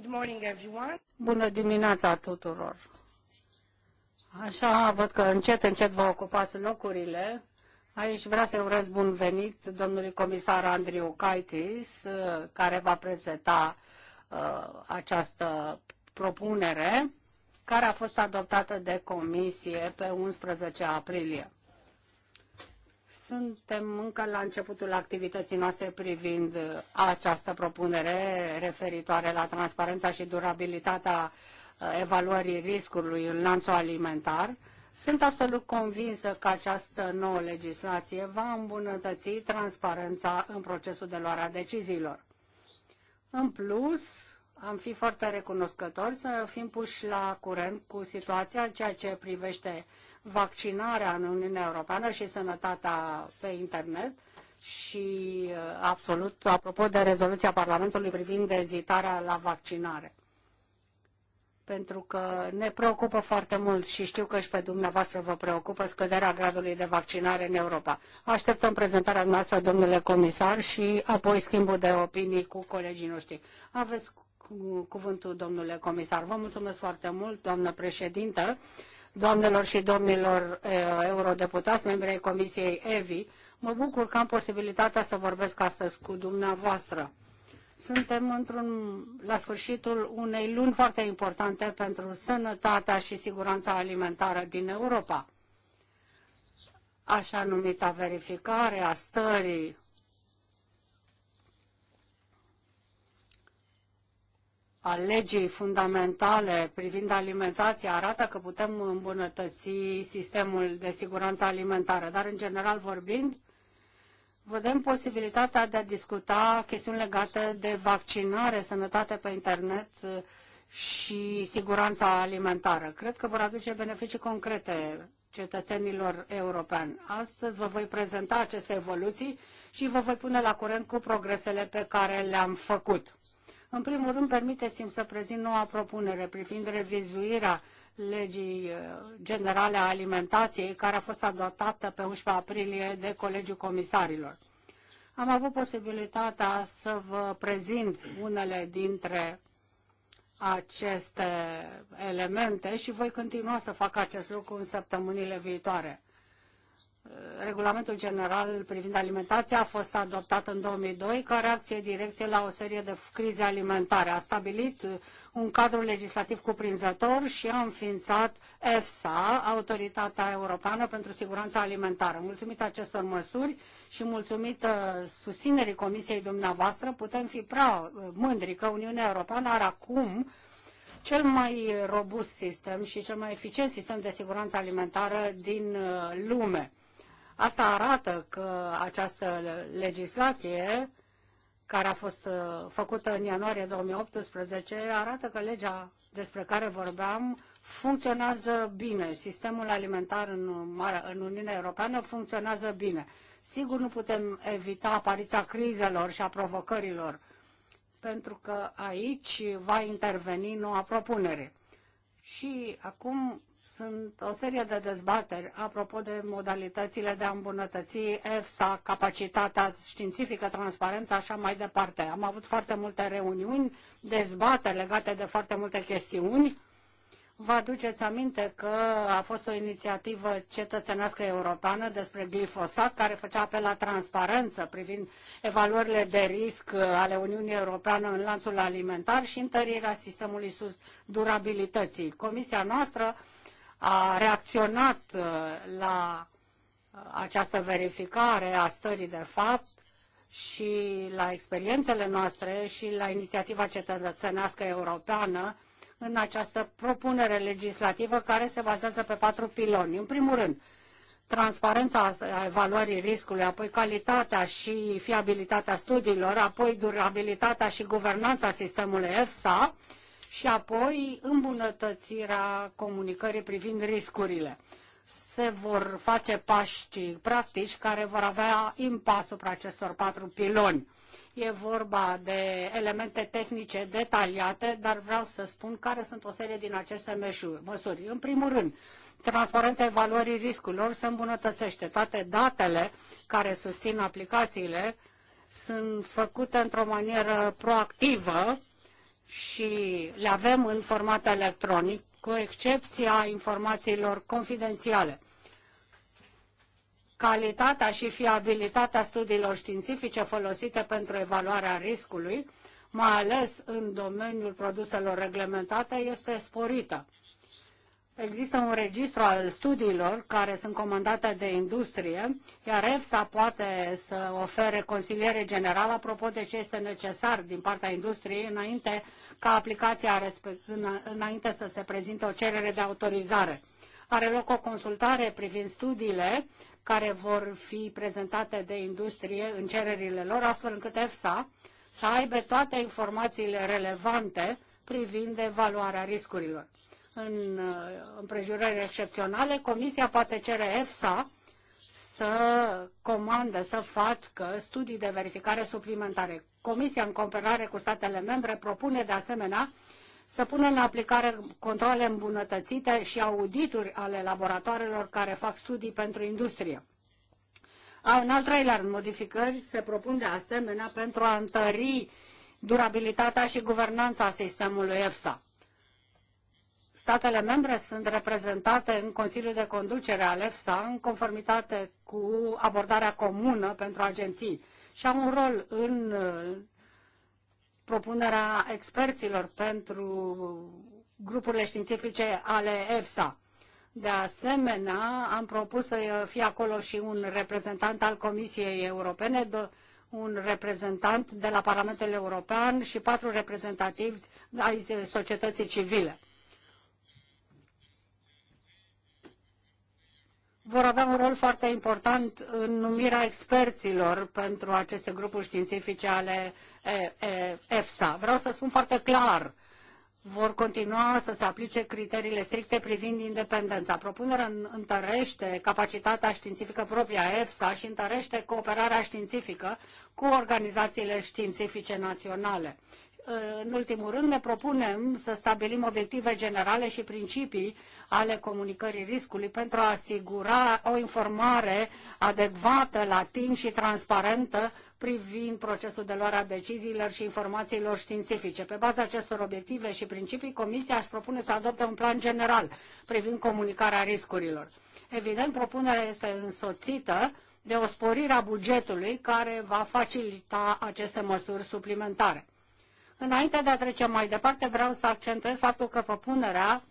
Good morning, everyone. Bună dimineața tuturor. Așa, văd că încet, încet vă ocupați locurile. Aici vreau să-i urez bun venit domnului comisar Andriu Caitis, care va prezenta uh, această propunere, care a fost adoptată de comisie pe 11 aprilie. Suntem încă la începutul activității noastre privind uh, această propunere referitoare la transparența și durabilitatea uh, evaluării riscului în lanțul alimentar. Sunt absolut convinsă că această nouă legislație va îmbunătăți transparența în procesul de luare a deciziilor. În plus, am fi foarte recunoscători să fim puși la curent cu situația în ceea ce privește vaccinarea în Uniunea Europeană și sănătatea pe internet și uh, absolut apropo de rezoluția Parlamentului privind ezitarea la vaccinare. Pentru că ne preocupă foarte mult și știu că și pe dumneavoastră vă preocupă scăderea gradului de vaccinare în Europa. Așteptăm prezentarea noastră, domnule comisar, și apoi schimbul de opinii cu colegii noștri. Aveți cuvântul, domnule comisar. Vă mulțumesc foarte mult, doamnă președintă doamnelor și domnilor eh, eurodeputați, membri ai Comisiei EVI. Mă bucur că am posibilitatea să vorbesc astăzi cu dumneavoastră. Suntem într-un, la sfârșitul unei luni foarte importante pentru sănătatea și siguranța alimentară din Europa. Așa numita verificare a stării al legii fundamentale privind alimentația arată că putem îmbunătăți sistemul de siguranță alimentară, dar în general vorbind, vedem posibilitatea de a discuta chestiuni legate de vaccinare, sănătate pe internet uh, și siguranța alimentară. Cred că vor aduce beneficii concrete cetățenilor europeni. Astăzi vă voi prezenta aceste evoluții și vă voi pune la curent cu progresele pe care le-am făcut. În primul rând, permiteți-mi să prezint noua propunere privind revizuirea legii eh, generale a alimentației, care a fost adoptată pe 11 aprilie de Colegiul Comisarilor. Am avut posibilitatea să vă prezint unele dintre aceste elemente și voi continua să fac acest lucru în săptămânile viitoare regulamentul general privind alimentația a fost adoptat în 2002 ca reacție direcție la o serie de crize alimentare. A stabilit un cadru legislativ cuprinzător și a înființat EFSA, Autoritatea Europeană pentru Siguranța Alimentară. Mulțumită acestor măsuri și mulțumită uh, susținerii Comisiei dumneavoastră, putem fi prea uh, mândri că Uniunea Europeană are acum cel mai robust sistem și cel mai eficient sistem de siguranță alimentară din uh, lume Asta arată că această legislație care a fost uh, făcută în ianuarie 2018 arată că legea despre care vorbeam funcționează bine. Sistemul alimentar în, Mare, în Uniunea Europeană funcționează bine. Sigur nu putem evita apariția crizelor și a provocărilor, pentru că aici va interveni noua propunere. Și acum sunt o serie de dezbateri apropo de modalitățile de a îmbunătăți EFSA, capacitatea științifică, transparența, așa mai departe. Am avut foarte multe reuniuni, dezbateri legate de foarte multe chestiuni. Vă aduceți aminte că a fost o inițiativă cetățenească europeană despre glifosat care făcea apel la transparență privind evaluările de risc ale Uniunii Europeană în lanțul alimentar și întărirea sistemului durabilității. Comisia noastră a reacționat uh, la uh, această verificare a stării de fapt și la experiențele noastre și la inițiativa cetățenească europeană în această propunere legislativă care se bazează pe patru piloni. În primul rând, transparența evaluării riscului, apoi calitatea și fiabilitatea studiilor, apoi durabilitatea și guvernanța sistemului EFSA și apoi îmbunătățirea comunicării privind riscurile. Se vor face pași practici care vor avea impas asupra acestor patru piloni. E vorba de elemente tehnice detaliate, dar vreau să spun care sunt o serie din aceste măsuri. În primul rând, transparența evaluării riscurilor se îmbunătățește. Toate datele care susțin aplicațiile sunt făcute într-o manieră proactivă și le avem în format electronic, cu excepția informațiilor confidențiale. Calitatea și fiabilitatea studiilor științifice folosite pentru evaluarea riscului, mai ales în domeniul produselor reglementate, este sporită. Există un registru al studiilor care sunt comandate de industrie, iar EFSA poate să ofere consiliere generală apropo de ce este necesar din partea industriei înainte ca aplicația înainte să se prezinte o cerere de autorizare. Are loc o consultare privind studiile care vor fi prezentate de industrie în cererile lor, astfel încât EFSA să aibă toate informațiile relevante privind evaluarea riscurilor în uh, împrejurări excepționale, Comisia poate cere EFSA să comandă, să facă studii de verificare suplimentare. Comisia, în cooperare cu statele membre, propune de asemenea să pună în aplicare controle îmbunătățite și audituri ale laboratoarelor care fac studii pentru industrie. În al treilea rând, modificări se propun de asemenea pentru a întări durabilitatea și guvernanța sistemului EFSA. Statele membre sunt reprezentate în Consiliul de Conducere al EFSA în conformitate cu abordarea comună pentru agenții și au un rol în uh, propunerea experților pentru grupurile științifice ale EFSA. De asemenea, am propus să fie acolo și un reprezentant al Comisiei Europene, un reprezentant de la Parlamentul European și patru reprezentativi ai societății civile. vor avea un rol foarte important în numirea experților pentru aceste grupuri științifice ale EFSA. Vreau să spun foarte clar, vor continua să se aplice criteriile stricte privind independența. Propunerea întărește capacitatea științifică proprie a EFSA și întărește cooperarea științifică cu organizațiile științifice naționale în ultimul rând, ne propunem să stabilim obiective generale și principii ale comunicării riscului pentru a asigura o informare adecvată la timp și transparentă privind procesul de luare a deciziilor și informațiilor științifice. Pe baza acestor obiective și principii, Comisia își propune să adopte un plan general privind comunicarea riscurilor. Evident, propunerea este însoțită de o sporire a bugetului care va facilita aceste măsuri suplimentare. Înainte de a trece mai departe, vreau să accentuez faptul că propunerea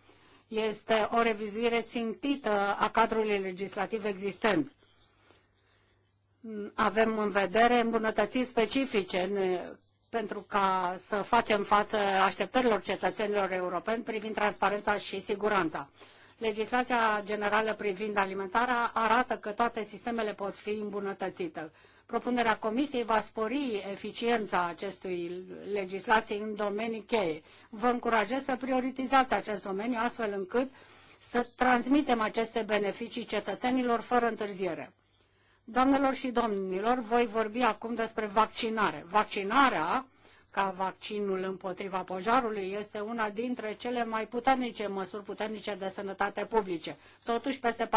este o revizuire țintită a cadrului legislativ existent. Avem în vedere îmbunătățiri specifice pentru ca să facem față așteptărilor cetățenilor europeni privind transparența și siguranța. Legislația generală privind alimentarea arată că toate sistemele pot fi îmbunătățite. Propunerea Comisiei va spori eficiența acestui legislații în domenii cheie. Vă încurajez să prioritizați acest domeniu astfel încât să transmitem aceste beneficii cetățenilor fără întârziere. Doamnelor și domnilor, voi vorbi acum despre vaccinare. Vaccinarea ca vaccinul împotriva pojarului este una dintre cele mai puternice măsuri puternice de sănătate publice. Totuși, peste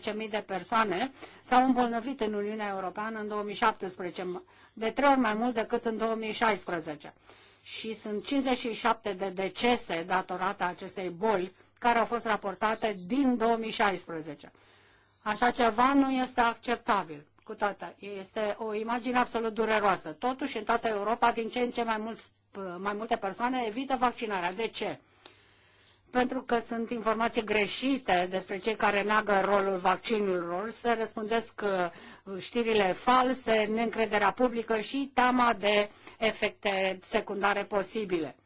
14.000 de persoane s-au îmbolnăvit în Uniunea Europeană în 2017, de trei ori mai mult decât în 2016. Și sunt 57 de decese datorate acestei boli care au fost raportate din 2016. Așa ceva nu este acceptabil cu toată. Este o imagine absolut dureroasă. Totuși, în toată Europa, din ce în ce mai, mulți, mai multe persoane evită vaccinarea. De ce? Pentru că sunt informații greșite despre cei care neagă rolul vaccinurilor, se răspundesc uh, știrile false, neîncrederea publică și teama de efecte secundare posibile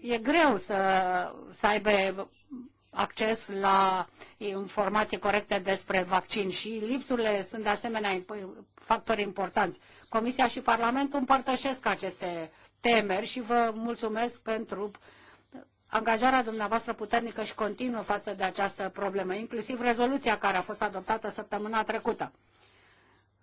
e greu să, să aibă acces la informații corecte despre vaccin și lipsurile sunt de asemenea factori importanți. Comisia și Parlamentul împărtășesc aceste temeri și vă mulțumesc pentru angajarea dumneavoastră puternică și continuă față de această problemă, inclusiv rezoluția care a fost adoptată săptămâna trecută.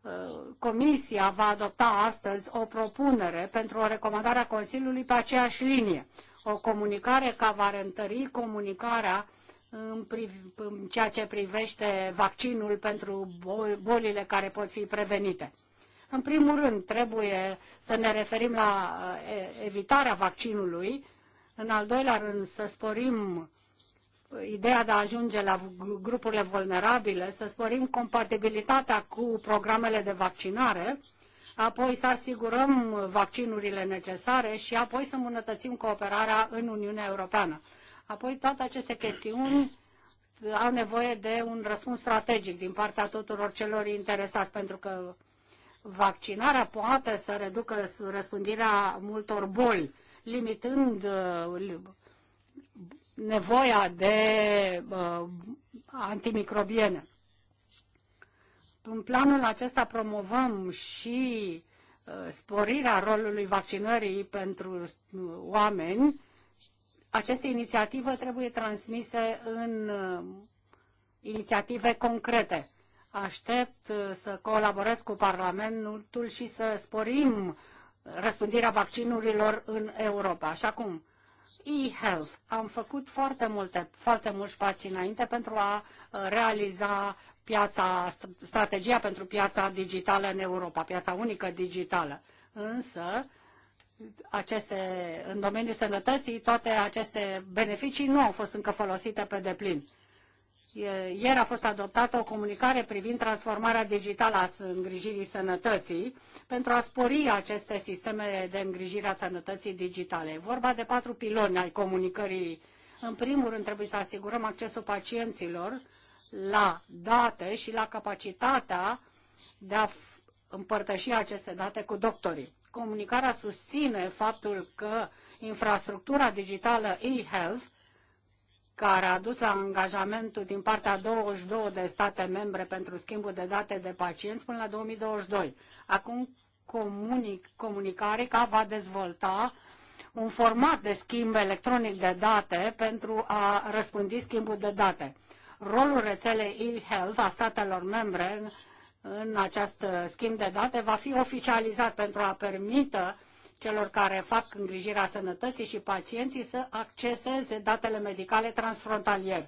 Uh, Comisia va adopta astăzi o propunere pentru o recomandare a Consiliului pe aceeași linie o comunicare ca va întări comunicarea în, priv- în ceea ce privește vaccinul pentru bol- bolile care pot fi prevenite. În primul rând, trebuie să ne referim la evitarea vaccinului, în al doilea rând, să sporim ideea de a ajunge la grupurile vulnerabile, să sporim compatibilitatea cu programele de vaccinare apoi să asigurăm vaccinurile necesare și apoi să îmbunătățim cooperarea în Uniunea Europeană. Apoi toate aceste chestiuni au nevoie de un răspuns strategic din partea tuturor celor interesați, pentru că vaccinarea poate să reducă răspândirea multor boli, limitând uh, nevoia de uh, antimicrobiene. În planul acesta promovăm și uh, sporirea rolului vaccinării pentru uh, oameni. Aceste inițiative trebuie transmise în uh, inițiative concrete. Aștept să colaborez cu Parlamentul și să sporim răspândirea vaccinurilor în Europa. Așa cum e-health. Am făcut foarte multe, foarte mulți pași înainte pentru a realiza piața, strategia pentru piața digitală în Europa, piața unică digitală. Însă, aceste, în domeniul sănătății, toate aceste beneficii nu au fost încă folosite pe deplin. Ieri a fost adoptată o comunicare privind transformarea digitală a îngrijirii sănătății pentru a spori aceste sisteme de îngrijire a sănătății digitale. vorba de patru piloni ai comunicării. În primul rând trebuie să asigurăm accesul pacienților la date și la capacitatea de a împărtăși aceste date cu doctorii. Comunicarea susține faptul că infrastructura digitală e-health, care a dus la angajamentul din partea 22 de state membre pentru schimbul de date de pacienți până la 2022. Acum comunic, comunicare ca va dezvolta un format de schimb electronic de date pentru a răspândi schimbul de date rolul rețelei e-health a statelor membre în acest schimb de date va fi oficializat pentru a permite celor care fac îngrijirea sănătății și pacienții să acceseze datele medicale transfrontalier.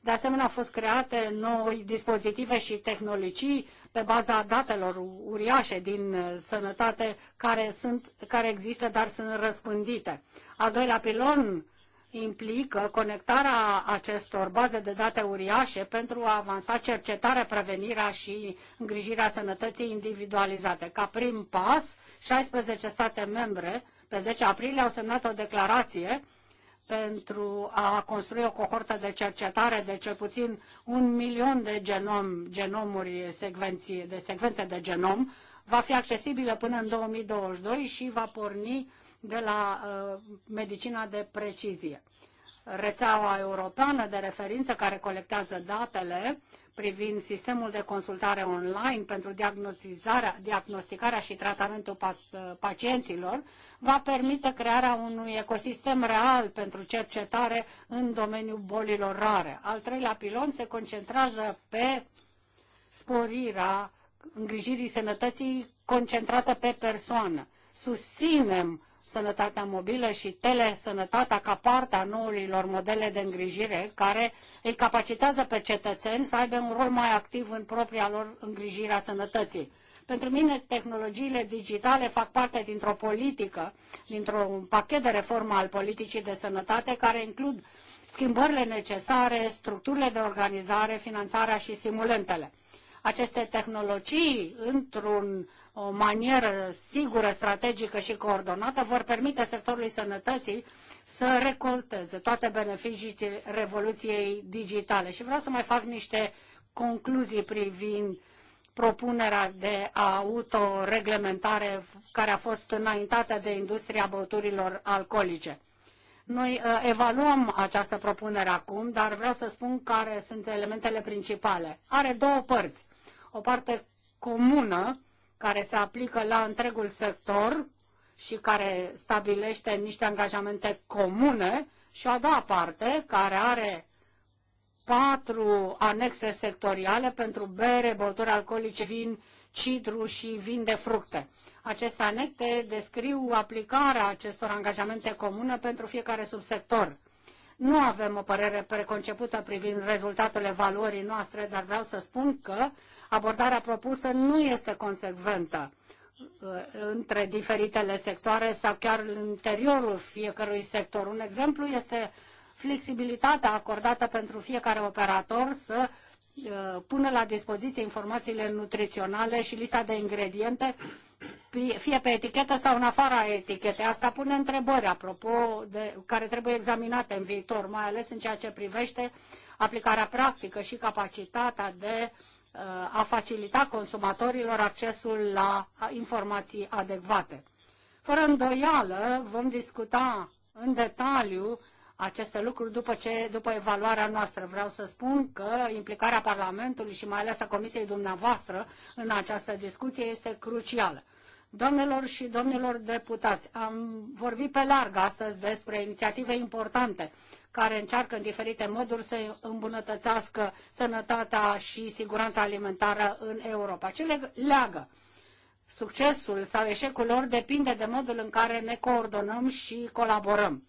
De asemenea, au fost create noi dispozitive și tehnologii pe baza datelor uriașe din sănătate care, sunt, care există, dar sunt răspândite. A doilea pilon implică conectarea acestor baze de date uriașe pentru a avansa cercetarea, prevenirea și îngrijirea sănătății individualizate. Ca prim pas, 16 state membre pe 10 aprilie au semnat o declarație pentru a construi o cohortă de cercetare de cel puțin un milion de genom, genomuri secvenții, de secvențe de genom, va fi accesibilă până în 2022 și va porni de la uh, medicina de precizie. Rețeaua europeană de referință care colectează datele privind sistemul de consultare online pentru diagnostizarea, diagnosticarea și tratamentul uh, pacienților, va permite crearea unui ecosistem real pentru cercetare în domeniul bolilor rare. Al treilea pilon se concentrează pe sporirea îngrijirii sănătății concentrată pe persoană. Susținem sănătatea mobilă și telesănătatea ca parte a noilor modele de îngrijire care îi capacitează pe cetățeni să aibă un rol mai activ în propria lor îngrijire a sănătății. Pentru mine, tehnologiile digitale fac parte dintr-o politică, dintr-un pachet de reformă al politicii de sănătate, care includ schimbările necesare, structurile de organizare, finanțarea și stimulentele aceste tehnologii într-un o manieră sigură, strategică și coordonată vor permite sectorului sănătății să recolteze toate beneficiile revoluției digitale. Și vreau să mai fac niște concluzii privind propunerea de autoreglementare care a fost înaintată de industria băuturilor alcoolice. Noi uh, evaluăm această propunere acum, dar vreau să spun care sunt elementele principale. Are două părți. O parte comună, care se aplică la întregul sector și care stabilește niște angajamente comune, și o a doua parte, care are patru anexe sectoriale pentru bere, băuturi alcoolice, vin cidru și vin de fructe. Aceste anecte descriu aplicarea acestor angajamente comune pentru fiecare subsector. Nu avem o părere preconcepută privind rezultatele valorii noastre, dar vreau să spun că abordarea propusă nu este consecventă uh, între diferitele sectoare sau chiar în interiorul fiecărui sector. Un exemplu este flexibilitatea acordată pentru fiecare operator să Uh, pună la dispoziție informațiile nutriționale și lista de ingrediente, fie pe etichetă sau în afara etichetei. Asta pune întrebări, apropo, de, care trebuie examinate în viitor, mai ales în ceea ce privește aplicarea practică și capacitatea de uh, a facilita consumatorilor accesul la informații adecvate. Fără îndoială, vom discuta în detaliu aceste lucruri după, ce, după evaluarea noastră. Vreau să spun că implicarea Parlamentului și mai ales a Comisiei dumneavoastră în această discuție este crucială. Domnilor și domnilor deputați, am vorbit pe larg astăzi despre inițiative importante care încearcă în diferite moduri să îmbunătățească sănătatea și siguranța alimentară în Europa. Ce le leagă? Succesul sau eșecul lor depinde de modul în care ne coordonăm și colaborăm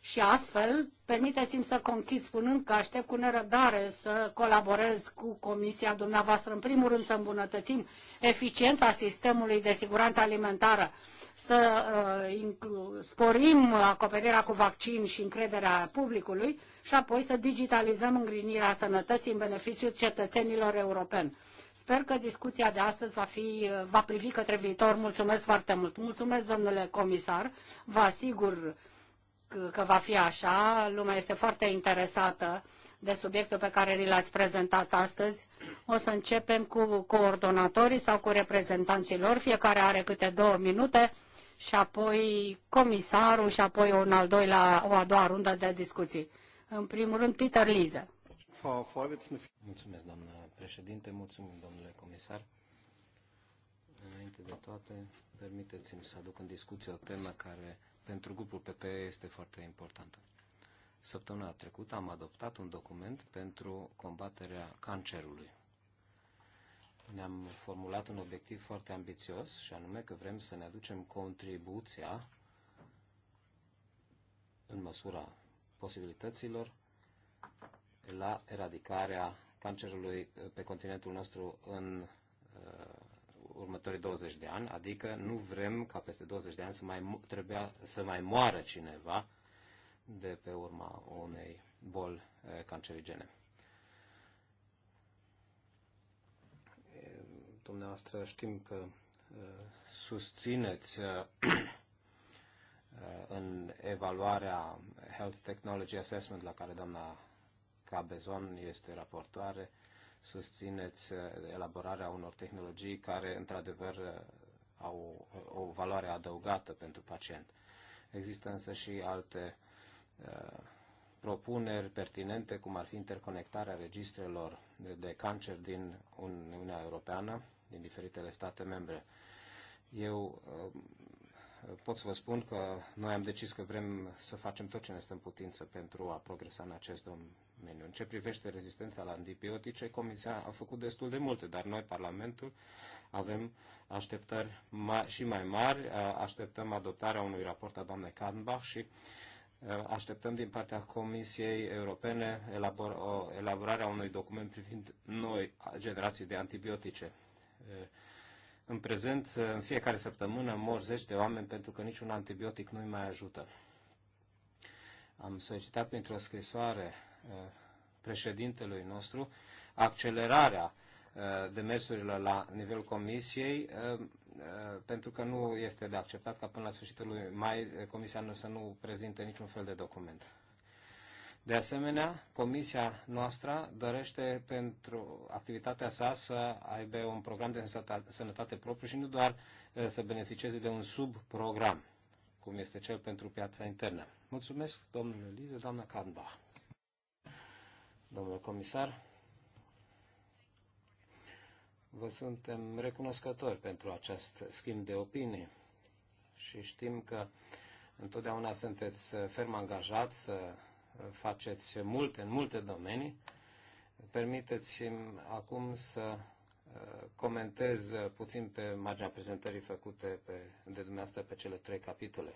și astfel permiteți-mi să conchid spunând că aștept cu nerăbdare să colaborez cu comisia dumneavoastră, în primul rând să îmbunătățim eficiența sistemului de siguranță alimentară, să uh, sporim acoperirea cu vaccin și încrederea publicului și apoi să digitalizăm îngrijirea sănătății în beneficiul cetățenilor europeni. Sper că discuția de astăzi va, fi, uh, va privi către viitor. Mulțumesc foarte mult. Mulțumesc, domnule comisar. Vă asigur că va fi așa. Lumea este foarte interesată de subiectul pe care ni l-ați prezentat astăzi. O să începem cu coordonatorii sau cu reprezentanții lor. Fiecare are câte două minute și apoi comisarul și apoi un al doilea, o a doua rundă de discuții. În primul rând, Peter Lize. Mulțumesc, doamnă președinte, mulțumim, domnule comisar. Înainte de toate, permiteți-mi să aduc în discuție o temă care pentru grupul PPE este foarte importantă. Săptămâna trecută am adoptat un document pentru combaterea cancerului. Ne-am formulat un obiectiv foarte ambițios și anume că vrem să ne aducem contribuția în măsura posibilităților la eradicarea cancerului pe continentul nostru în uh, următorii 20 de ani, adică nu vrem ca peste 20 de ani să mai, trebuia, să mai moară cineva de pe urma unei boli eh, cancerigene. Eh, dumneavoastră știm că eh, susțineți în evaluarea Health Technology Assessment la care doamna Cabezon este raportoare, susțineți uh, elaborarea unor tehnologii care, într-adevăr, uh, au o, valoare adăugată pentru pacient. Există însă și alte uh, propuneri pertinente, cum ar fi interconectarea registrelor de, cancer din Uniunea Europeană, din diferitele state membre. Eu pot să vă spun că noi am decis că vrem să facem tot ce ne stă în putință pentru a progresa în acest domeniu. În ce privește rezistența la antibiotice, Comisia a făcut destul de multe, dar noi, Parlamentul, avem așteptări și mai mari. Așteptăm adoptarea unui raport a doamnei Kadenbach și așteptăm din partea Comisiei Europene elaborarea unui document privind noi generații de antibiotice în prezent, în fiecare săptămână mor zeci de oameni pentru că niciun antibiotic nu-i mai ajută. Am solicitat printr-o scrisoare uh, președintelui nostru accelerarea uh, demersurilor la nivelul comisiei, uh, pentru că nu este de acceptat ca până la sfârșitul lui mai comisia nu să nu prezinte niciun fel de document. De asemenea, comisia noastră dorește pentru activitatea sa să aibă un program de sănătate propriu și nu doar eh, să beneficieze de un subprogram, cum este cel pentru piața internă. Mulțumesc, domnule Lize, doamna Kahnbach. Domnule comisar, vă suntem recunoscători pentru acest schimb de opinie și știm că întotdeauna sunteți ferm angajați să faceți multe în multe domenii. Permiteți-mi acum să uh, comentez puțin pe marginea prezentării făcute pe, de dumneavoastră pe cele trei capitole.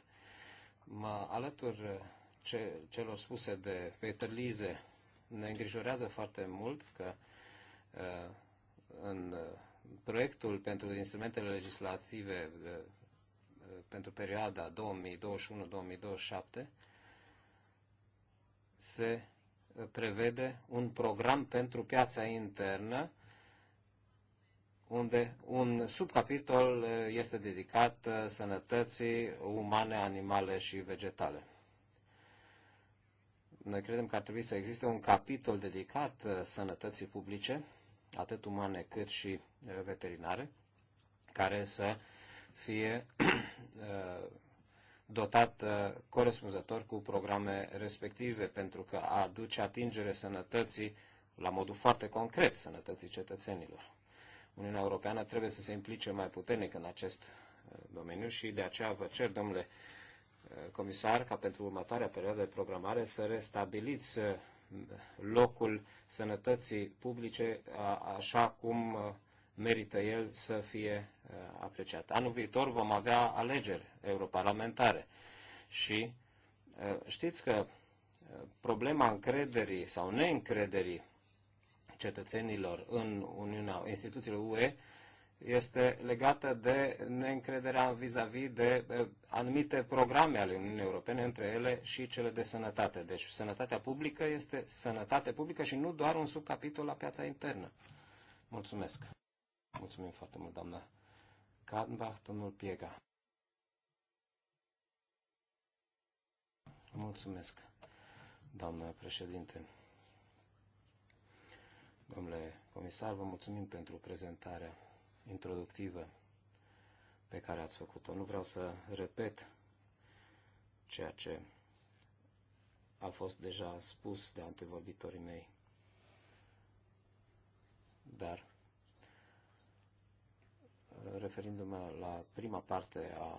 Mă alătur uh, ce, celor spuse de Peter Lize. Ne îngrijorează foarte mult că uh, în proiectul pentru instrumentele legislative pentru perioada 2021-2027 se uh, prevede un program pentru piața internă, unde un subcapitol uh, este dedicat uh, sănătății umane, animale și vegetale. Noi credem că ar trebui să existe un capitol dedicat sănătății publice, atât umane cât și veterinare, care să fie dotat uh, corespunzător cu programe respective, pentru că aduce atingere sănătății la modul foarte concret sănătății cetățenilor. Uniunea Europeană trebuie să se implice mai puternic în acest uh, domeniu și de aceea vă cer, domnule uh, comisar, ca pentru următoarea perioadă de programare să restabiliți locul sănătății publice așa cum merită el să fie uh, apreciat. Anul viitor vom avea alegeri europarlamentare și uh, știți că uh, problema încrederii sau neîncrederii cetățenilor în Uniunea, instituțiile UE este legată de neîncrederea vis-a-vis -vis de anumite programe ale Uniunii Europene, între ele și cele de sănătate. Deci sănătatea publică este sănătate publică și nu doar un subcapitol la piața internă. Mulțumesc! Mulțumim foarte mult, doamna Kadenbach, domnul Piega. Mulțumesc, doamnă președinte. Domnule comisar, vă mulțumim pentru prezentarea introductivă pe care ați făcut-o. Nu vreau să repet ceea ce a fost deja spus de antevorbitorii mei, dar referindu-mă la prima parte a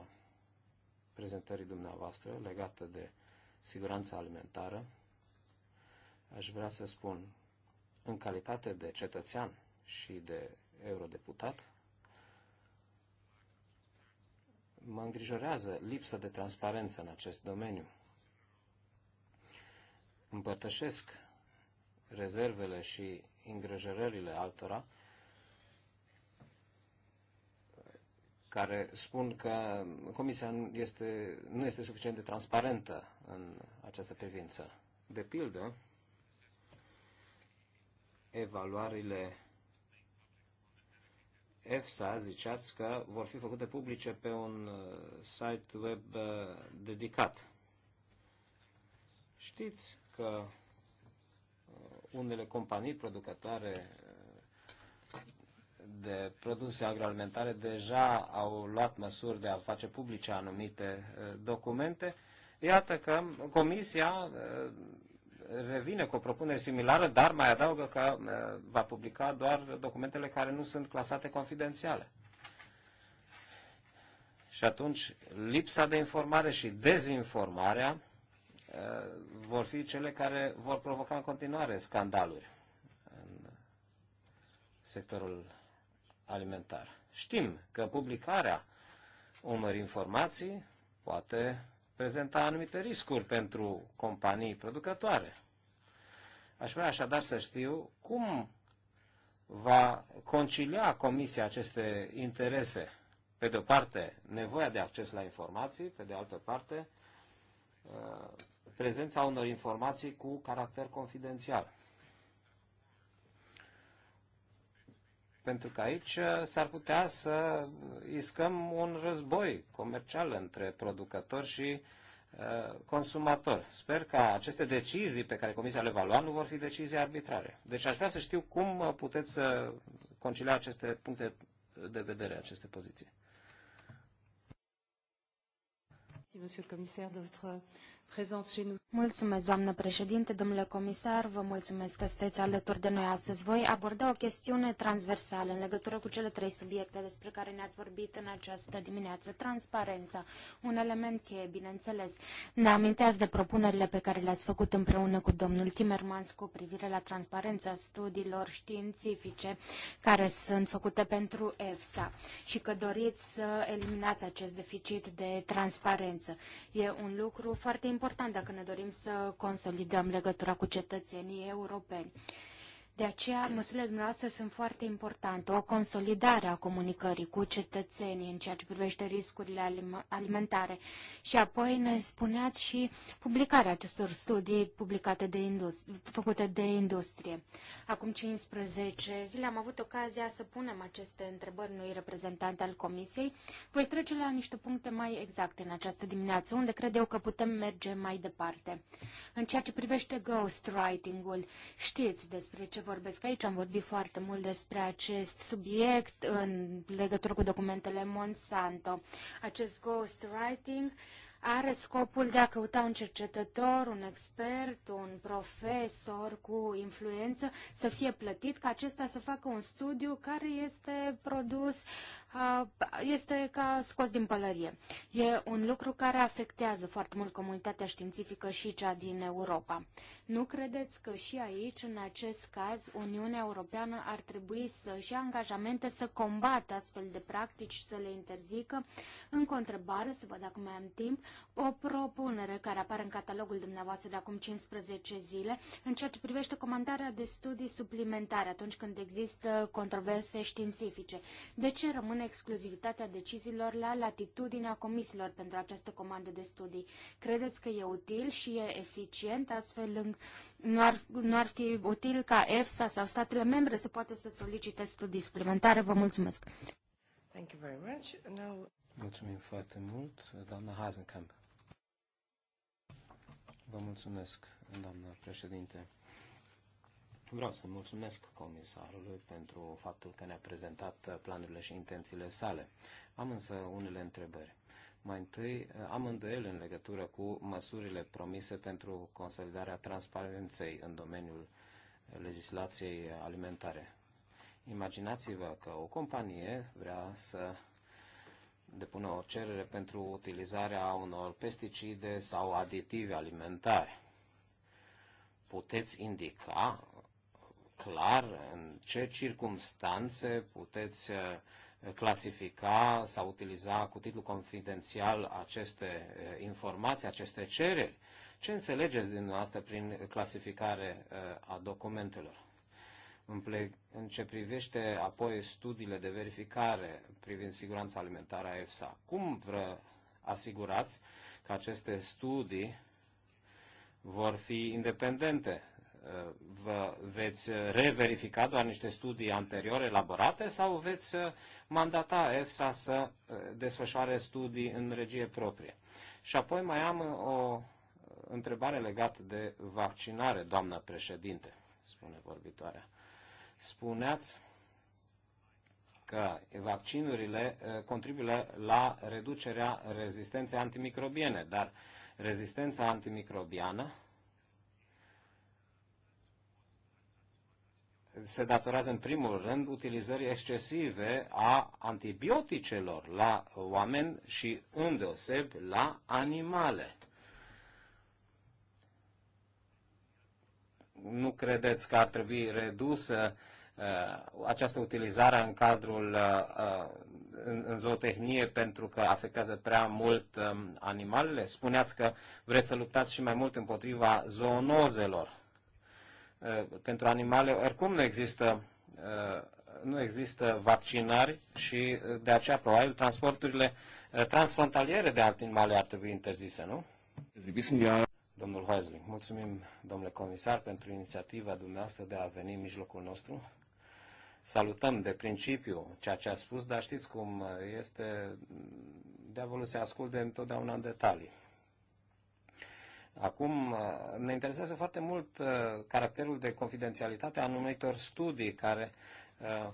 prezentării dumneavoastră legată de siguranța alimentară, aș vrea să spun, în calitate de cetățean și de eurodeputat, mă îngrijorează lipsa de transparență în acest domeniu. Împărtășesc rezervele și îngrijorările altora care spun că Comisia nu este, nu este suficient de transparentă în această privință. De pildă, evaluările EFSA, ziceați că vor fi făcute publice pe un uh, site web uh, dedicat. Știți că uh, unele companii producătoare de produse agroalimentare deja au luat măsuri de a face publice anumite uh, documente. Iată că Comisia uh, revine cu o propunere similară, dar mai adaugă că uh, va publica doar documentele care nu sunt clasate confidențiale. Și atunci lipsa de informare și dezinformarea vor fi cele care vor provoca în continuare scandaluri în sectorul alimentar. Știm că publicarea unor informații poate prezenta anumite riscuri pentru companii producătoare. Aș vrea așadar să știu cum va concilia Comisia aceste interese. Pe de o parte, nevoia de acces la informații, pe de altă parte, uh, prezența unor informații cu caracter confidențial. Pentru că aici uh, s-ar putea să iscăm un război comercial între producători și uh, consumator. Sper că aceste decizii pe care Comisia le va lua nu vor fi decizii arbitrare. Deci aș vrea să știu cum uh, puteți să concilia aceste puncte de vedere, aceste poziții. Monsieur le Commissaire, de votre Mulțumesc, doamnă președinte, domnule comisar, vă mulțumesc că sunteți alături de noi astăzi. Voi aborda o chestiune transversală în legătură cu cele trei subiecte despre care ne-ați vorbit în această dimineață. Transparența, un element cheie, bineînțeles. Ne aminteați de propunerile pe care le-ați făcut împreună cu domnul Timmermans cu privire la transparența studiilor științifice care sunt făcute pentru EFSA și că doriți să eliminați acest deficit de transparență. E un lucru foarte important important dacă ne dorim să consolidăm legătura cu cetățenii europeni. De aceea, măsurile dumneavoastră sunt foarte importante. O consolidare a comunicării cu cetățenii în ceea ce privește riscurile alimentare. Și apoi ne spuneați și publicarea acestor studii publicate de făcute de industrie. Acum 15 zile am avut ocazia să punem aceste întrebări noi reprezentant al Comisiei. Voi trece la niște puncte mai exacte în această dimineață, unde cred eu că putem merge mai departe. În ceea ce privește ghostwriting-ul, știți despre ce vorbesc aici, am vorbit foarte mult despre acest subiect în legătură cu documentele Monsanto. Acest ghostwriting are scopul de a căuta un cercetător, un expert, un profesor cu influență să fie plătit ca acesta să facă un studiu care este produs Uh, este ca scos din pălărie. E un lucru care afectează foarte mult comunitatea științifică și cea din Europa. Nu credeți că și aici, în acest caz, Uniunea Europeană ar trebui să-și ia angajamente să combată astfel de practici și să le interzică? În întrebare, să văd dacă mai am timp, o propunere care apare în catalogul dumneavoastră de acum 15 zile în ceea ce privește comandarea de studii suplimentare atunci când există controverse științifice. De ce rămâne exclusivitatea deciziilor la latitudinea comisiilor pentru această comandă de studii? Credeți că e util și e eficient astfel în... nu ar, nu ar fi util ca EFSA sau statele membre să poată să solicite studii suplimentare? Vă mulțumesc! Thank you very much. Now... Mulțumim foarte mult, doamna Hazenkamp. Vă mulțumesc, doamna președinte. Vreau să mulțumesc comisarului pentru faptul că ne-a prezentat planurile și intențiile sale. Am însă unele întrebări. Mai întâi, am îndoiel în legătură cu măsurile promise pentru consolidarea transparenței în domeniul legislației alimentare. Imaginați-vă că o companie vrea să depună o cerere pentru utilizarea unor pesticide sau aditive alimentare. Puteți indica clar în ce circumstanțe puteți uh, clasifica sau utiliza cu titlu confidențial aceste uh, informații, aceste cereri. Ce înțelegeți din asta prin clasificare uh, a documentelor? în ce privește apoi studiile de verificare privind siguranța alimentară a EFSA. Cum vă asigurați că aceste studii vor fi independente? Uh, vă veți reverifica doar niște studii anterior elaborate sau veți uh, mandata EFSA să uh, desfășoare studii în regie proprie? Și apoi mai am o întrebare legată de vaccinare, doamnă președinte, spune vorbitoarea spuneați că vaccinurile eh, contribuie la reducerea rezistenței antimicrobiene, dar rezistența antimicrobiană se datorează în primul rând utilizării excesive a antibioticelor la oameni și îndeoseb la animale. nu credeți că ar trebui redusă uh, această utilizare în cadrul uh, uh, în, în zootehnie pentru că afectează prea mult um, animalele? Spuneați că vreți să luptați și mai mult împotriva zoonozelor. Pentru animale, oricum nu există nu există vaccinări și de aceea probabil transporturile transfrontaliere de animale ar trebui interzise, nu? domnul Heusling. Mulțumim, domnule comisar, pentru inițiativa dumneavoastră de a veni în mijlocul nostru. Salutăm de principiu ceea ce a spus, dar știți cum este, diavolul se asculte întotdeauna în detalii. Acum, ne interesează foarte mult uh, caracterul de confidențialitate a anumitor studii care uh,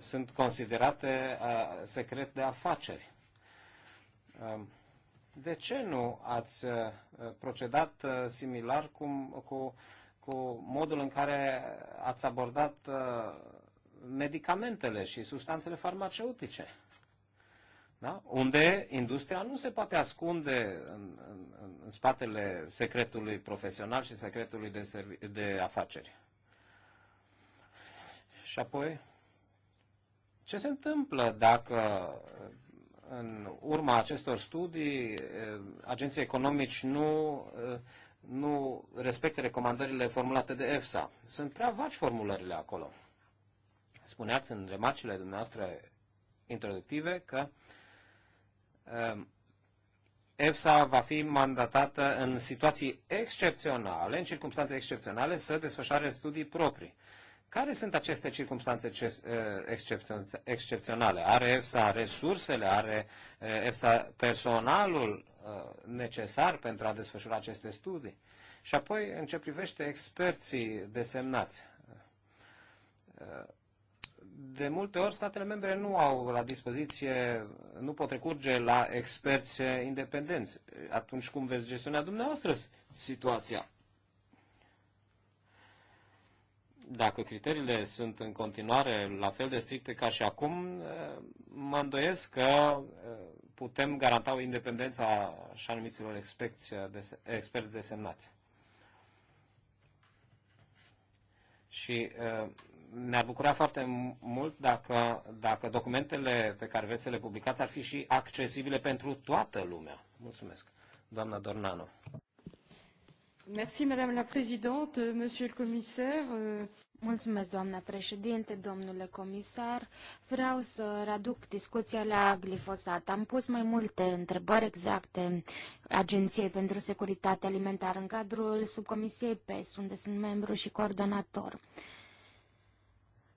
sunt considerate uh, secret de afaceri. Um, de ce nu ați uh, procedat uh, similar cu, cu, cu modul în care ați abordat uh, medicamentele și substanțele farmaceutice? Da? Unde industria nu se poate ascunde în, în, în spatele secretului profesional și secretului de, servi- de afaceri. Și apoi, ce se întâmplă dacă în urma acestor studii, eh, agenții economici nu, eh, nu respectă recomandările formulate de EFSA. Sunt prea vaci formulările acolo. Spuneați în remarcile dumneavoastră introductive că eh, EFSA va fi mandatată în situații excepționale, în circunstanțe excepționale, să desfășoare studii proprii. Care sunt aceste circunstanțe eh, excepționale? Are EFSA resursele, are eh, EFSA personalul eh, necesar pentru a desfășura aceste studii? Și apoi, în ce privește experții desemnați, de multe ori statele membre nu au la dispoziție, nu pot recurge la experți independenți. Atunci cum veți gestiona dumneavoastră situația? dacă criteriile sunt în continuare la fel de stricte ca și acum, mă îndoiesc că eh, putem garanta o independență a așa numiților experți, eh, experți desemnați. Și eh, ne-ar bucura foarte mult dacă, dacă documentele pe care veți să le publicați ar fi și accesibile pentru toată lumea. Mulțumesc, doamna Dornano. Merci, Madame la Présidente, euh, Monsieur le Commissaire. Euh. Mulțumesc, doamna președinte, domnule comisar. Vreau să readuc discuția la glifosat. Am pus mai multe întrebări exacte Agenției pentru Securitate Alimentară în cadrul subcomisiei PES, unde sunt membru și coordonator. Uh,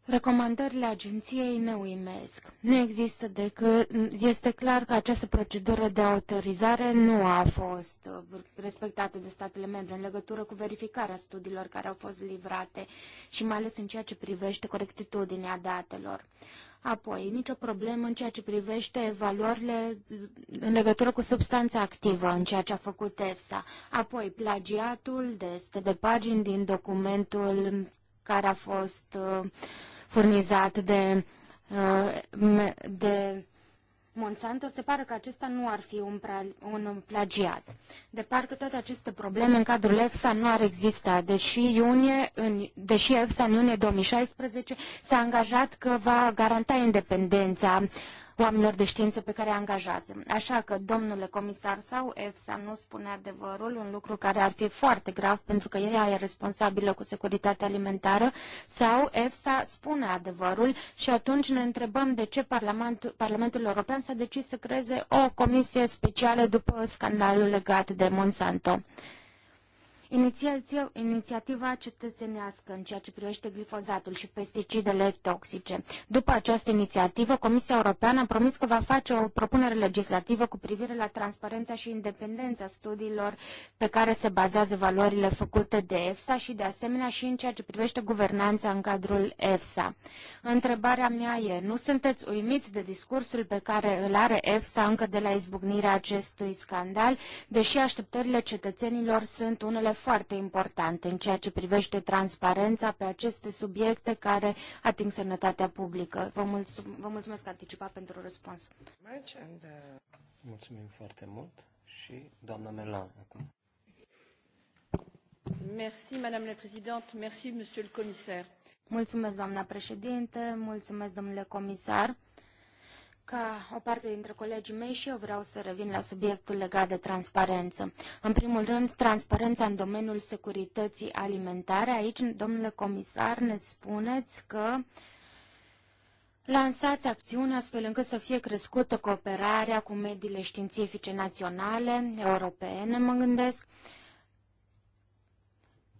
Recomandările agenției ne uimesc. Nu există decât, este clar că această procedură de autorizare nu a fost uh, respectată de statele membre în legătură cu verificarea studiilor care au fost livrate și mai ales în ceea ce privește corectitudinea datelor. Apoi, nicio problemă în ceea ce privește evaluările uh, în legătură cu substanța activă, în ceea ce a făcut EFSA. Apoi, plagiatul de sute de pagini din documentul care a fost uh, furnizat de, uh, de Monsanto, se pare că acesta nu ar fi un, pra, un plagiat. De parcă toate aceste probleme în cadrul EFSA nu ar exista, deși, iunie, în, deși EFSA în iunie 2016 s-a angajat că va garanta independența oamenilor de știință pe care angajează. Așa că, domnule comisar sau EFSA nu spune adevărul, un lucru care ar fi foarte grav pentru că ea e responsabilă cu securitatea alimentară, sau EFSA spune adevărul și atunci ne întrebăm de ce Parlamentul, Parlamentul European s-a decis să creeze o comisie specială după scandalul legat de Monsanto inițiativa cetățenească în ceea ce privește glifozatul și pesticidele toxice. După această inițiativă, Comisia Europeană a promis că va face o propunere legislativă cu privire la transparența și independența studiilor pe care se bazează valorile făcute de EFSA și de asemenea și în ceea ce privește guvernanța în cadrul EFSA. Întrebarea mea e, nu sunteți uimiți de discursul pe care îl are EFSA încă de la izbucnirea acestui scandal, deși așteptările cetățenilor sunt unele foarte importante în ceea ce privește transparența pe aceste subiecte care ating sănătatea publică. Vă, mulțum- vă mulțumesc anticipat pentru răspuns. Mulțumim foarte mult și doamna Melan acum. Merci, Madame la Présidente. Merci, Monsieur le Commissaire. Mulțumesc, doamna președinte. Mulțumesc, domnule comisar. Ca o parte dintre colegii mei și eu vreau să revin la subiectul legat de transparență. În primul rând, transparența în domeniul securității alimentare. Aici, domnule comisar, ne spuneți că lansați acțiuni astfel încât să fie crescută cooperarea cu mediile științifice naționale, europene, mă gândesc,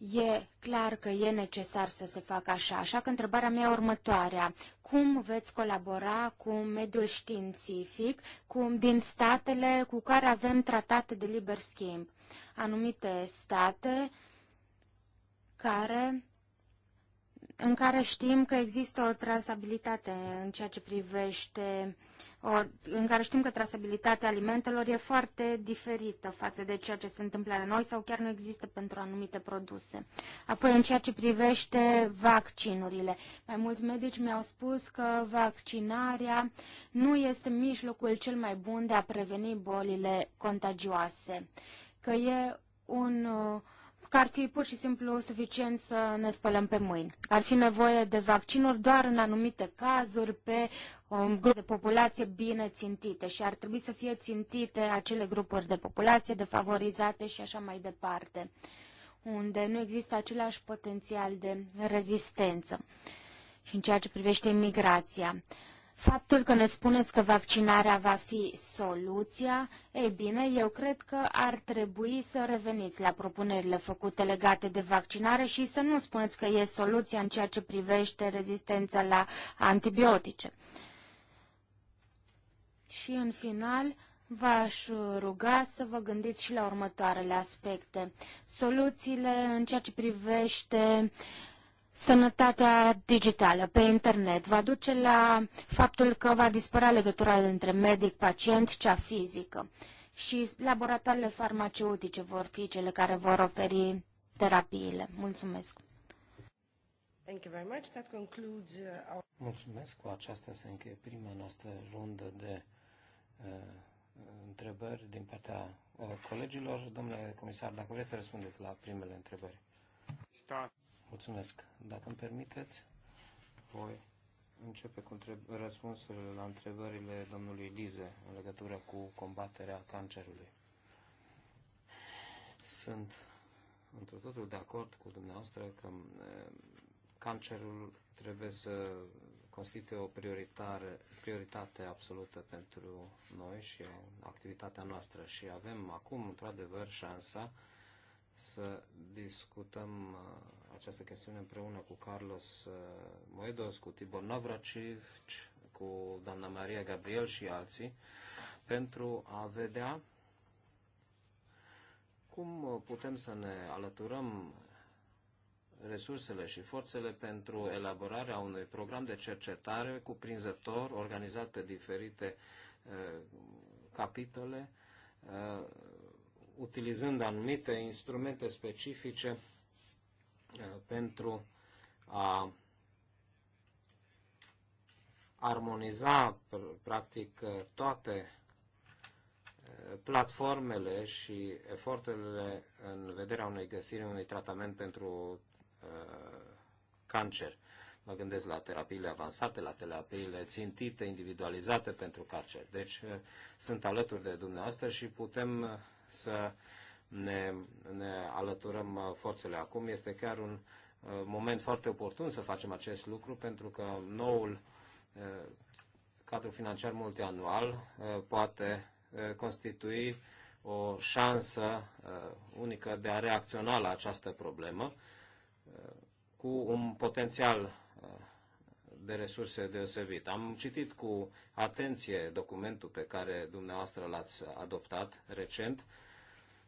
E clar că e necesar să se facă așa, așa că întrebarea mea următoarea. Cum veți colabora cu mediul științific cum, din statele cu care avem tratate de liber schimb? Anumite state care în care știm că există o trasabilitate în ceea ce privește, o, în care știm că trasabilitatea alimentelor e foarte diferită față de ceea ce se întâmplă la noi sau chiar nu există pentru anumite produse. Apoi, în ceea ce privește vaccinurile, mai mulți medici mi-au spus că vaccinarea nu este mijlocul cel mai bun de a preveni bolile contagioase, că e un uh, că ar fi pur și simplu suficient să ne spălăm pe mâini. Ar fi nevoie de vaccinuri doar în anumite cazuri pe un grup de populație bine țintite și ar trebui să fie țintite acele grupuri de populație defavorizate și așa mai departe, unde nu există același potențial de rezistență și în ceea ce privește imigrația. Faptul că ne spuneți că vaccinarea va fi soluția, ei bine, eu cred că ar trebui să reveniți la propunerile făcute legate de vaccinare și să nu spuneți că e soluția în ceea ce privește rezistența la antibiotice. Și în final, V-aș ruga să vă gândiți și la următoarele aspecte. Soluțiile în ceea ce privește Sănătatea digitală pe internet va duce la faptul că va dispărea legătura dintre medic-pacient, cea fizică. Și laboratoarele farmaceutice vor fi cele care vor oferi terapiile. Mulțumesc! Thank you very much. That concludes uh, our... Mulțumesc. Cu aceasta se încheie prima noastră rundă de uh, întrebări din partea uh, colegilor. Domnule comisar, dacă vreți să răspundeți la primele întrebări. Start. Mulțumesc. Dacă îmi permiteți, voi începe cu răspunsurile la întrebările domnului Lize în legătură cu combaterea cancerului. Sunt într totul de acord cu dumneavoastră că cancerul trebuie să constituie o prioritare, prioritate absolută pentru noi și activitatea noastră și avem acum, într-adevăr, șansa să discutăm uh, această chestiune împreună cu Carlos uh, Moedos, cu Tibor Navraciv, cu doamna Maria Gabriel și alții, pentru a vedea cum uh, putem să ne alăturăm resursele și forțele pentru elaborarea unui program de cercetare cuprinzător, organizat pe diferite uh, capitole, uh, utilizând anumite instrumente specifice uh, pentru a armoniza practic uh, toate uh, platformele și eforturile în vederea unei găsiri unui tratament pentru cancer. Mă gândesc la terapiile avansate, la terapiile țintite, individualizate pentru cancer. Deci sunt alături de dumneavoastră și putem să ne, ne alăturăm uh, forțele acum. Este chiar un uh, moment foarte oportun să facem acest lucru pentru că noul uh, cadru financiar multianual poate constitui o șansă unică de a reacționa la această problemă cu un potențial de resurse deosebit. Am citit cu atenție documentul pe care dumneavoastră l-ați adoptat recent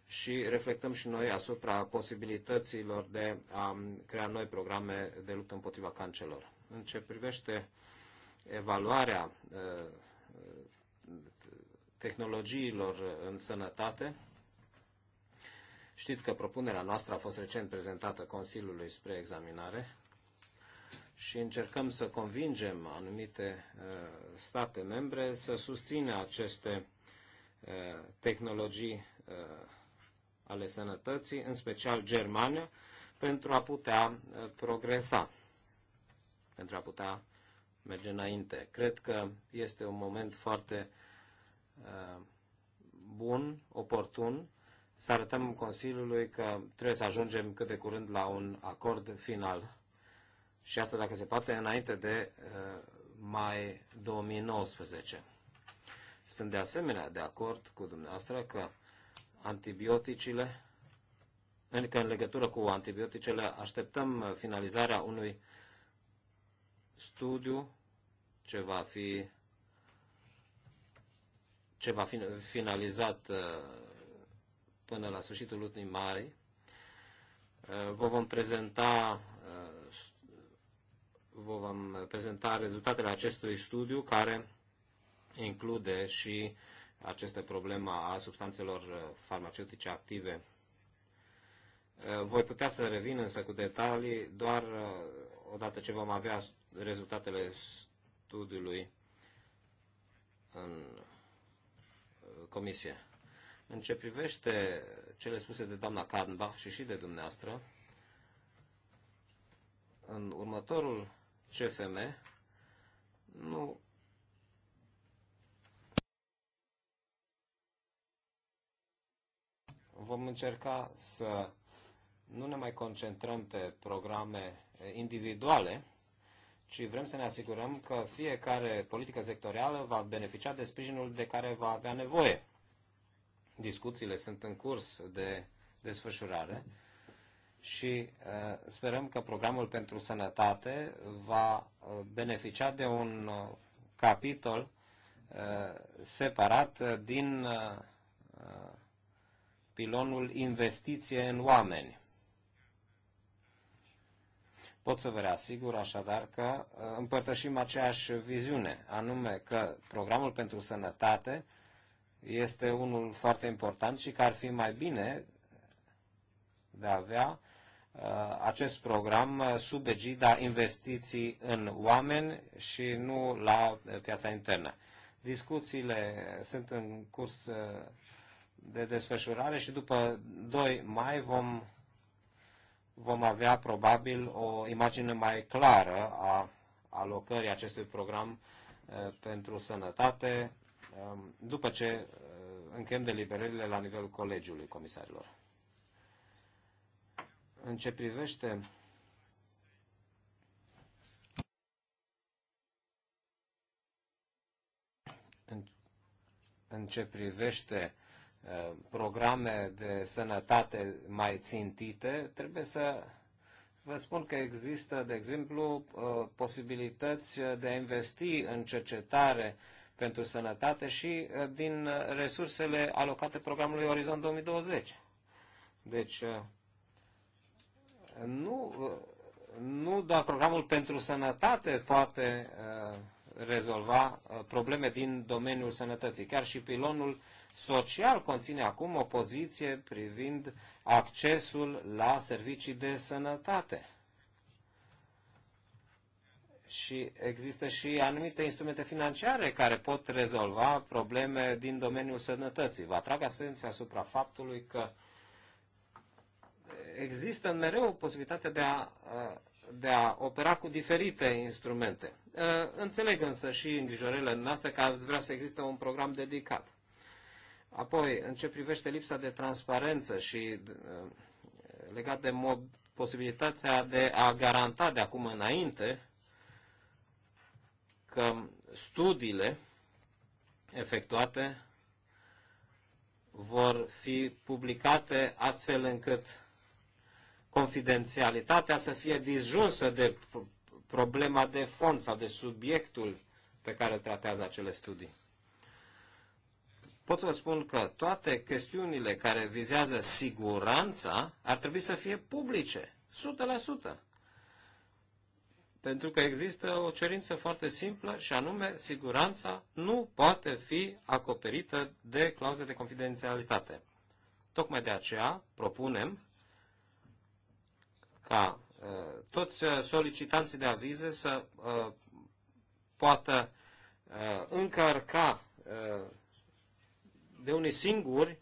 și reflectăm și noi asupra posibilităților de a crea noi programe de luptă împotriva cancelor. În ce privește evaluarea uh, tehnologiilor în sănătate, știți că propunerea noastră a fost recent prezentată Consiliului spre examinare și încercăm să convingem anumite uh, state membre să susțină aceste uh, tehnologii uh, ale sănătății, în special Germania, pentru a putea progresa, pentru a putea merge înainte. Cred că este un moment foarte bun, oportun, să arătăm Consiliului că trebuie să ajungem cât de curând la un acord final și asta dacă se poate înainte de uh, mai 2019. Sunt de asemenea de acord cu dumneavoastră că antibioticile, că în legătură cu antibioticele așteptăm finalizarea unui studiu ce va fi ce va fi finalizat uh, până la sfârșitul lunii mai. Uh, vă vom prezenta vă vom prezenta rezultatele acestui studiu care include și această problemă a substanțelor farmaceutice active. Uh, voi putea să revin însă cu detalii doar uh, odată ce vom avea rezultatele studiului în uh, comisie. În ce privește cele spuse de doamna Karnbach și și de dumneavoastră, în următorul CFM nu vom încerca să nu ne mai concentrăm pe programe individuale, ci vrem să ne asigurăm că fiecare politică sectorială va beneficia de sprijinul de care va avea nevoie. Discuțiile sunt în curs de desfășurare și uh, sperăm că programul pentru sănătate va uh, beneficia de un uh, capitol separat din pilonul investiție în oameni. Pot să vă reasigur așadar că împărtășim aceeași viziune, anume că programul pentru sănătate este unul foarte important și că ar fi mai bine de a avea Uh, acest program uh, sub egida investiții în oameni și nu la uh, piața internă. Discuțiile sunt în curs de desfășurare și după 2 mai vom, vom avea probabil o imagine mai clară a alocării acestui program pentru sănătate um, după ce încheiem deliberările la nivelul colegiului comisarilor în ce privește în, ce privește uh, programe de sănătate mai țintite, trebuie să vă spun că există, de exemplu, uh, posibilități de a investi în cercetare pentru sănătate și uh, din resursele alocate programului Orizont 2020. Deci, nu, nu doar programul pentru sănătate poate uh, rezolva uh, probleme din domeniul sănătății. Chiar și pilonul social conține acum o poziție privind accesul la servicii de sănătate. Și există și anumite instrumente financiare care pot rezolva probleme din domeniul sănătății. Vă atrag atenția asupra faptului că uh, există mereu posibilitatea de a, de a opera cu diferite instrumente. Înțeleg însă și îngrijorările noastre că ați vrea să existe un program dedicat. Apoi, în ce privește lipsa de transparență și legat de posibilitatea de a garanta de acum înainte că studiile efectuate vor fi publicate astfel încât confidențialitatea să fie disjunsă de problema de fond sau de subiectul pe care îl tratează acele studii. Pot să vă spun că toate chestiunile care vizează siguranța ar trebui să fie publice, 100%. Pentru că există o cerință foarte simplă și anume siguranța nu poate fi acoperită de clauze de confidențialitate. Tocmai de aceea propunem ca da, uh, toți uh, solicitanții de avize să uh, poată încărca de unii singuri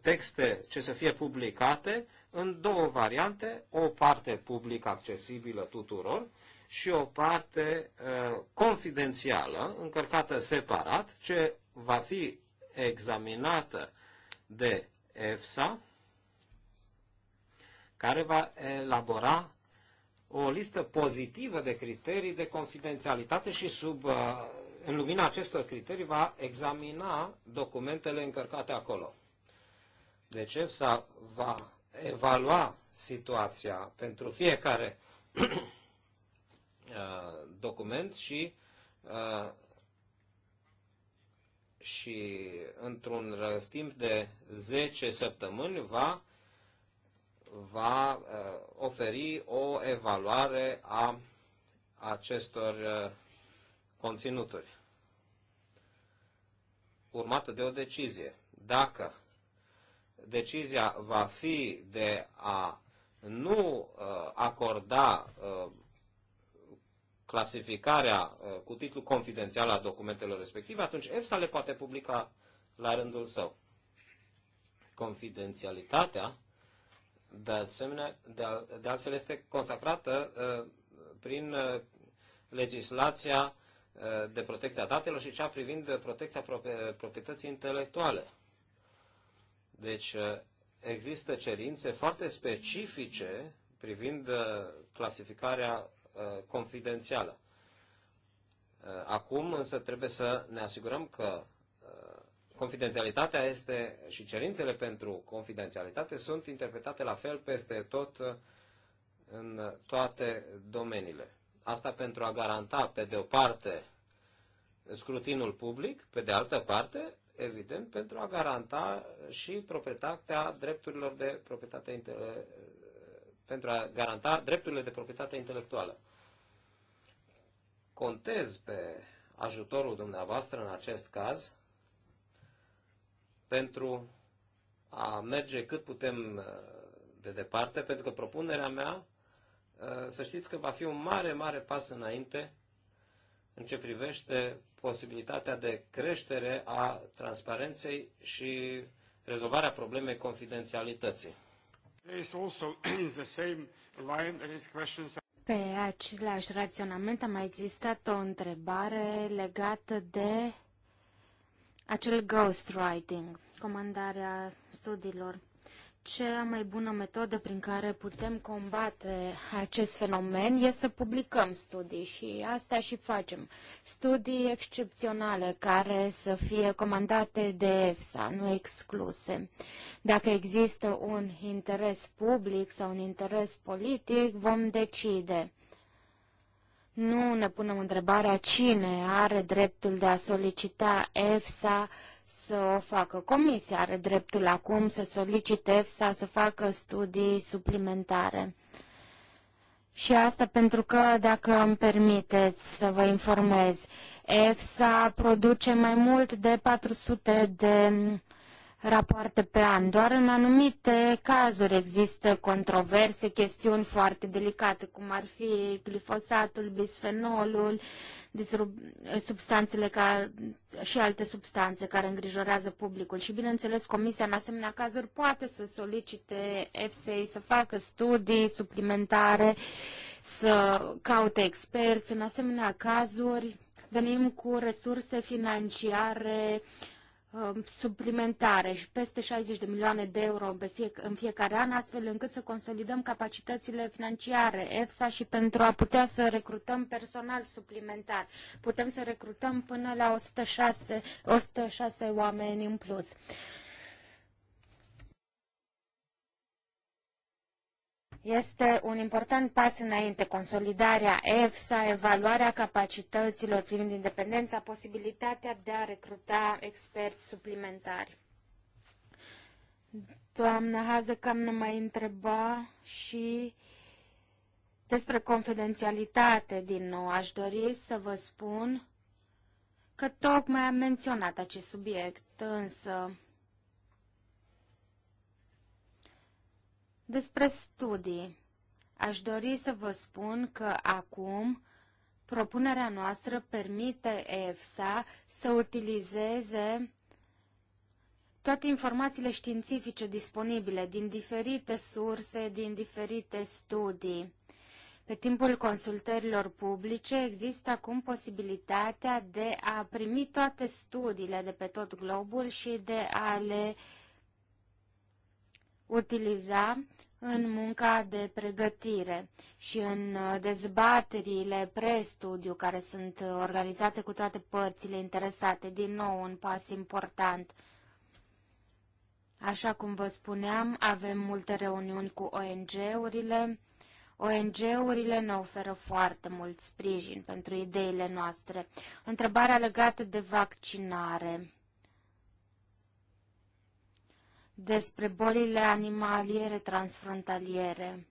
texte ce să fie publicate în două variante, o parte public accesibilă tuturor și o parte uh, confidențială, încărcată separat, ce va fi examinată de EFSA care va elabora o listă pozitivă de criterii de confidențialitate și sub, uh, în lumina acestor criterii va examina documentele încărcate acolo. Deci EFSA va evalua situația pentru fiecare uh, document și, uh, și într-un timp de 10 săptămâni va va uh, oferi o evaluare a acestor uh, conținuturi, urmată de o decizie. Dacă decizia va fi de a nu uh, acorda clasificarea cu titlu confidențial a documentelor respective, atunci EFSA le poate publica la rândul său. Confidențialitatea de, asemenea, de, de altfel este consacrată uh, prin uh, legislația uh, de protecția datelor și cea privind protecția proprietății intelectuale. Deci există cerințe foarte specifice privind clasificarea confidențială. Acum însă trebuie să ne asigurăm că confidențialitatea este și cerințele pentru confidențialitate sunt interpretate la fel peste tot uh, în toate domeniile. Asta pentru a garanta, pe de o parte, scrutinul public, pe de altă parte, evident, pentru a garanta și proprietatea drepturilor de proprietate uh, pentru a garanta drepturile de proprietate intelectuală. Contez pe ajutorul dumneavoastră în acest caz pentru a merge cât putem uh, de departe, pentru că propunerea mea, uh, să știți că va fi un mare, mare pas înainte în ce privește posibilitatea de creștere a transparenței și rezolvarea problemei confidențialității. Pe același raționament a mai existat o întrebare legată de acel ghostwriting, comandarea studiilor, cea mai bună metodă prin care putem combate acest fenomen este să publicăm studii și asta și facem. Studii excepționale care să fie comandate de EFSA, nu excluse. Dacă există un interes public sau un interes politic, vom decide nu ne punem întrebarea cine are dreptul de a solicita EFSA să o facă. Comisia are dreptul acum să solicite EFSA să facă studii suplimentare. Și asta pentru că, dacă îmi permiteți să vă informez, EFSA produce mai mult de 400 de rapoarte pe an. Doar în anumite cazuri există controverse, chestiuni foarte delicate, cum ar fi glifosatul, bisfenolul, substanțele care, și alte substanțe care îngrijorează publicul. Și, bineînțeles, Comisia, în asemenea cazuri, poate să solicite FSA să facă studii suplimentare, să caute experți. În asemenea cazuri, venim cu resurse financiare uh, Um, suplimentare și peste 60 de milioane de euro pe fie, în fiecare an, astfel încât să consolidăm capacitățile financiare EFSA și pentru a putea să recrutăm personal suplimentar. Putem să recrutăm până la 106, 106 oameni în plus. Uh, Este un important pas înainte, consolidarea EFSA, evaluarea capacităților privind independența, posibilitatea de a recruta experți suplimentari. Doamna cam ne mai întreba și despre confidențialitate din nou. Aș dori să vă spun că tocmai am menționat acest subiect, însă Despre studii, aș dori să vă spun că acum propunerea noastră permite EFSA să utilizeze toate informațiile științifice disponibile din diferite surse, din diferite studii. Pe timpul consultărilor publice există acum posibilitatea de a primi toate studiile de pe tot globul și de a le utiliza în munca de pregătire și în uh, dezbaterile pre-studiu care sunt uh, organizate cu toate părțile interesate. Din nou, un pas important. Așa cum vă spuneam, avem multe reuniuni cu ONG-urile. ONG-urile ne oferă foarte mult sprijin pentru ideile noastre. Întrebarea legată de vaccinare despre bolile animaliere transfrontaliere.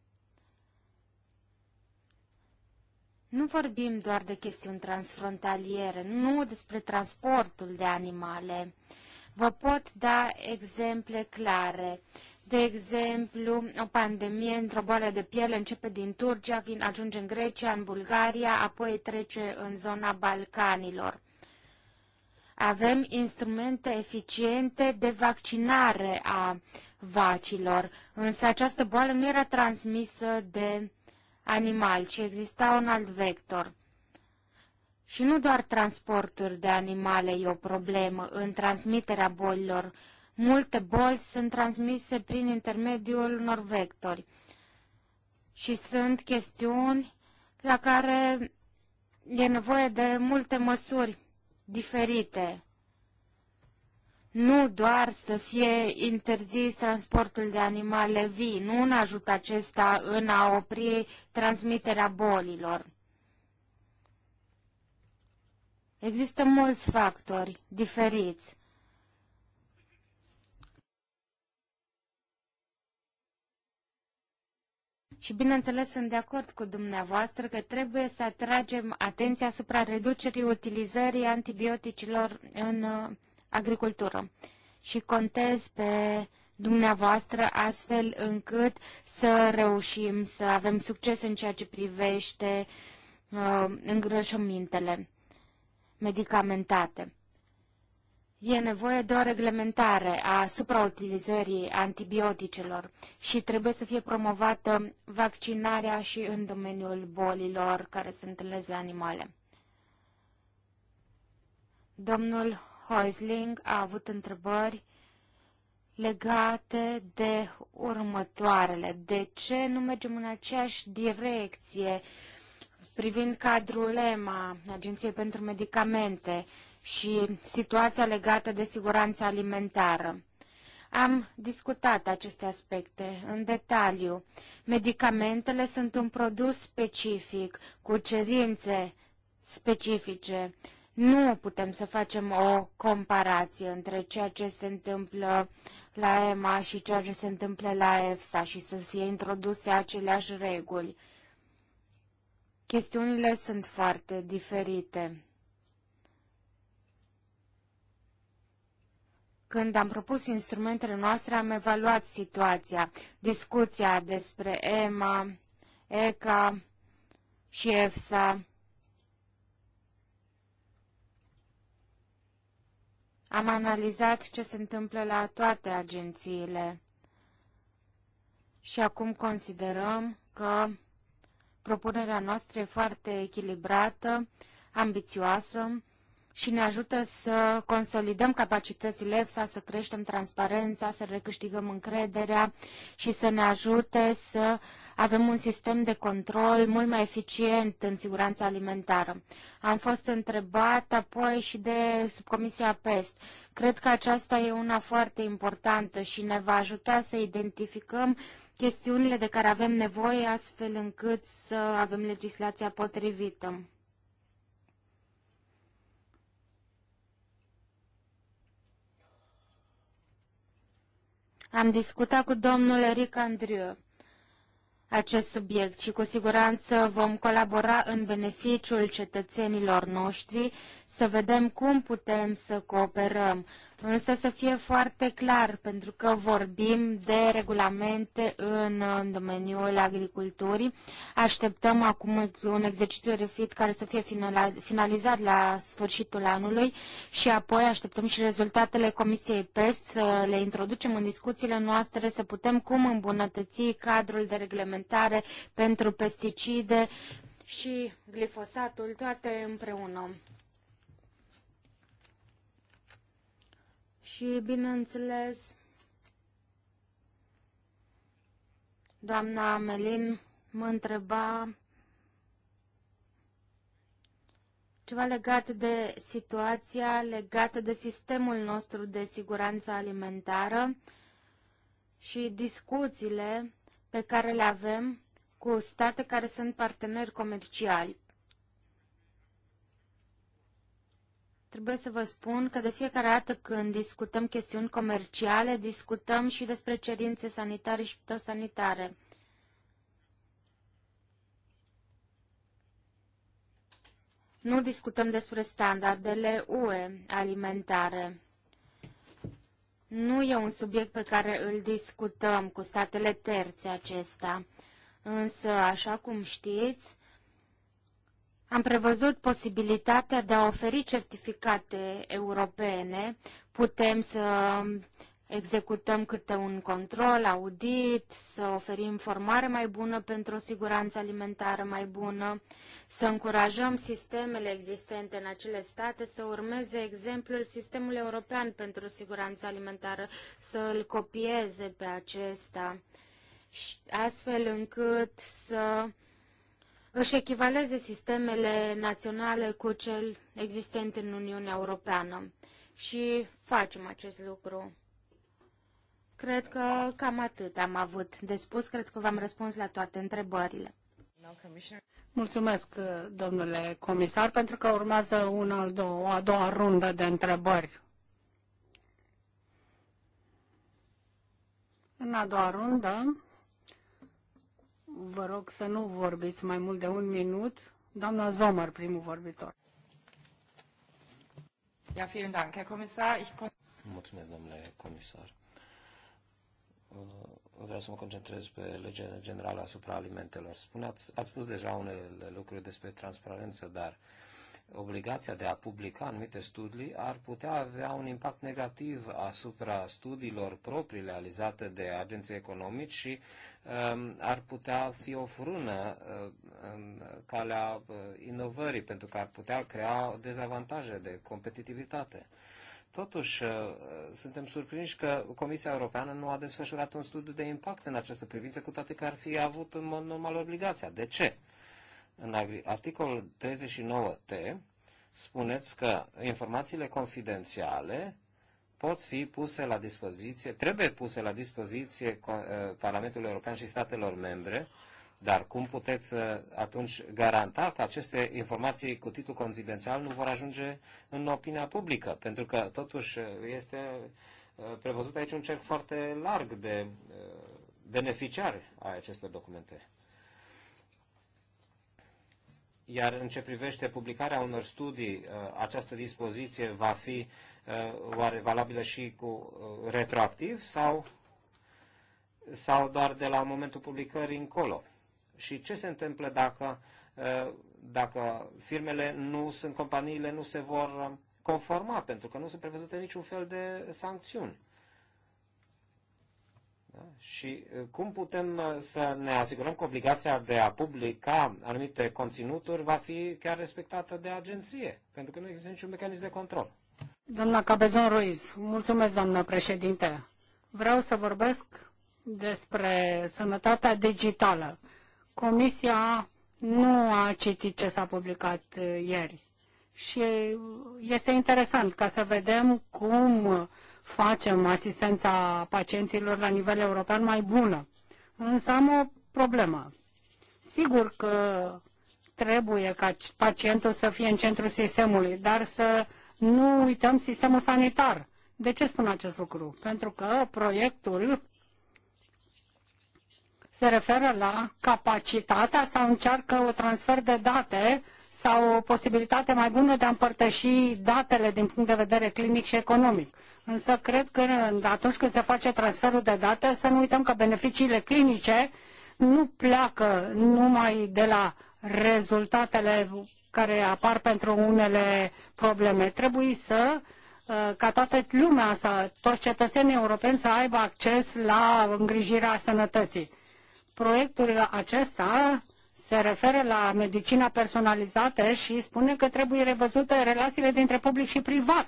Nu vorbim doar de chestiuni transfrontaliere, nu despre transportul de animale. Vă pot da exemple clare. De exemplu, o pandemie într-o boală de piele începe din Turcia, vin, ajunge în Grecia, în Bulgaria, apoi trece în zona Balcanilor. Avem instrumente eficiente de vaccinare a vacilor, însă această boală nu era transmisă de animal, ci exista un alt vector. Și nu doar transportul de animale e o problemă în transmiterea bolilor. Multe boli sunt transmise prin intermediul unor vectori. Și sunt chestiuni la care e nevoie de multe măsuri diferite. Nu doar să fie interzis transportul de animale vii, nu un ajută acesta în a opri transmiterea bolilor. Există mulți factori diferiți. Și bineînțeles sunt de acord cu dumneavoastră că trebuie să atragem atenția asupra reducerii utilizării antibioticilor în uh, agricultură. Și contez pe dumneavoastră astfel încât să reușim să avem succes în ceea ce privește uh, îngrășămintele medicamentate. E nevoie de o reglementare a suprautilizării antibioticelor și trebuie să fie promovată vaccinarea și în domeniul bolilor care se întâlnesc la animale. Domnul Heusling a avut întrebări legate de următoarele. De ce nu mergem în aceeași direcție privind cadrul EMA, Agenției pentru Medicamente? și situația legată de siguranța alimentară. Am discutat aceste aspecte în detaliu. Medicamentele sunt un produs specific, cu cerințe specifice. Nu putem să facem o comparație între ceea ce se întâmplă la EMA și ceea ce se întâmplă la EFSA și să fie introduse aceleași reguli. Chestiunile sunt foarte diferite. Când am propus instrumentele noastre, am evaluat situația, discuția despre EMA, ECA și EFSA. Am analizat ce se întâmplă la toate agențiile și acum considerăm că propunerea noastră e foarte echilibrată, ambițioasă și ne ajută să consolidăm capacitățile EFSA, să creștem transparența, să recâștigăm încrederea și să ne ajute să avem un sistem de control mult mai eficient în siguranța alimentară. Am fost întrebat apoi și de subcomisia PEST. Cred că aceasta e una foarte importantă și ne va ajuta să identificăm chestiunile de care avem nevoie astfel încât să avem legislația potrivită. Am discutat cu domnul Eric Andrieu acest subiect și cu siguranță vom colabora în beneficiul cetățenilor noștri să vedem cum putem să cooperăm însă să fie foarte clar, pentru că vorbim de regulamente în, în domeniul agriculturii. Așteptăm acum un exercițiu refit care să fie finalizat la sfârșitul anului și apoi așteptăm și rezultatele Comisiei PEST să le introducem în discuțiile noastre, să putem cum îmbunătăți cadrul de reglementare pentru pesticide și glifosatul, toate împreună. și, bineînțeles, doamna Melin mă întreba ceva legat de situația legată de sistemul nostru de siguranță alimentară și discuțiile pe care le avem cu state care sunt parteneri comerciali. Trebuie să vă spun că de fiecare dată când discutăm chestiuni comerciale, discutăm și despre cerințe sanitare și fitosanitare. Nu discutăm despre standardele UE alimentare. Nu e un subiect pe care îl discutăm cu statele terțe acesta. Însă, așa cum știți, am prevăzut posibilitatea de a oferi certificate europene. Putem să executăm câte un control, audit, să oferim formare mai bună pentru o siguranță alimentară mai bună, să încurajăm sistemele existente în acele state să urmeze exemplul sistemului european pentru siguranță alimentară, să îl copieze pe acesta, astfel încât să își echivaleze sistemele naționale cu cel existent în Uniunea Europeană și facem acest lucru. Cred că cam atât am avut de spus, cred că v-am răspuns la toate întrebările. Mulțumesc, domnule comisar, pentru că urmează una, a doua, a doua rundă de întrebări. În a doua rundă, Vă rog să nu vorbiți mai mult de un minut. Doamna Zomăr, primul vorbitor. Ja, vielen Dank, Herr Kommissar. Ich Mulțumesc, domnule comisar. Uh, vreau să mă concentrez pe legea generală asupra alimentelor. Spuneați, ați spus deja unele lucruri despre transparență, dar uh, obligația de a publica anumite studii ar putea avea un impact negativ asupra studiilor proprii realizate de agenții economici și um, ar putea fi o frână uh, în calea uh, inovării, pentru că ar putea crea dezavantaje de competitivitate. Totuși, uh, suntem surprinși că Comisia Europeană nu a desfășurat un studiu de impact în această privință, cu toate că ar fi avut în mod normal obligația. De ce? În articolul 39T spuneți că informațiile confidențiale pot fi puse la dispoziție, trebuie puse la dispoziție eh, Parlamentului European și statelor membre, dar cum puteți eh, atunci garanta că aceste informații cu titlu confidențial nu vor ajunge în opinia publică? Pentru că totuși eh, este prevăzut aici un cerc foarte larg de beneficiari a acestor documente. Iar în ce privește publicarea unor studii, uh, această dispoziție va fi uh, oare valabilă și cu uh, retroactiv sau, sau doar de la momentul publicării încolo? Și ce se întâmplă dacă, dacă firmele nu sunt, companiile nu se vor conforma, pentru că nu sunt prevăzute niciun fel de sancțiuni? Da? Și uh, cum putem uh, să ne asigurăm că obligația de a publica anumite conținuturi va fi chiar respectată de agenție? Pentru că nu există niciun mecanism de control. Doamna Cabezon Ruiz, mulțumesc, doamnă președinte. Vreau să vorbesc despre sănătatea digitală. Comisia nu a citit ce s-a publicat uh, ieri. Și este interesant ca să vedem cum facem asistența pacienților la nivel european mai bună. Însă am o problemă. Sigur că trebuie ca pacientul să fie în centrul sistemului, dar să nu uităm sistemul sanitar. De ce spun acest lucru? Pentru că proiectul se referă la capacitatea sau încearcă o transfer de date sau o posibilitate mai bună de a împărtăși datele din punct de vedere clinic și economic. Însă cred că atunci când se face transferul de date, să nu uităm că beneficiile clinice nu pleacă numai de la rezultatele care apar pentru unele probleme. Trebuie să uh, ca toată lumea, să, toți cetățenii europeni să aibă acces la îngrijirea sănătății. Proiectul acesta se referă la medicina personalizată și spune că trebuie revăzute relațiile dintre public și privat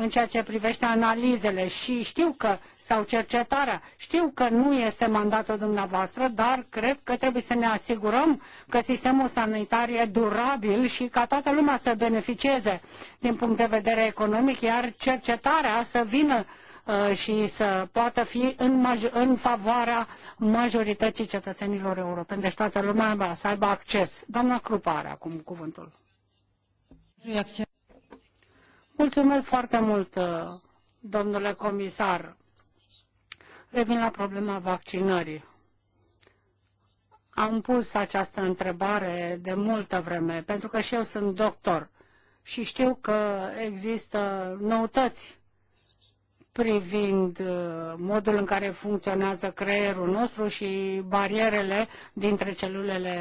în ceea ce privește analizele și știu că, sau cercetarea, știu că nu este mandatul dumneavoastră, dar cred că trebuie să ne asigurăm că sistemul sanitar e durabil și ca toată lumea să beneficieze din punct de vedere economic, iar cercetarea să vină uh, și să poată fi în, maj- în favoarea majorității cetățenilor europeni. Deci toată lumea să aibă acces. Doamna Crupa are acum cuvântul. Reacția. Mulțumesc foarte mult, uh, domnule comisar. Revin la problema vaccinării. Am pus această întrebare de multă vreme, pentru că și eu sunt doctor și știu că există noutăți privind uh, modul în care funcționează creierul nostru și barierele dintre celulele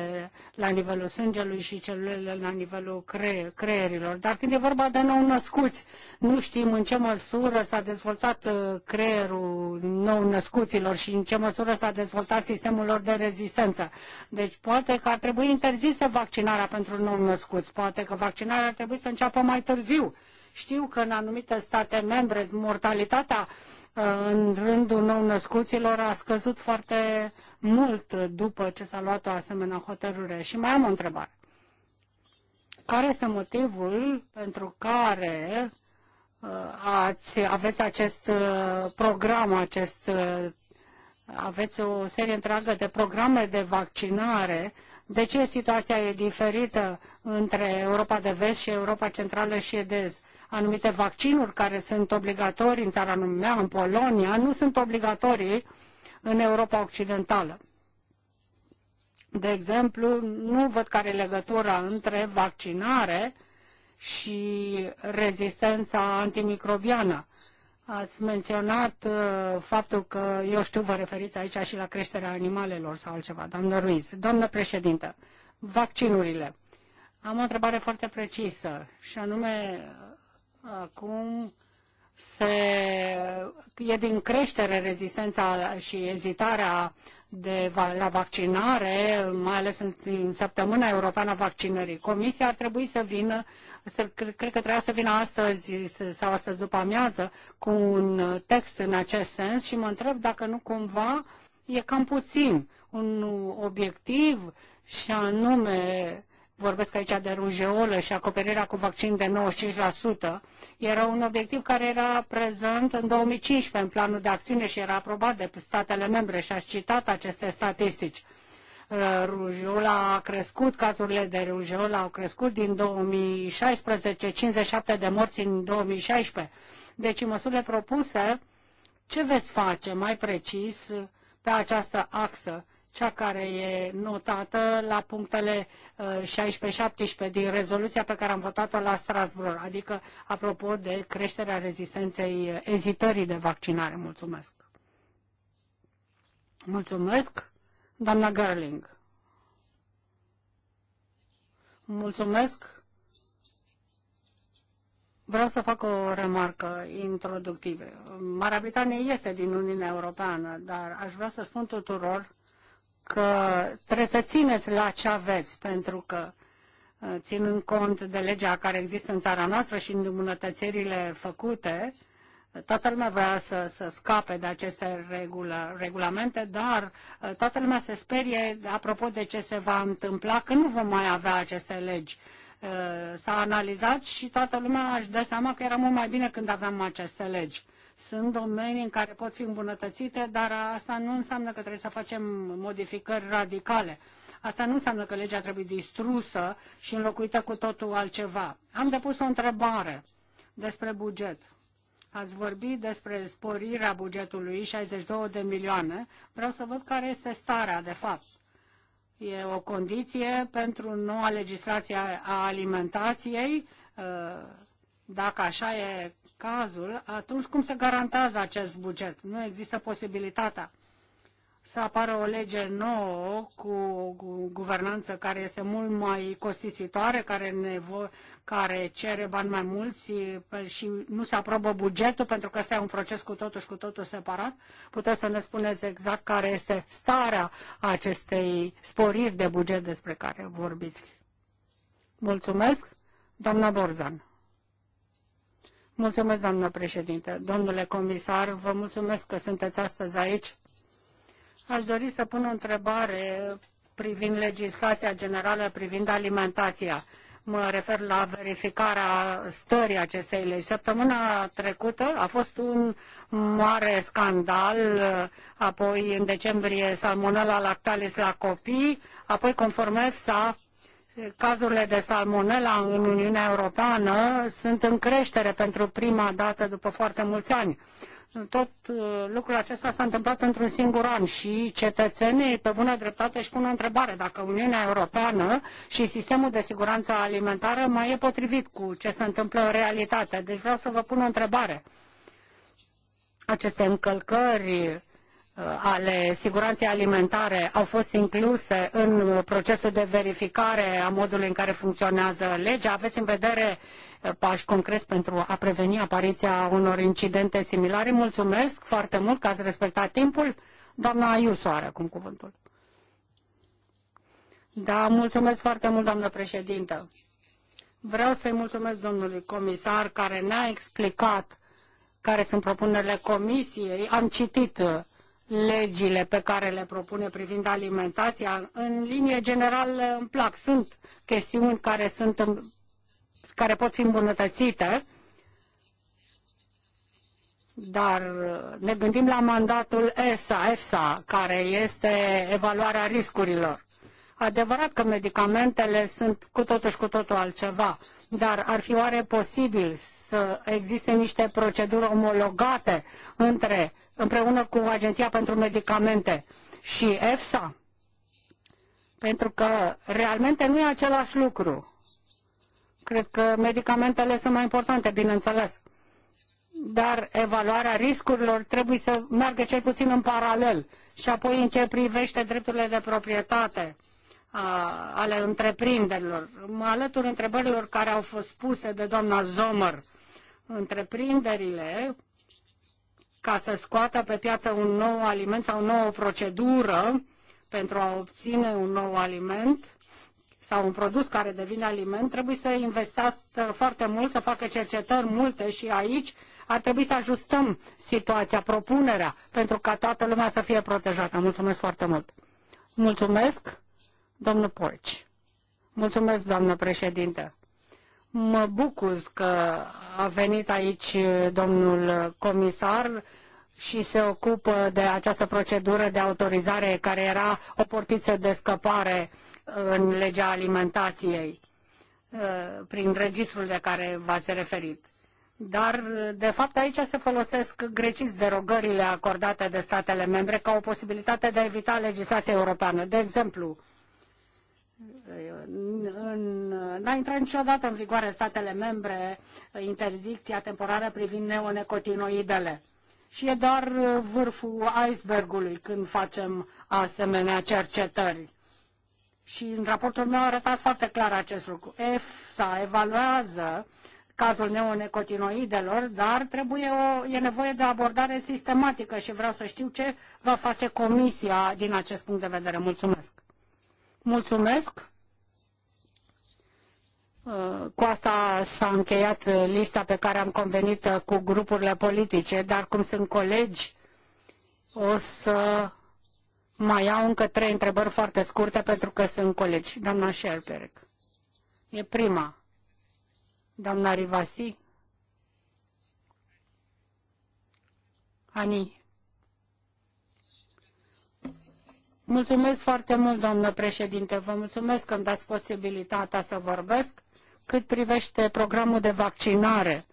la nivelul sângelui și celulele la nivelul creier, creierilor. Dar când e vorba de nou-născuți, nu știm în ce măsură s-a dezvoltat uh, creierul nou-născuților și în ce măsură s-a dezvoltat sistemul lor de rezistență. Deci poate că ar trebui interzisă vaccinarea pentru nou-născuți, poate că vaccinarea ar trebui să înceapă mai târziu știu că în anumite state membre mortalitatea uh, în rândul nou-născuților a scăzut foarte mult după ce s-a luat o asemenea hotărâre. Și mai am o întrebare. Care este motivul pentru care uh, ați, aveți acest uh, program, acest, aveți o serie întreagă de programe de vaccinare. De ce situația e diferită între Europa de Vest și Europa Centrală și est? Anumite vaccinuri care sunt obligatorii în țara mea, în Polonia, nu sunt obligatorii în Europa Occidentală. De exemplu, nu văd care e legătura între vaccinare și rezistența antimicrobiană. Ați menționat uh, faptul că, eu știu, vă referiți aici și la creșterea animalelor sau altceva, doamnă Ruiz. Doamnă președintă, vaccinurile. Am o întrebare foarte precisă și anume acum se, e din creștere rezistența și ezitarea de, la vaccinare, mai ales în, în săptămâna europeană a vaccinării. Comisia ar trebui să vină, să, cred că trebuia să vină astăzi sau astăzi după amiază cu un text în acest sens și mă întreb dacă nu cumva e cam puțin un obiectiv și anume vorbesc aici de rujeolă și acoperirea cu vaccin de 95%, era un obiectiv care era prezent în 2015 în planul de acțiune și era aprobat de statele membre și a citat aceste statistici. Uh, rujeola a crescut, cazurile de rujeola au crescut din 2016, 57 de morți în 2016. Deci, în măsurile propuse, ce veți face mai precis pe această axă? cea care e notată la punctele 16-17 uh, din rezoluția pe care am votat-o la Strasbourg, adică apropo de creșterea rezistenței uh, ezitării de vaccinare. Mulțumesc! Mulțumesc, doamna Gerling! Mulțumesc! Vreau să fac o remarcă introductivă. Marea Britanie este din Uniunea Europeană, dar aș vrea să spun tuturor că trebuie să țineți la ce aveți, pentru că uh, ținând cont de legea care există în țara noastră și îmbunătățirile făcute, toată lumea vrea să, să scape de aceste regulă, regulamente, dar uh, toată lumea se sperie apropo de ce se va întâmpla, că nu vom mai avea aceste legi. Uh, s-a analizat și toată lumea își dă seama că era mult mai bine când aveam aceste legi. Sunt domenii în care pot fi îmbunătățite, dar asta nu înseamnă că trebuie să facem modificări radicale. Asta nu înseamnă că legea trebuie distrusă și înlocuită cu totul altceva. Am depus o întrebare despre buget. Ați vorbit despre sporirea bugetului, 62 de milioane. Vreau să văd care este starea, de fapt. E o condiție pentru noua legislație a alimentației. Ă, dacă așa e cazul, atunci cum se garantează acest buget? Nu există posibilitatea să apară o lege nouă cu o guvernanță care este mult mai costisitoare, care, nevo- care cere bani mai mulți și nu se aprobă bugetul pentru că ăsta e un proces cu totul și cu totul separat. Puteți să ne spuneți exact care este starea acestei sporiri de buget despre care vorbiți. Mulțumesc, doamna Borzan. Mulțumesc, doamnă președinte. Domnule comisar, vă mulțumesc că sunteți astăzi aici. Aș dori să pun o întrebare privind legislația generală privind alimentația. Mă refer la verificarea stării acestei legi. Săptămâna trecută a fost un mare scandal, apoi în decembrie salmonella lactalis la copii, apoi conform EFSA Cazurile de salmonella în Uniunea Europeană sunt în creștere pentru prima dată după foarte mulți ani. Tot uh, lucrul acesta s-a întâmplat într-un singur an și cetățenii pe bună dreptate își pun o întrebare dacă Uniunea Europeană și sistemul de siguranță alimentară mai e potrivit cu ce se întâmplă în realitate. Deci vreau să vă pun o întrebare. Aceste încălcări Uh, ale siguranței alimentare au fost incluse în procesul de verificare a modului în care funcționează legea? Aveți în vedere uh, pași concreți pentru a preveni apariția unor incidente similare? Mulțumesc foarte mult că ați respectat timpul. Doamna Iuso are acum cuvântul. Da, mulțumesc foarte mult, doamnă președintă. Vreau să-i mulțumesc domnului comisar care ne-a explicat care sunt propunerile comisiei. Am citit uh, legile pe care le propune privind alimentația. În linie general îmi plac. Sunt chestiuni care, sunt, care pot fi îmbunătățite, dar ne gândim la mandatul ESA, EFSA, care este evaluarea riscurilor. Adevărat că medicamentele sunt cu totul și cu totul altceva dar ar fi oare posibil să existe niște proceduri omologate între, împreună cu Agenția pentru Medicamente și EFSA? Pentru că realmente nu e același lucru. Cred că medicamentele sunt mai importante, bineînțeles. Dar evaluarea riscurilor trebuie să meargă cel puțin în paralel. Și apoi în ce privește drepturile de proprietate ale întreprinderilor. Mă alătur întrebărilor care au fost puse de doamna Zomăr. Întreprinderile, ca să scoată pe piață un nou aliment sau o nouă procedură pentru a obține un nou aliment sau un produs care devine aliment, trebuie să investească foarte mult, să facă cercetări multe și aici ar trebui să ajustăm situația, propunerea, pentru ca toată lumea să fie protejată. Mulțumesc foarte mult! Mulțumesc! Domnul Porci. Mulțumesc, doamnă președinte. Mă bucur că a venit aici domnul comisar și se ocupă de această procedură de autorizare care era o portiță de scăpare uh, în legea alimentației uh, prin registrul de care v-ați referit. Dar, uh, de fapt, aici se folosesc greciți derogările acordate de statele membre ca o posibilitate de a evita legislația europeană. De exemplu, N-a intrat niciodată în vigoare în statele membre uh, interzicția temporară privind neonecotinoidele. Și e doar uh, vârful icebergului când facem asemenea cercetări. Și în raportul meu a arătat foarte clar acest lucru. EFSA evaluează cazul neonecotinoidelor, dar trebuie o, e nevoie de abordare sistematică și vreau să știu ce va face Comisia din acest punct de vedere. Mulțumesc! Mulțumesc! Cu asta s-a încheiat lista pe care am convenit cu grupurile politice, dar cum sunt colegi, o să mai iau încă trei întrebări foarte scurte pentru că sunt colegi. Doamna Șerperec. E prima. Doamna Rivasi. Ani. Mulțumesc foarte mult, doamnă președinte. Vă mulțumesc că îmi dați posibilitatea să vorbesc. Cât privește programul de vaccinare,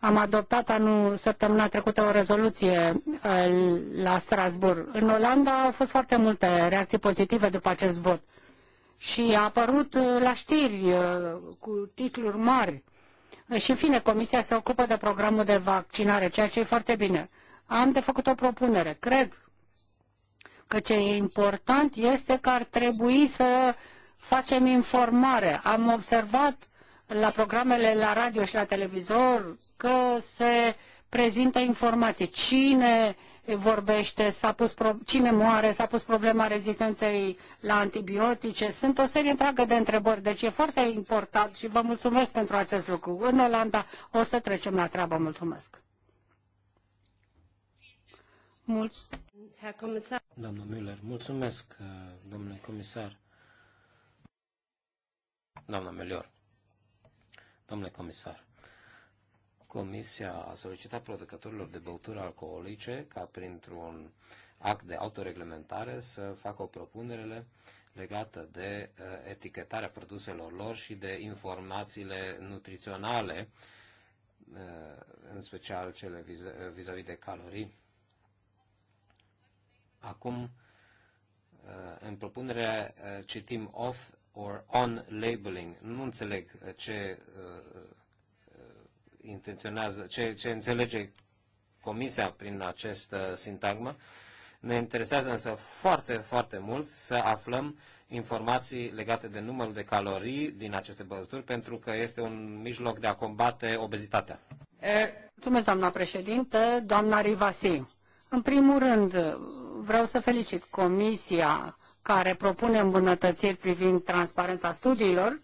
am adoptat anul săptămâna trecută o rezoluție eh, la Strasbourg. În Olanda au fost foarte multe reacții pozitive după acest vot și a apărut eh, la știri eh, cu titluri mari. Și în fine, Comisia se ocupă de programul de vaccinare, ceea ce e foarte bine. Am de făcut o propunere. Cred Că ce e important este că ar trebui să facem informare. Am observat la programele la radio și la televizor că se prezintă informații. Cine vorbește, s-a pus pro- cine moare, s-a pus problema rezistenței la antibiotice. Sunt o serie întreagă de întrebări, deci e foarte important și vă mulțumesc pentru acest lucru. În Olanda o să trecem la treabă. Mulțumesc! Mulțumesc! Herr Kommissar. Doamna Müller, mulțumesc, uh, domnule comisar. Doamna Melior, domnule comisar, Comisia a solicitat producătorilor de băuturi alcoolice ca printr-un act de autoreglementare să facă o propunere legată de uh, etichetarea produselor lor și de informațiile nutriționale, uh, în special cele vis-a-vis -vis de calorii Acum, uh, în propunerea uh, citim off or on labeling. Nu înțeleg uh, ce intenționează, ce, ce înțelege Comisia prin acest sintagmă. Ne interesează însă foarte, foarte mult să aflăm informații legate de numărul de calorii din aceste băuturi, pentru că este un mijloc de a combate obezitatea. E, eh, mulțumesc, doamna președinte, doamna Rivasi. În primul rând, Vreau să felicit Comisia care propune îmbunătățiri privind transparența studiilor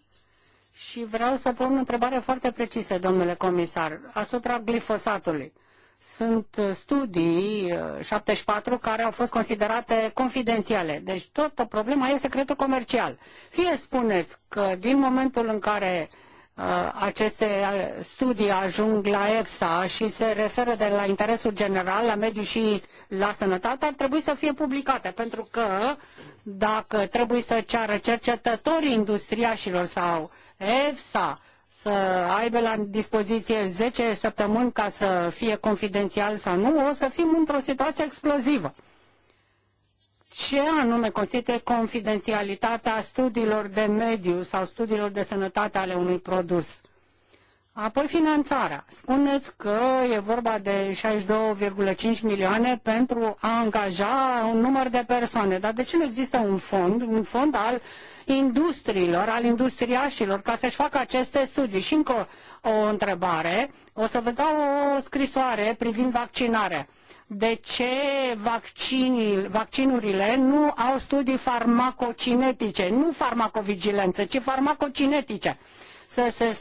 și vreau să pun o întrebare foarte precisă, domnule comisar, asupra glifosatului. Sunt studii 74 eh, care au fost considerate confidențiale. Deci toată problema e secretul comercial. Fie spuneți că din momentul în care uh, Uh, aceste uh, studii ajung la EFSA și se referă de la interesul general, la mediu și la sănătate, ar trebui să fie publicate, pentru că dacă trebuie să ceară cercetătorii industriașilor sau EFSA să aibă la dispoziție 10 săptămâni ca să fie confidențial sau nu, o să fim într-o situație explozivă ce anume constituie confidențialitatea studiilor de mediu sau studiilor de sănătate ale unui produs. Apoi finanțarea. Spuneți că e vorba de 62,5 milioane pentru a angaja un număr de persoane. Dar de ce nu există un fond, un fond al industriilor, al industriașilor, ca să-și facă aceste studii? Și încă o, o întrebare. O să vă dau o scrisoare privind vaccinarea de ce vaccinurile nu au studii farmacocinetice, nu farmacovigilență, ci farmacocinetice să se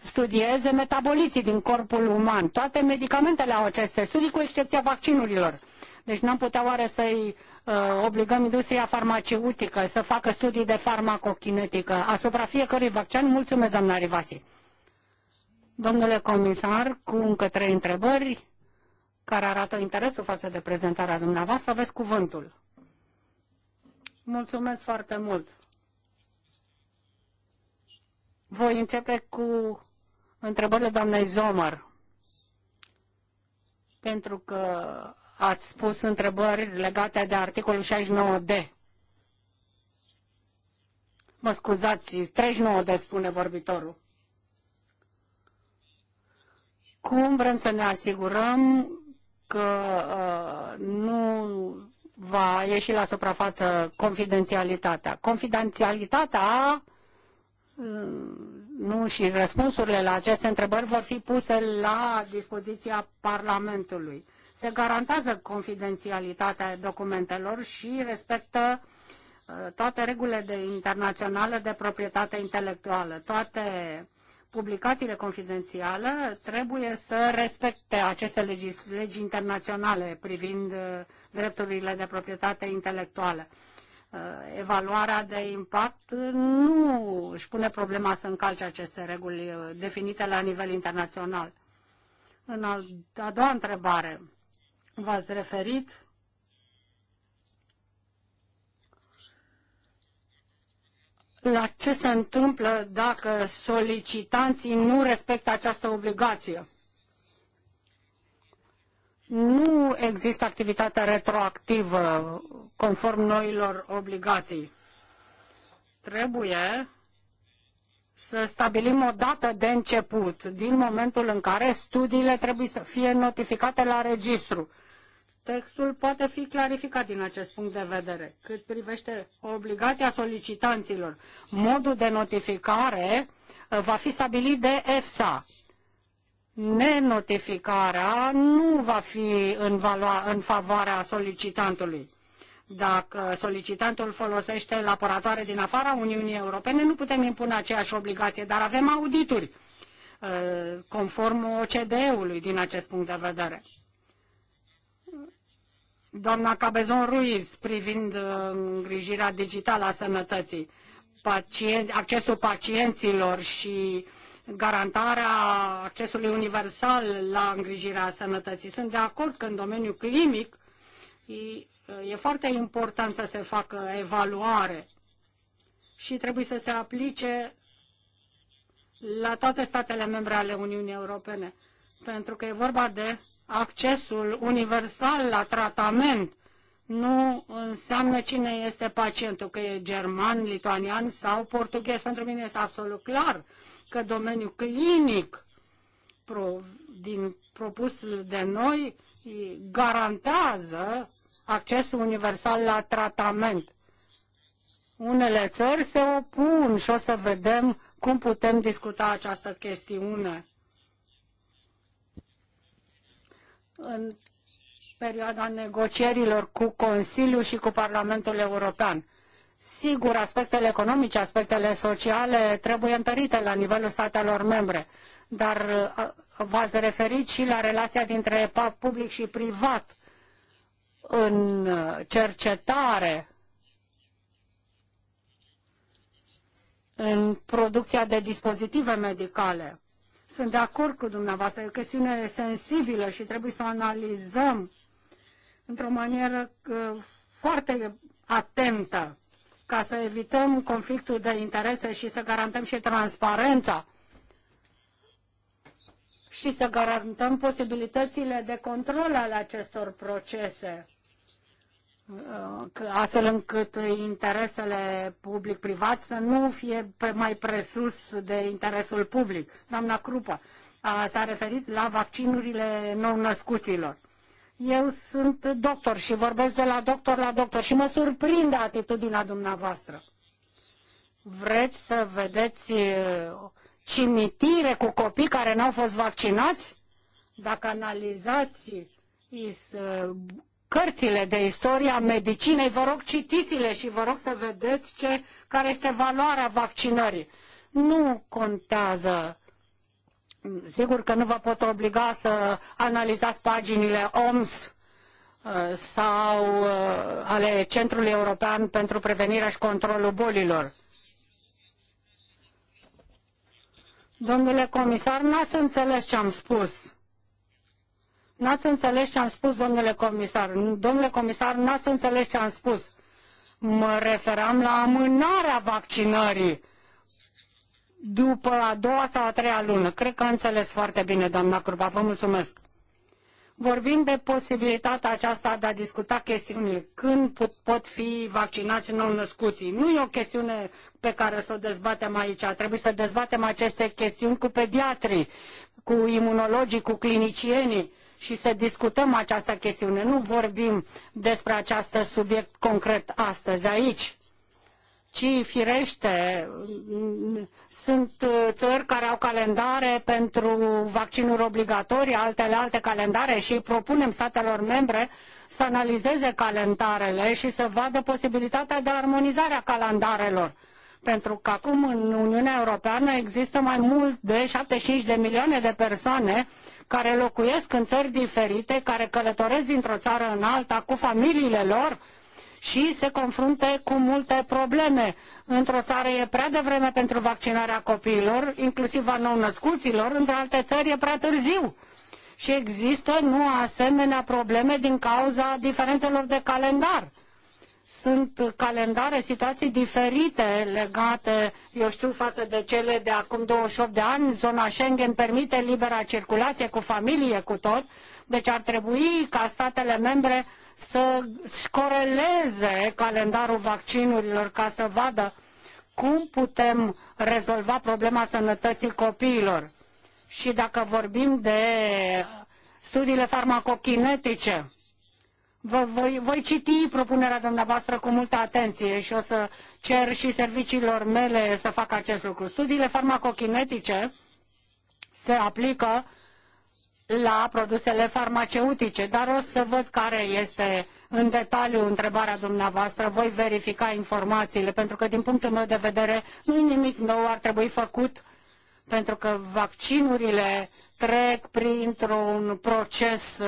studieze metaboliții din corpul uman. Toate medicamentele au aceste studii, cu excepția vaccinurilor. Deci n-am putea oare să-i uh, obligăm industria farmaceutică să facă studii de farmacokinetică asupra fiecărui vaccin? Mulțumesc, doamna Rivasi. Domnule comisar, cu încă trei întrebări care arată interesul față de prezentarea dumneavoastră. Aveți cuvântul. Mulțumesc foarte mult. Voi începe cu întrebările doamnei Zomăr, pentru că ați spus întrebări legate de articolul 69D. Mă scuzați, 39D spune vorbitorul. Cum vrem să ne asigurăm că uh, nu va ieși la suprafață confidențialitatea. Confidențialitatea uh, nu și răspunsurile la aceste întrebări vor fi puse la dispoziția Parlamentului. Se garantează confidențialitatea documentelor și respectă uh, toate regulile de, internaționale de proprietate intelectuală, toate publicațiile confidențiale trebuie să respecte aceste legi, legi internaționale privind uh, drepturile de proprietate intelectuală. Uh, evaluarea de impact nu își pune problema să încalce aceste reguli uh, definite la nivel internațional. În a doua întrebare, v-ați referit la ce se întâmplă dacă solicitanții nu respectă această obligație. Nu există activitate retroactivă conform noilor obligații. Trebuie să stabilim o dată de început, din momentul în care studiile trebuie să fie notificate la registru. Textul poate fi clarificat din acest punct de vedere. Cât privește obligația solicitanților, modul de notificare uh, va fi stabilit de EFSA. Nenotificarea nu va fi în, valoa, în favoarea solicitantului. Dacă solicitantul folosește laboratoare din afara Uniunii Europene, nu putem impune aceeași obligație, dar avem audituri uh, conform OCDE-ului din acest punct de vedere doamna Cabezon Ruiz privind uh, îngrijirea digitală a sănătății, pacient, accesul pacienților și garantarea accesului universal la îngrijirea sănătății. Sunt de acord că în domeniul clinic e, uh, e foarte important să se facă evaluare și trebuie să se aplice la toate statele membre ale Uniunii Europene pentru că e vorba de accesul universal la tratament. Nu înseamnă cine este pacientul, că e german, lituanian sau portughez. Pentru mine este absolut clar că domeniul clinic pro, din, propus de noi garantează accesul universal la tratament. Unele țări se opun și o să vedem cum putem discuta această chestiune în perioada negocierilor cu Consiliul și cu Parlamentul European. Sigur, aspectele economice, aspectele sociale trebuie întărite la nivelul statelor membre, dar uh, v-ați referit și la relația dintre public și privat în uh, cercetare, în producția de dispozitive medicale. Sunt de acord cu dumneavoastră, e o chestiune sensibilă și trebuie să o analizăm într-o manieră uh, foarte atentă ca să evităm conflictul de interese și să garantăm și transparența și să garantăm posibilitățile de control ale acestor procese astfel încât interesele public-privat să nu fie mai presus de interesul public. Doamna Crupă s-a referit la vaccinurile nou-născuților. Eu sunt doctor și vorbesc de la doctor la doctor și mă surprinde atitudinea dumneavoastră. Vreți să vedeți cimitire cu copii care n-au fost vaccinați? Dacă analizați is, cărțile de istoria medicinei, vă rog citiți-le și vă rog să vedeți ce, care este valoarea vaccinării. Nu contează sigur că nu vă pot obliga să analizați paginile OMS uh, sau uh, ale Centrului European pentru Prevenirea și Controlul Bolilor. Domnule comisar, n-ați înțeles ce am spus. N-ați înțeles ce am spus, domnule comisar. Domnule comisar, n-ați înțeles ce am spus. Mă referam la amânarea vaccinării după a doua sau a treia lună. Cred că am înțeles foarte bine, doamna Curba. Vă mulțumesc. Vorbim de posibilitatea aceasta de a discuta chestiunile. Când pot, pot fi vaccinați nou-născuții? Nu e o chestiune pe care să o dezbatem aici. Trebuie să dezbatem aceste chestiuni cu pediatrii, cu imunologii, cu clinicienii și să discutăm această chestiune. Nu vorbim despre acest subiect concret astăzi aici, ci firește sunt uh, țări care au calendare pentru vaccinuri obligatorii, altele alte calendare și propunem statelor membre să analizeze calendarele și să vadă posibilitatea de armonizare a calendarelor pentru că acum în Uniunea Europeană există mai mult de 75 de milioane de persoane care locuiesc în țări diferite, care călătoresc dintr-o țară în alta cu familiile lor și se confruntă cu multe probleme. Într-o țară e prea devreme pentru vaccinarea copiilor, inclusiv a nou-născuților, într-alte țări e prea târziu. Și există nu asemenea probleme din cauza diferențelor de calendar sunt calendare, situații diferite legate, eu știu, față de cele de acum 28 de ani. Zona Schengen permite libera circulație cu familie, cu tot. Deci ar trebui ca statele membre să scoreleze coreleze calendarul vaccinurilor ca să vadă cum putem rezolva problema sănătății copiilor. Și dacă vorbim de studiile farmacokinetice, Vă, voi, voi citi propunerea dumneavoastră cu multă atenție și o să cer și serviciilor mele să facă acest lucru. Studiile farmacokinetice se aplică la produsele farmaceutice, dar o să văd care este în detaliu întrebarea dumneavoastră, voi verifica informațiile, pentru că din punctul meu de vedere nu e nimic nou, ar trebui făcut, pentru că vaccinurile trec printr-un proces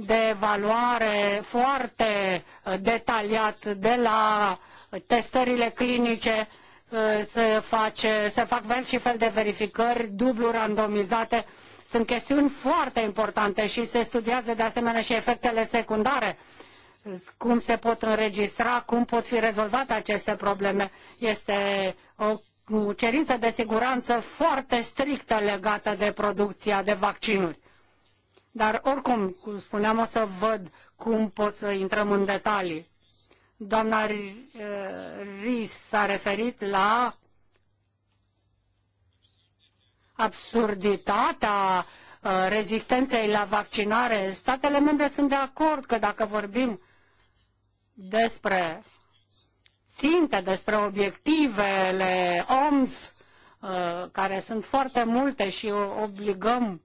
de evaluare foarte uh, detaliat de la testările clinice, uh, se, face, se fac fel și fel de verificări dublu randomizate. Sunt chestiuni foarte importante și se studiază de asemenea și efectele secundare cum se pot înregistra, cum pot fi rezolvate aceste probleme. Este o cerință de siguranță foarte strictă legată de producția de vaccinuri. Dar oricum, cum spuneam, o să văd cum pot să intrăm în detalii. Doamna uh, Ris s-a referit la absurditatea uh, rezistenței la vaccinare. Statele membre sunt de acord că dacă vorbim despre ținte, despre obiectivele OMS, uh, care sunt foarte multe și obligăm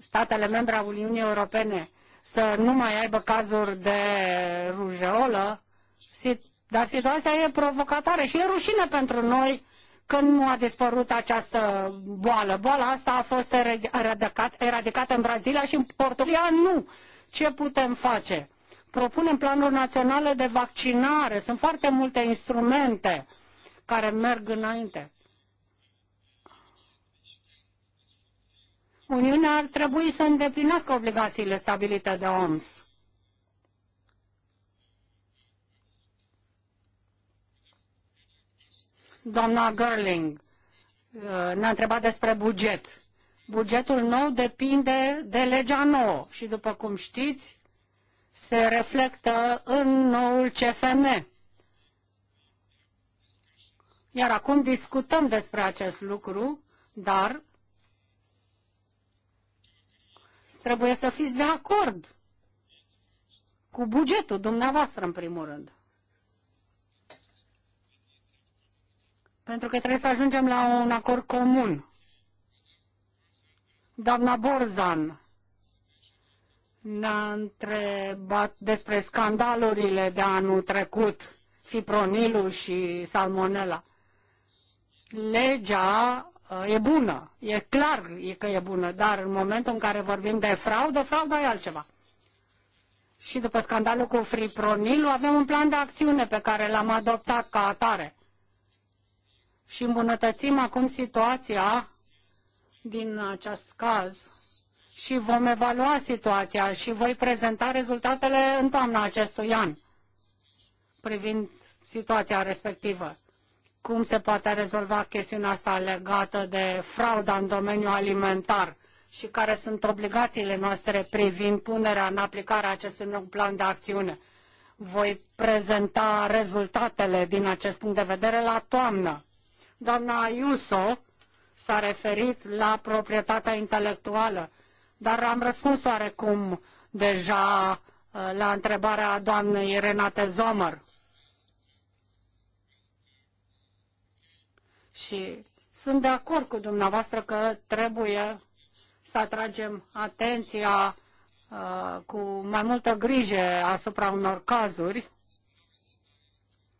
statele membre ale Uniunii Europene să nu mai aibă cazuri de rujeolă, dar situația e provocatoare și e rușine pentru noi că nu a dispărut această boală. Boala asta a fost eradicată în Brazilia și în Portugalia nu. Ce putem face? Propunem planuri naționale de vaccinare. Sunt foarte multe instrumente care merg înainte. Uniunea ar trebui să îndeplinească obligațiile stabilite de OMS. Doamna Gerling uh, ne-a întrebat despre buget. Bugetul nou depinde de legea nouă și, după cum știți, se reflectă în noul CFM. Iar acum discutăm despre acest lucru, dar trebuie să fiți de acord cu bugetul dumneavoastră, în primul rând. Pentru că trebuie să ajungem la un acord comun. Doamna Borzan ne-a întrebat despre scandalurile de anul trecut, fipronilul și salmonela. Legea Uh, e bună, e clar e că e bună, dar în momentul în care vorbim de fraudă, fraudă e altceva. Și după scandalul cu Fripronilu avem un plan de acțiune pe care l-am adoptat ca atare. Și îmbunătățim acum situația din acest caz și vom evalua situația și voi prezenta rezultatele în toamna acestui an privind situația respectivă cum se poate rezolva chestiunea asta legată de frauda în domeniul alimentar și care sunt obligațiile noastre privind punerea în aplicare a acestui nou plan de acțiune. Voi prezenta rezultatele din acest punct de vedere la toamnă. Doamna Ayuso s-a referit la proprietatea intelectuală, dar am răspuns oarecum deja uh, la întrebarea doamnei Renate Zomăr Și sunt de acord cu dumneavoastră că trebuie să atragem atenția uh, cu mai multă grijă asupra unor cazuri,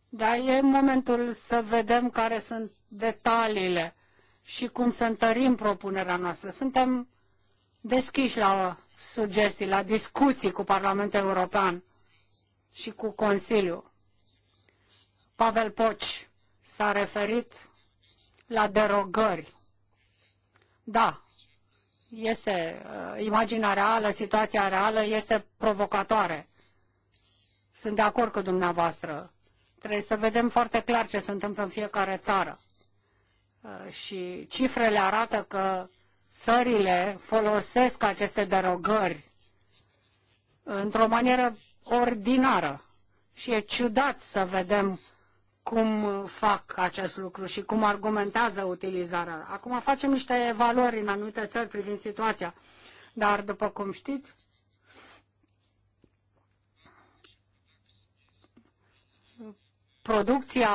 dar e momentul să vedem care sunt detaliile și cum să întărim propunerea noastră. Suntem deschiși la sugestii, la discuții cu Parlamentul European și cu Consiliu. Pavel Poci s-a referit la derogări. Da, este uh, imaginea reală, situația reală este provocatoare. Sunt de acord cu dumneavoastră. Trebuie să vedem foarte clar ce se întâmplă în fiecare țară. Uh, și cifrele arată că țările folosesc aceste derogări într-o manieră ordinară. Și e ciudat să vedem cum fac acest lucru și cum argumentează utilizarea. Acum facem niște evaluări în anumite țări privind situația, dar după cum știți, producția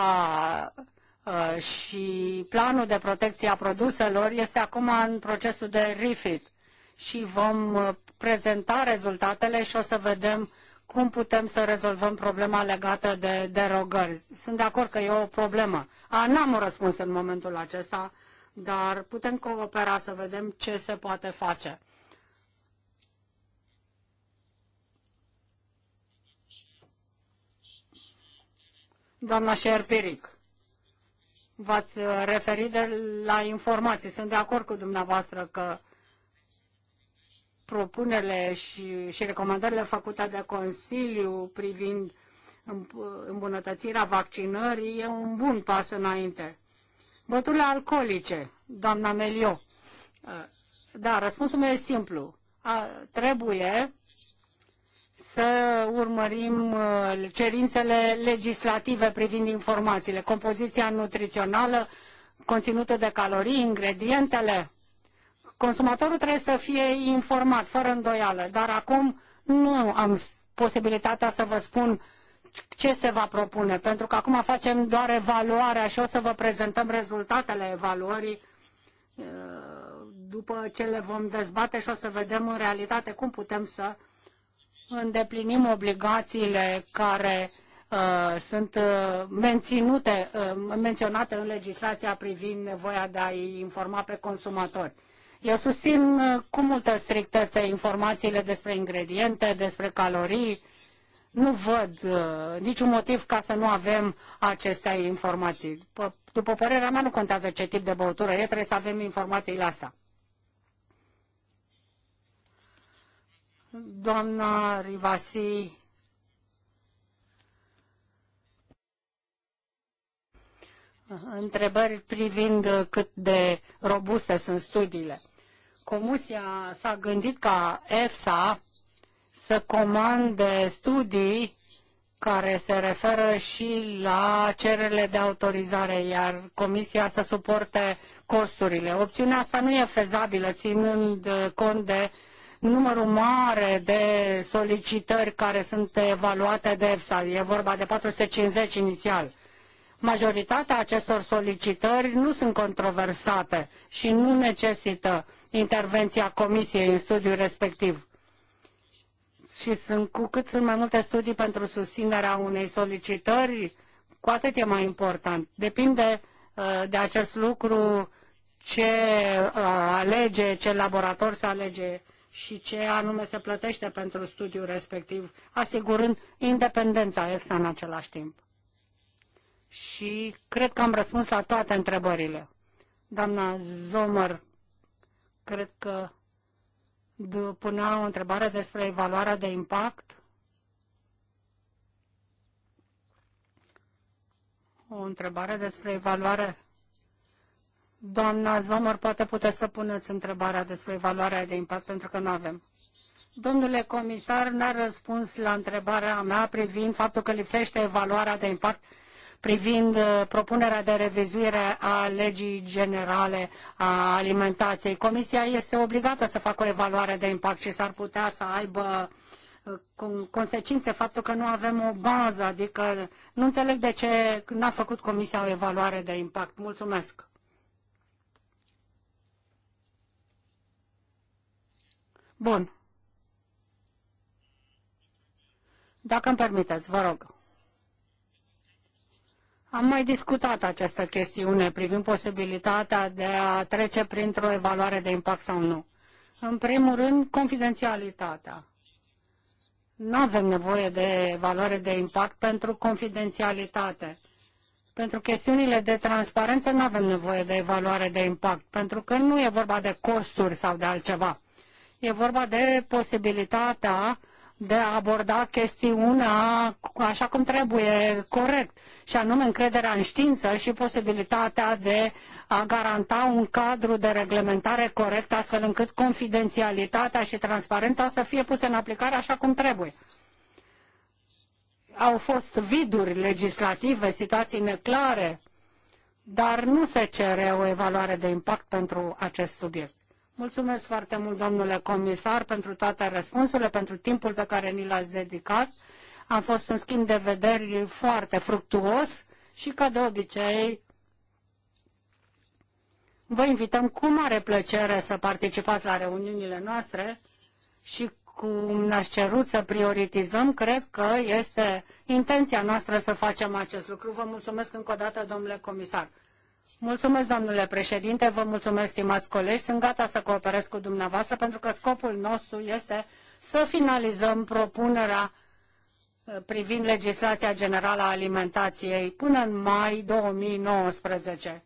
uh, și planul de protecție a produselor este acum în procesul de refit și vom uh, prezenta rezultatele și o să vedem cum putem să rezolvăm problema legată de derogări. Sunt de acord că e o problemă. N-am un răspuns în momentul acesta, dar putem coopera să vedem ce se poate face. Doamna Șerpiric, v-ați referit de la informații. Sunt de acord cu dumneavoastră că propunerile și, și recomandările făcute de Consiliu privind îmbunătățirea vaccinării e un bun pas înainte. Băturile alcoolice, doamna Melio. Da, răspunsul meu e simplu. A, trebuie să urmărim uh, cerințele legislative privind informațiile, compoziția nutrițională, conținutul de calorii, ingredientele, Consumatorul trebuie să fie informat, fără îndoială, dar acum nu am posibilitatea să vă spun ce se va propune, pentru că acum facem doar evaluarea și o să vă prezentăm rezultatele evaluării uh, după ce le vom dezbate și o să vedem în realitate cum putem să îndeplinim obligațiile care uh, sunt uh, menținute, uh, menționate în legislația privind nevoia de a-i informa pe consumatori. Eu susțin uh, cu multă strictețe informațiile despre ingrediente, despre calorii. Nu văd uh, niciun motiv ca să nu avem aceste informații. După, după părerea mea, nu contează ce tip de băutură e, trebuie să avem informații la asta. Doamna Rivasi, întrebări privind cât de robuste sunt studiile. Comisia s-a gândit ca EFSA să comande studii care se referă și la cererile de autorizare, iar comisia să suporte costurile. Opțiunea asta nu e fezabilă, ținând cont de numărul mare de solicitări care sunt evaluate de EFSA. E vorba de 450 inițial. Majoritatea acestor solicitări nu sunt controversate și nu necesită uh, intervenția Comisiei în studiul respectiv. Și sunt, cu cât sunt mai multe studii pentru susținerea unei solicitări, cu atât e mai important. Depinde uh, de acest lucru ce uh, alege, ce laborator să alege și ce anume se plătește pentru studiul respectiv, asigurând independența EFSA în același timp. Și cred că am răspuns la toate întrebările. Doamna Zomăr Cred că punea o întrebare despre evaluarea de impact. O întrebare despre evaluare. Doamna Zomăr, poate puteți să puneți întrebarea despre evaluarea de impact, pentru că nu avem. Domnule comisar, n-a răspuns la întrebarea mea privind faptul că lipsește evaluarea de impact privind uh, propunerea de revizuire a legii generale a alimentației. Comisia este obligată să facă o evaluare de impact și s-ar putea să aibă uh, consecințe faptul că nu avem o bază, adică nu înțeleg de ce n-a făcut Comisia o evaluare de impact. Mulțumesc! Bun. Dacă îmi permiteți, vă rog. Am mai discutat această chestiune privind posibilitatea de a trece printr-o evaluare de impact sau nu. În primul rând, confidențialitatea. Nu avem nevoie de evaluare de impact pentru confidențialitate. Pentru chestiunile de transparență nu avem nevoie de evaluare de impact, pentru că nu e vorba de costuri sau de altceva. E vorba de posibilitatea de a aborda chestiunea așa cum trebuie, corect, și anume încrederea în știință și posibilitatea de a garanta un cadru de reglementare corect, astfel încât confidențialitatea și transparența să fie puse în aplicare așa cum trebuie au fost viduri legislative, situații neclare, dar nu se cere o evaluare de impact pentru acest subiect. Mulțumesc foarte mult, domnule comisar, pentru toate răspunsurile, pentru timpul pe care ni l-ați dedicat. Am fost un schimb de vederi foarte fructuos și, ca de obicei, vă invităm cu mare plăcere să participați la reuniunile noastre și cum ne-ați cerut să prioritizăm, cred că este intenția noastră să facem acest lucru. Vă mulțumesc încă o dată, domnule comisar. Mulțumesc, domnule președinte, vă mulțumesc, stimați colegi. Sunt gata să cooperez cu dumneavoastră pentru că scopul nostru este să finalizăm propunerea uh, privind legislația generală a alimentației până în mai 2019.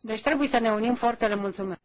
Deci trebuie să ne unim forțele. Mulțumesc!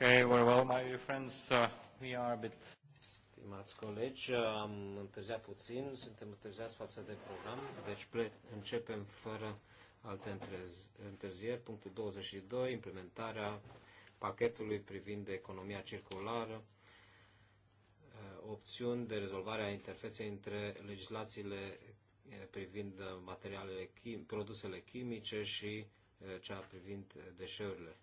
Okay, very well, my dear friends, uh, we are a bit... Stimați colegi, uh, am întârziat puțin, suntem întârziați față de program, deci începem fără alte întârzieri. Punctul 22, implementarea pachetului privind economia circulară, uh, opțiuni de rezolvare a interfeței între legislațiile uh, privind materialele chim, produsele chimice și cea privind deșeurile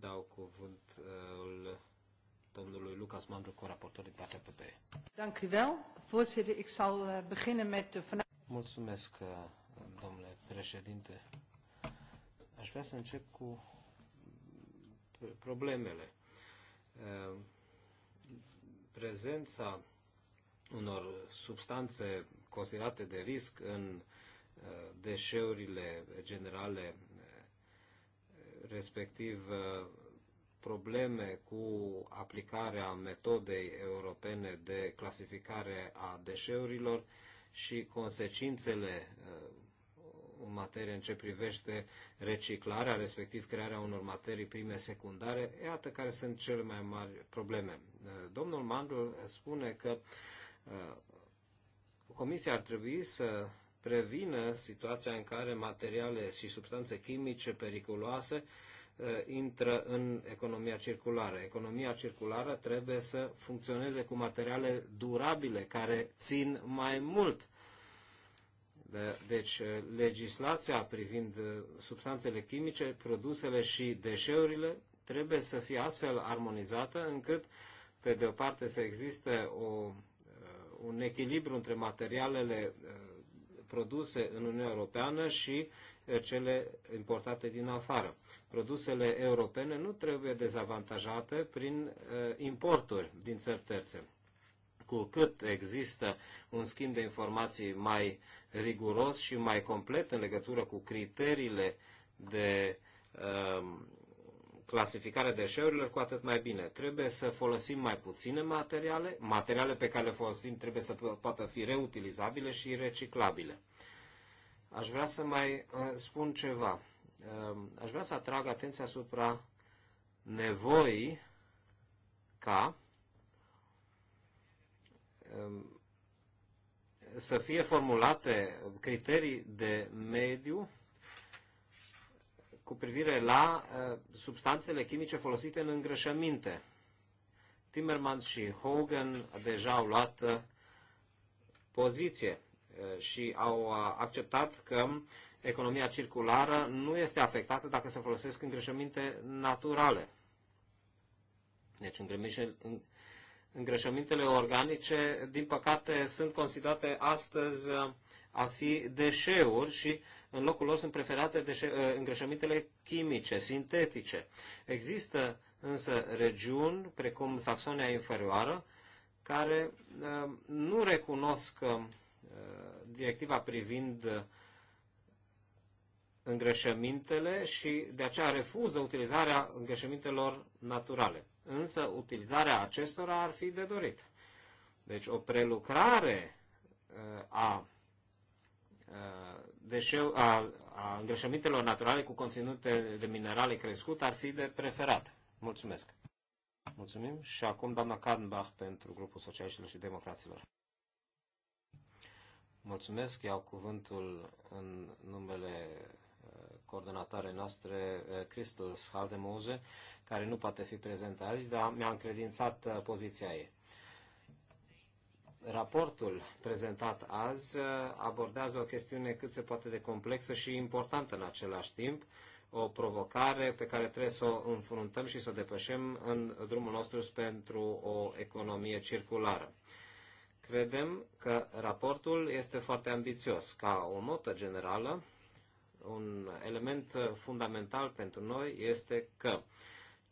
dau cuvântul uh, domnului Lucas Mandru, co-raportor din partea PPE. Dank u wel. Voorzitter, ik zal uh, beginnen met de Mulțumesc, uh, domnule președinte. Aș vrea să încep cu problemele. Prezența unor substanțe considerate de risc în deșeurile generale respectiv uh, probleme cu aplicarea metodei europene de clasificare a deșeurilor și consecințele uh, în materie în ce privește reciclarea, respectiv crearea unor materii prime secundare, iată care sunt cele mai mari probleme. Uh, domnul Mandl spune că Comisia ar trebui să prevină situația în care materiale și substanțe chimice periculoase uh, intră în economia circulară. Economia circulară trebuie să funcționeze cu materiale durabile care țin mai mult. Deci, uh, legislația privind uh, substanțele chimice, produsele și deșeurile trebuie să fie astfel armonizată încât, pe de o parte, să existe o, un echilibru între materialele produse în Uniunea Europeană și eh, cele importate din afară. Produsele europene nu trebuie dezavantajate prin eh, importuri din țări terțe. Cu cât există un schimb de informații mai riguros și mai complet în legătură cu criteriile de eh, clasificarea deșeurilor, cu atât mai bine. Trebuie să folosim mai puține materiale, materiale pe care le folosim trebuie să poată fi reutilizabile și reciclabile. Aș vrea să mai uh, spun ceva. Um, aș vrea să atrag atenția asupra nevoii ca um, să fie formulate criterii de mediu cu privire la uh, substanțele chimice folosite în îngrășăminte. Timmermans și Hogan deja au luat uh, poziție uh, și au acceptat că economia circulară nu este afectată dacă se folosesc îngrășăminte naturale. Deci îngrășămintele organice, din păcate, sunt considerate astăzi a fi deșeuri și în locul lor sunt preferate deșe- uh, îngrășămintele chimice, sintetice. Există însă regiuni, precum Saxonia Inferioară, care uh, nu recunosc uh, directiva privind îngrășămintele și de aceea refuză utilizarea îngrășămintelor naturale. Însă utilizarea acestora ar fi de dorit. Deci o prelucrare a Eh, deșeu, a, a îngrășămintelor naturale cu conținut de minerale crescut ar fi de preferat. Mulțumesc! Mulțumim și acum doamna Kadenbach pentru grupul Socialiștilor și Democraților. Mulțumesc, iau cuvântul în numele eh, coordonatoare noastre, eh, Christel Haldemose, care nu poate fi prezent aici, dar mi-a încredințat poziția ei raportul prezentat azi uh, abordează o chestiune cât se poate de complexă și importantă în același timp, o provocare pe care trebuie să o înfruntăm și să o depășim în drumul nostru pentru o economie circulară. Credem că raportul este foarte ambițios. Ca o notă generală, un element fundamental pentru noi este că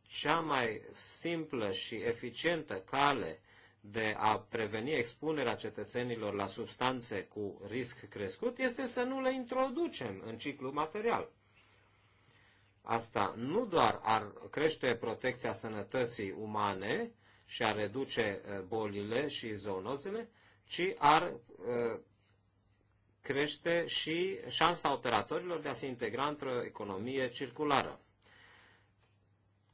cea mai simplă și eficientă cale de a preveni expunerea cetățenilor la substanțe cu risc crescut este să nu le introducem în ciclu material. Asta nu doar ar crește protecția sănătății umane și ar reduce eh, bolile și zoonozele, ci ar eh, crește și șansa operatorilor de a se integra într-o economie circulară.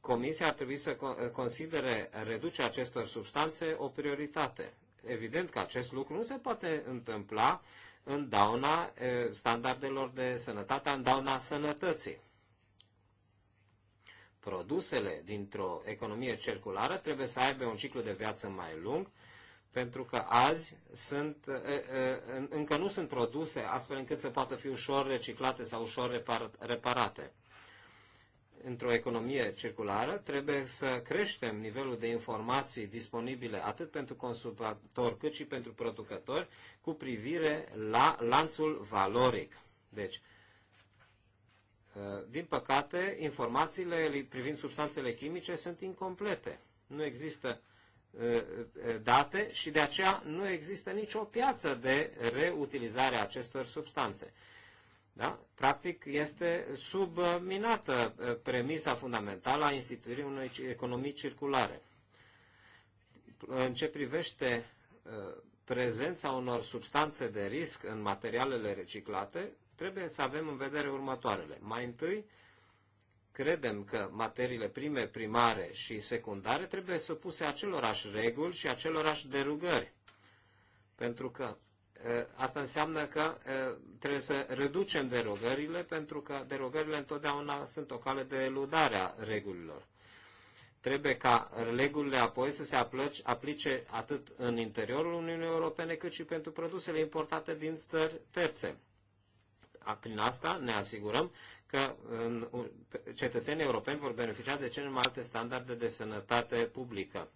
Comisia ar trebui să considere reducerea acestor substanțe o prioritate. Evident că acest lucru nu se poate întâmpla în dauna standardelor de sănătate, în dauna sănătății. Produsele dintr-o economie circulară trebuie să aibă un ciclu de viață mai lung, pentru că azi sunt, încă nu sunt produse astfel încât să poată fi ușor reciclate sau ușor reparate într-o economie circulară, trebuie să creștem nivelul de informații disponibile atât pentru consumator cât și pentru producători cu privire la lanțul valoric. Deci, din păcate, informațiile privind substanțele chimice sunt incomplete. Nu există uh, uh, date și de aceea nu există nicio piață de reutilizare a acestor substanțe. Da? Practic este subminată eh, premisa fundamentală a instituirii unei economii circulare. În ce privește eh, prezența unor substanțe de risc în materialele reciclate, trebuie să avem în vedere următoarele. Mai întâi, credem că materiile prime primare și secundare trebuie supuse acelorași reguli și acelorași derugări. Pentru că Asta înseamnă că trebuie să reducem derogările, pentru că derogările întotdeauna sunt o cale de eludare a regulilor. Trebuie ca regulile apoi să se aplice, atât în interiorul Uniunii Europene, cât și pentru produsele importate din țări terțe. Prin asta ne asigurăm că cetățenii europeni vor beneficia de cele mai alte standarde de sănătate publică.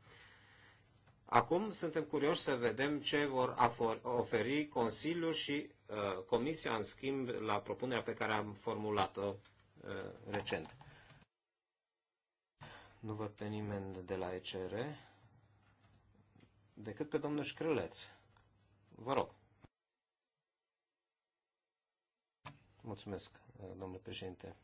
Acum suntem curioși să vedem ce vor oferi Consiliul și uh, Comisia, în schimb, la propunerea pe care am formulat-o uh, recent. Nu văd pe nimeni de la ECR, decât pe domnul Șcrâleț. Vă rog. Mulțumesc, uh, domnule președinte.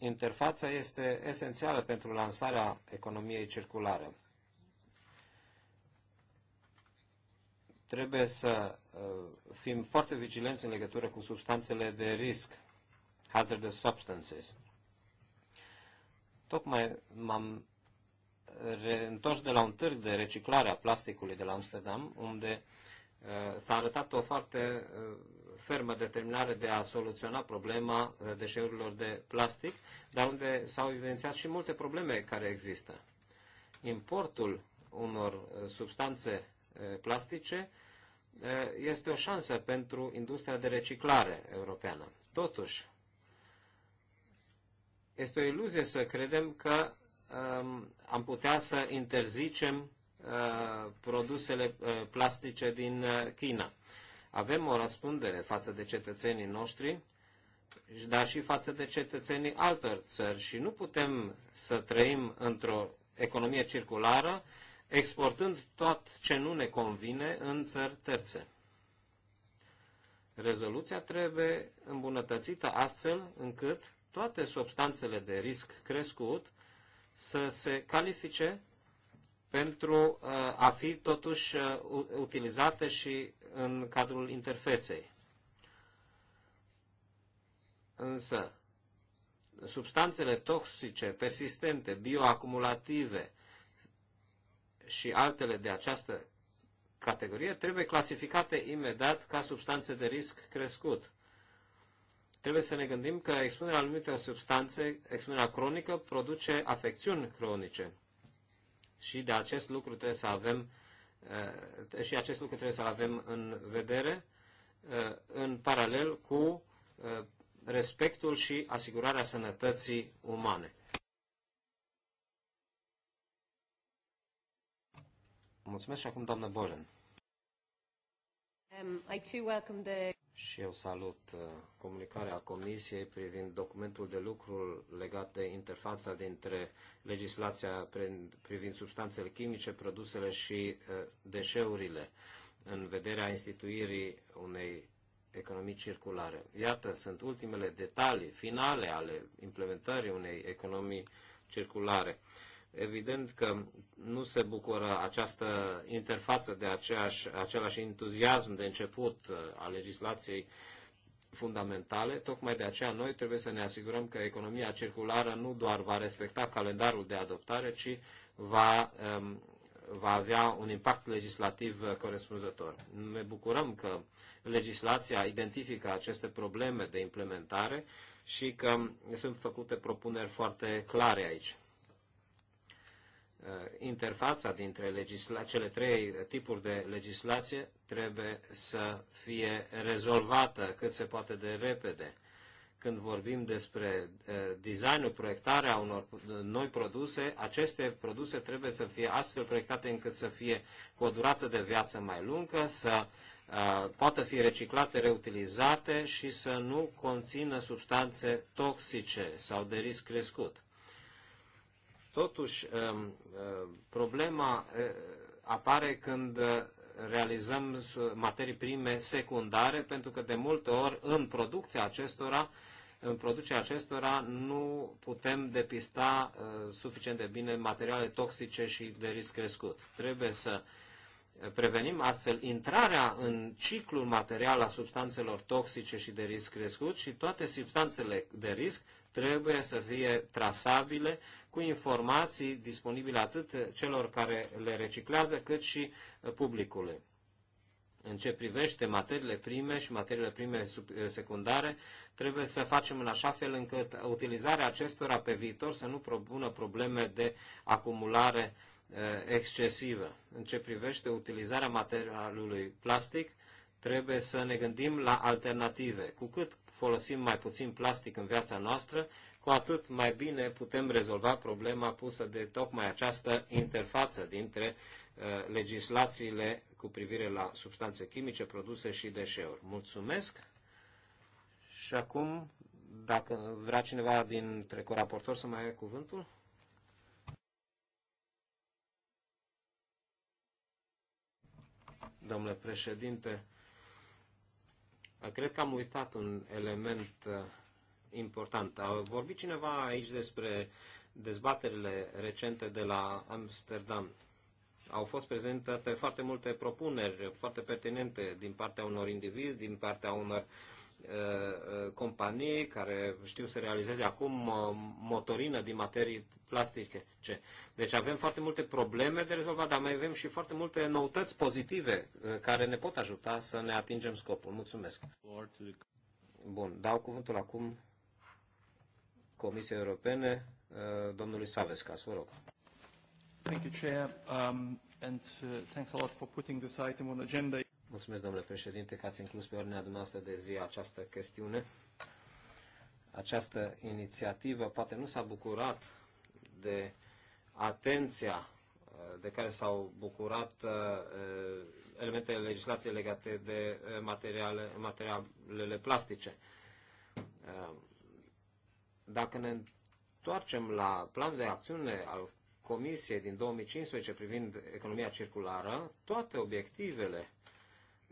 interfața este esențială pentru lansarea economiei circulare. Trebuie să uh, fim foarte vigilenți în legătură cu substanțele de risc, hazardous substances. Tocmai m-am uh, reîntors de la un târg de reciclare a plasticului de la Amsterdam, unde uh, s-a arătat o foarte uh, fermă determinare de a soluționa problema uh, deșeurilor de plastic, dar unde s-au evidențiat și multe probleme care există. Importul unor uh, substanțe uh, plastice este o șansă pentru industria de reciclare europeană. Totuși, este o iluzie să credem că um, am putea să interzicem uh, produsele uh, plastice din uh, China. Uh, avem o răspundere față de cetățenii noștri, dar și față de cetățenii altor țări și nu putem să trăim într-o economie circulară exportând tot ce nu ne convine în țări terțe. Rezoluția trebuie îmbunătățită astfel încât toate substanțele de risc crescut să se califice pentru uh, a fi totuși uh, utilizate și în cadrul interfeței. Însă, substanțele toxice, persistente, bioacumulative și altele de această categorie trebuie clasificate imediat ca substanțe de risc crescut. Trebuie să ne gândim că expunerea anumite substanțe, expunerea cronică, produce afecțiuni cronice. Și de acest lucru trebuie să avem Uh, și acest lucru trebuie să-l avem în vedere, uh, în paralel cu uh, respectul și asigurarea sănătății umane. Mulțumesc și acum, doamnă Bolen. Um, și eu salut uh, comunicarea Comisiei privind documentul de lucru legat de interfața dintre legislația privind substanțele chimice, produsele și uh, deșeurile în vederea instituirii unei economii circulare. Iată, sunt ultimele detalii finale ale implementării unei economii circulare evident că nu se bucură această interfață de aceeași, același entuziasm de început uh, a legislației fundamentale. Tocmai de aceea noi trebuie să ne asigurăm că economia circulară nu doar va respecta calendarul de adoptare, ci va, um, va avea un impact legislativ uh, corespunzător. Ne bucurăm că legislația identifică aceste probleme de implementare și că sunt făcute propuneri foarte clare aici. Uh, interfața dintre cele trei tipuri de legislație trebuie să fie rezolvată cât se poate de repede. Când vorbim despre uh, designul, proiectarea unor noi produse, aceste produse trebuie să fie astfel proiectate încât să fie cu o durată de viață mai lungă, să uh, poată fi reciclate, reutilizate și să nu conțină substanțe toxice sau de risc crescut Totuși, um, uh, problema uh, apare când uh, realizăm materii prime secundare, pentru că de multe ori în producția acestora, în producția acestora nu putem depista suficient de bine materiale toxice și de risc crescut. Trebuie să prevenim astfel intrarea în ciclul material a substanțelor toxice și de risc crescut și toate substanțele de risc trebuie să fie trasabile cu informații disponibile atât celor care le reciclează, cât și uh, publicului. În ce privește materiile prime și materiile prime uh, secundare, trebuie să facem în așa fel încât utilizarea acestora pe viitor să nu propună probleme de acumulare uh, excesivă. În ce privește utilizarea materialului plastic, trebuie să ne gândim la alternative. Cu cât folosim mai puțin plastic în viața noastră, cu atât mai bine putem rezolva problema pusă de tocmai această interfață dintre uh, legislațiile cu privire la substanțe chimice, produse și deșeuri. Mulțumesc și acum, dacă vrea cineva dintre coraportori să mai ia cuvântul. Domnule președinte, cred că am uitat un element uh, important. A vorbit cineva aici despre dezbaterile recente de la Amsterdam. Au fost prezentate foarte multe propuneri foarte pertinente din partea unor indivizi, din partea unor uh, uh, companii care știu să realizeze acum uh, motorină din materii plastice. Deci avem foarte multe probleme de rezolvat, dar mai avem și foarte multe noutăți pozitive care ne pot ajuta să ne atingem scopul. Mulțumesc! Bun, dau cuvântul acum Comisiei Europene, uh, domnului Savescas. Vă rog. Thank you, Chair, um, and uh, thanks a lot for putting this item on agenda. Mulțumesc, domnule președinte, că ați inclus pe ordinea dumneavoastră de zi această chestiune. Această inițiativă poate nu s-a bucurat de atenția uh, de care s-au bucurat uh, uh elementele legislației legate de materiale, materialele plastice. Uh, dacă ne întoarcem la planul de acțiune al Comisiei din 2015 privind economia circulară, toate obiectivele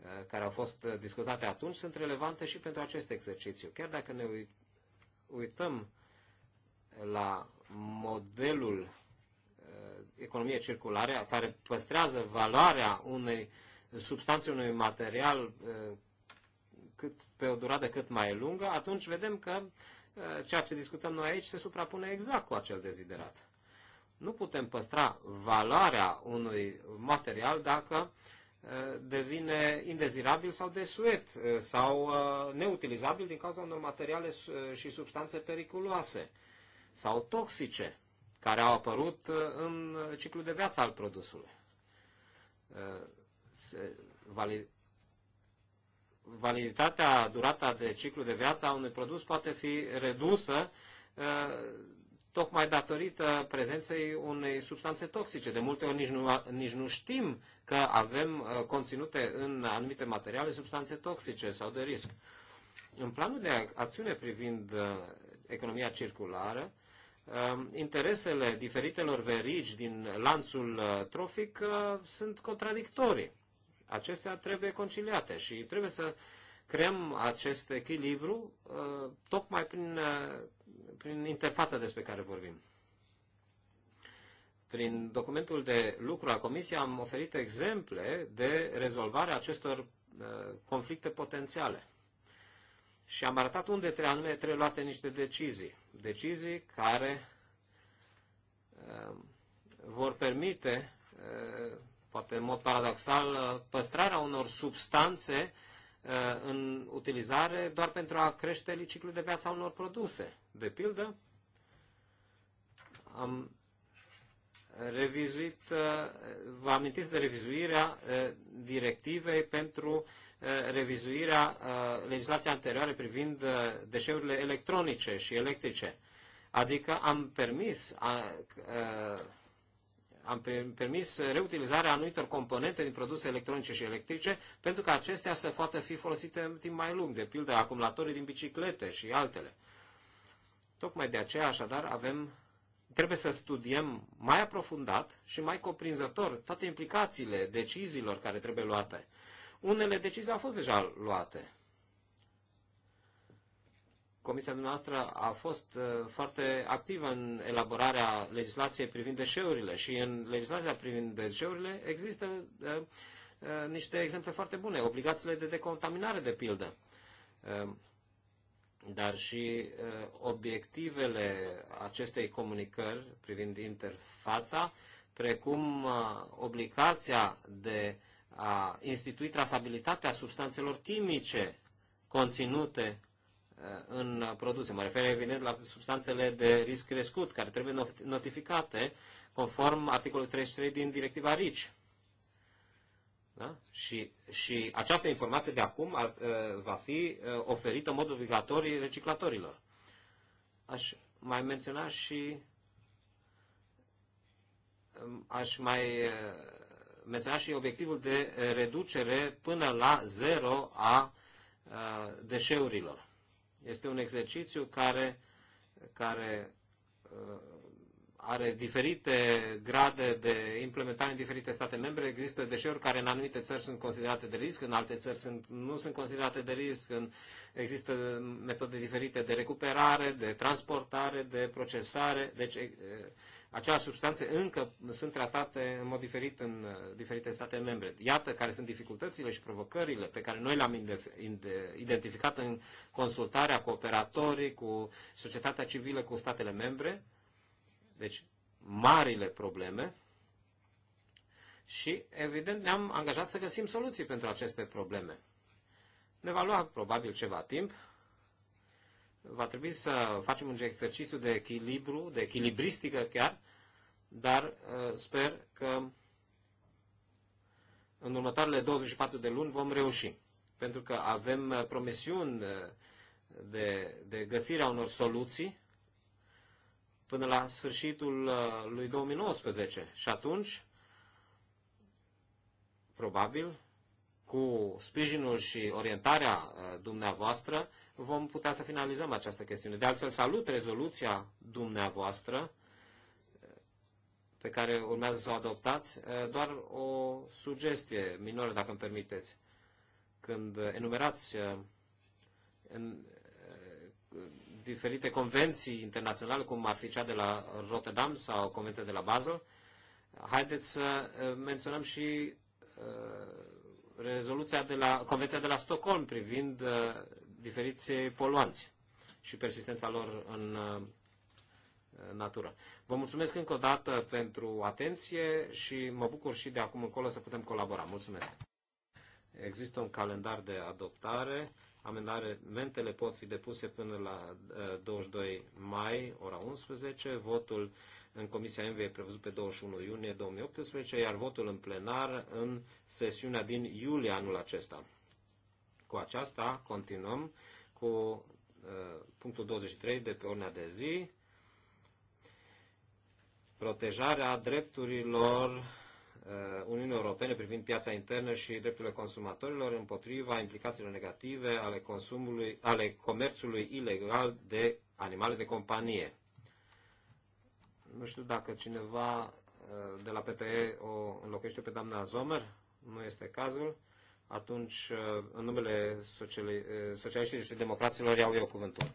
eh, care au fost eh, discutate atunci sunt relevante și pentru acest exercițiu. Chiar dacă ne uităm eh, la modelul economiei circulare, care păstrează valoarea unei substanțe, unui material cât, pe o durată cât mai lungă, atunci vedem că uh, Eh, ceea ce discutăm noi aici se suprapune exact cu acel deziderat. Nu putem păstra valoarea unui material dacă eh, devine indezirabil sau desuet eh, sau neutilizabil din cauza unor materiale și substanțe periculoase sau toxice care au apărut în ciclul de viață al produsului validitatea, durata de ciclu de viață a unui produs poate fi redusă uh, tocmai datorită prezenței unei substanțe toxice. De multe ori nici nu, nici nu știm că avem uh, conținute în anumite materiale substanțe toxice sau de risc. În planul de acțiune privind uh, economia circulară, um, interesele diferitelor verigi din lanțul trofic sunt contradictorii. Acestea trebuie conciliate și trebuie să creăm acest echilibru uh, tocmai prin, uh, prin interfața despre care vorbim. Prin documentul de lucru a Comisiei am oferit exemple de rezolvare a acestor uh, conflicte potențiale. Și am arătat unde trebuie, anume trebuie luate niște decizii. Decizii care vor permite poate în mod paradoxal, păstrarea unor substanțe uh, în utilizare doar pentru a crește ciclul de viață a unor produse. De pildă, am revizuit, uh, vă amintiți de revizuirea uh, directivei pentru revizuirea legislației anterioare privind deșeurile electronice și electrice. Adică am permis a, a, am permis reutilizarea anumitor componente din produse electronice și electrice pentru că acestea să poată fi folosite în timp mai lung, de pildă acumulatorii din biciclete și altele. Tocmai de aceea, așadar, avem, trebuie să studiem mai aprofundat și mai coprinzător toate implicațiile deciziilor care trebuie luate. Unele decizii au fost deja luate, Comisia noastră a fost uh, foarte activă în elaborarea legislației privind deșeurile și în legislația privind deșeurile există uh, uh, niște exemple foarte bune, obligațiile de decontaminare de pildă, dar și obiectivele acestei comunicări privind interfața, precum obligația de a institui trasabilitatea substanțelor chimice conținute în produse. Mă refer evident la substanțele de risc crescut, care trebuie notificate conform articolului 33 din directiva RICI. Da? Și, și această informație de acum ar, uh, va fi uh, oferită în mod obligatoriu reciclatorilor. Aș mai menționa și um, aș mai uh, menționa și obiectivul de reducere până la zero a deșeurilor. Este un exercițiu care, care uh, are diferite grade de implementare în diferite state membre. Există deșeuri care în anumite țări sunt considerate de risc, în alte țări sunt, nu sunt considerate de risc. În, există metode diferite de recuperare, de transportare, de procesare. Deci aceleași substanțe încă sunt tratate în mod diferit în uh, diferite state membre. Iată care sunt dificultățile și provocările pe care noi le-am identificat în consultarea cu operatorii, cu societatea civilă, cu statele membre. Deci, marile probleme și, evident, ne-am angajat să găsim soluții pentru aceste probleme. Ne va lua probabil ceva timp, va trebui să facem un exercițiu de echilibru, de echilibristică chiar, dar uh, sper că în următoarele 24 de luni vom reuși. Pentru că avem uh, promisiuni uh, de, de găsirea unor soluții până la sfârșitul lui 2019. Și atunci, probabil, cu sprijinul și orientarea dumneavoastră, vom putea să finalizăm această chestiune. De altfel, salut rezoluția dumneavoastră eh, pe care urmează să o adoptați, eh, doar o sugestie minoră, dacă îmi permiteți. Când enumerați eh, în diferite convenții internaționale, cum ar fi cea de la Rotterdam sau convenția de la Basel, haideți să menționăm și rezoluția de la, Convenția de la Stockholm privind diferiți poluanți și persistența lor în natură. Vă mulțumesc încă o dată pentru atenție și mă bucur și de acum încolo să putem colabora. Mulțumesc! Există un calendar de adoptare. Amendamentele pot fi depuse până la 22 uh, mai, ora 11. Votul în Comisia MV e prevăzut pe 21 iunie 2018, iar votul în plenar în sesiunea din iulie anul acesta. Cu aceasta continuăm cu uh, punctul 23 de pe ordinea de zi, protejarea drepturilor uh, Uniunii Europene privind piața internă și drepturile consumatorilor împotriva implicațiilor negative ale, consumului, ale comerțului ilegal de animale de companie. Nu știu dacă cineva uh, de la PPE o înlocuiește pe doamna Zomer, nu este cazul atunci uh, în numele uh, socialiștilor și democraților iau eu cuvântul.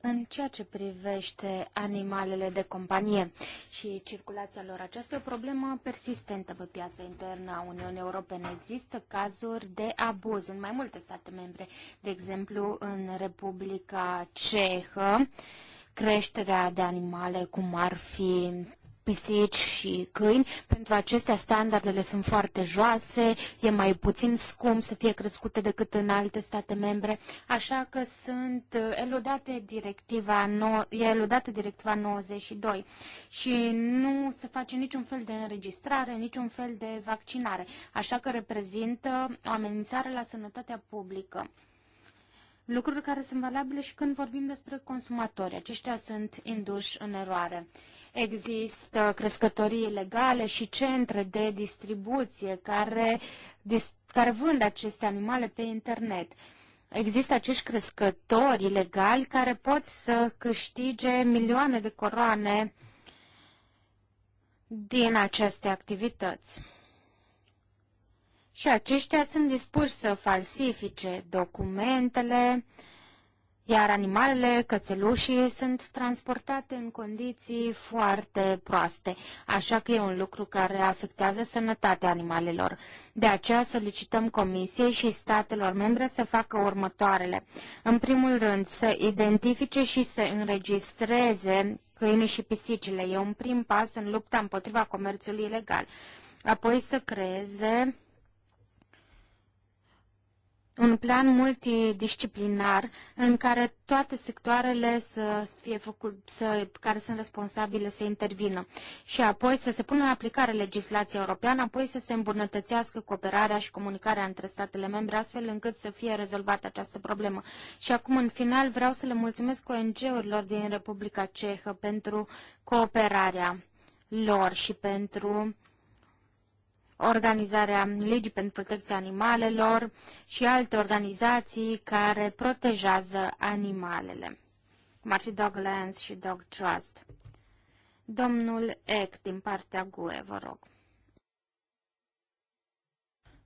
În ceea ce privește animalele de companie și circulația lor, aceasta e o problemă persistentă pe piața internă a Uniunii Europene. Există cazuri de abuz în mai multe state membre, de exemplu în Republica Cehă, creșterea de animale, cum ar fi pisici și câini. Pentru acestea standardele sunt foarte joase, e mai puțin scump să fie crescute decât în alte state membre, așa că sunt uh, eludate directiva, no, e eludată directiva 92 și nu se face niciun fel de înregistrare, niciun fel de vaccinare, așa că reprezintă o amenințare la sănătatea publică lucruri care sunt valabile și când vorbim despre consumatori. Aceștia sunt induși în eroare. Există crescătorii ilegale și centre de distribuție care, care vând aceste animale pe internet. Există acești crescători ilegali care pot să câștige milioane de coroane din aceste activități. Și aceștia sunt dispuși să falsifice documentele, uh, iar animalele, cățelușii, sunt transportate în condiții foarte proaste, așa că e un lucru care afectează sănătatea animalelor. De aceea solicităm Comisiei și statelor membre să facă următoarele. În primul rând, să identifice și să înregistreze câinii și pisicile. E un prim pas în lupta împotriva comerțului ilegal. Apoi să creeze un plan multidisciplinar în care toate sectoarele să fie făcut, să, care sunt responsabile să intervină și apoi să se pună în aplicare legislația europeană, apoi să se îmbunătățească cooperarea și comunicarea între statele membre astfel încât să fie rezolvată această problemă. Și acum în final vreau să le mulțumesc ONG-urilor din Republica Cehă pentru cooperarea lor și pentru organizarea Ligii pentru Protecția Animalelor și alte organizații care protejează animalele, cum ar fi Dog și Dog Trust. Domnul Eck, din partea GUE, vă rog.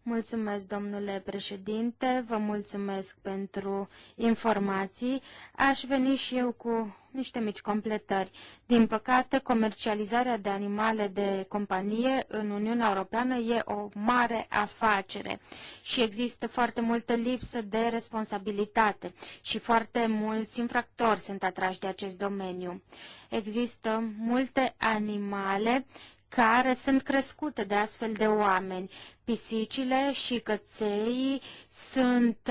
Mulțumesc, domnule președinte, vă mulțumesc pentru informații. Aș veni și eu cu niște mici completări. Din păcate, comercializarea de animale de companie în Uniunea Europeană e o mare afacere și există foarte multă lipsă de responsabilitate și foarte mulți infractori sunt atrași de acest domeniu. Există multe animale care sunt crescute de astfel de oameni. Pisicile și căței sunt,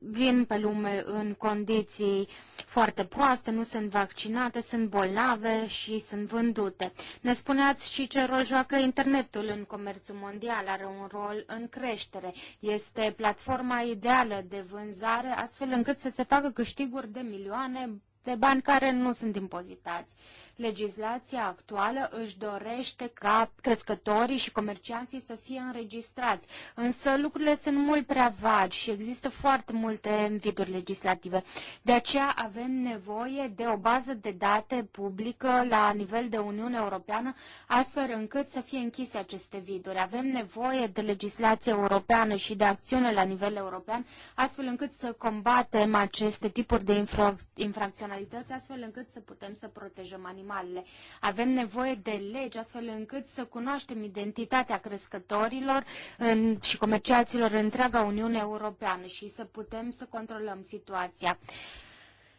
vin pe lume în condiții foarte proaste, nu sunt vaccinate, sunt bolnave și sunt vândute. Ne spuneați și ce rol joacă internetul în comerțul mondial, are un rol în creștere. Este platforma ideală de vânzare, astfel încât să se facă câștiguri de milioane de bani care nu sunt impozitați. Legislația actuală își dorește ca crescătorii și comercianții să fie înregistrați, însă lucrurile sunt mult prea vagi și există foarte multe viduri legislative. De aceea avem nevoie de o bază de date publică la nivel de Uniune Europeană, astfel încât să fie închise aceste viduri. Avem nevoie de legislație europeană și de acțiune la nivel european, astfel încât să combatem aceste tipuri de infra infracționalități, astfel încât să putem să protejăm animalele animalele. Avem nevoie de legi astfel încât să cunoaștem identitatea crescătorilor în, și comerciaților întreaga Uniune Europeană și să putem să controlăm situația.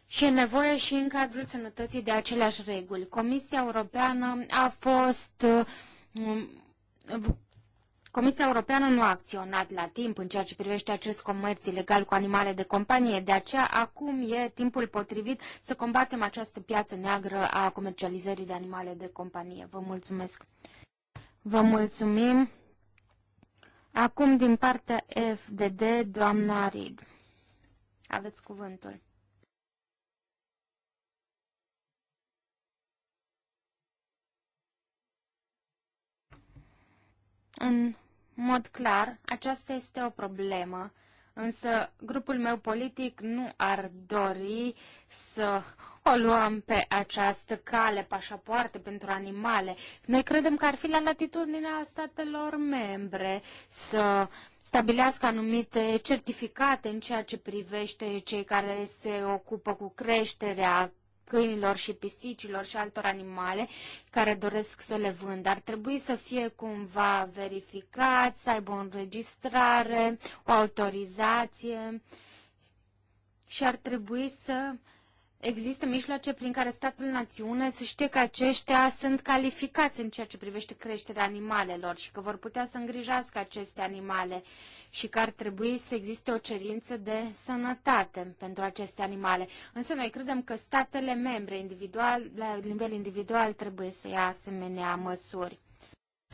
Și e nevoie și în cadrul sănătății de aceleași reguli. Comisia Europeană a fost Uh, Comisia Europeană nu a acționat la timp în ceea ce privește acest comerț ilegal cu animale de companie, de aceea acum e timpul potrivit să combatem această piață neagră a comercializării de animale de companie. Vă mulțumesc! Vă mulțumim! Acum din partea FDD, doamna Rid. Aveți cuvântul. În în mod clar, aceasta este o problemă, însă grupul meu politic nu ar dori să o luăm pe această cale, pașapoarte pentru animale. Noi credem că ar fi la latitudinea statelor membre să stabilească anumite certificate în ceea ce privește cei care se ocupă cu creșterea câinilor și pisicilor și altor animale care doresc să le vând. Ar trebui să fie cumva verificat, să aibă o înregistrare, o autorizație și ar trebui să există mijloace prin care statul națiune să știe că aceștia sunt calificați în ceea ce privește creșterea animalelor și că vor putea să îngrijească aceste animale. Uh, și că ar trebui să existe o cerință de sănătate pentru aceste animale. Însă noi credem că statele membre individual, la nivel individual trebuie să ia asemenea măsuri.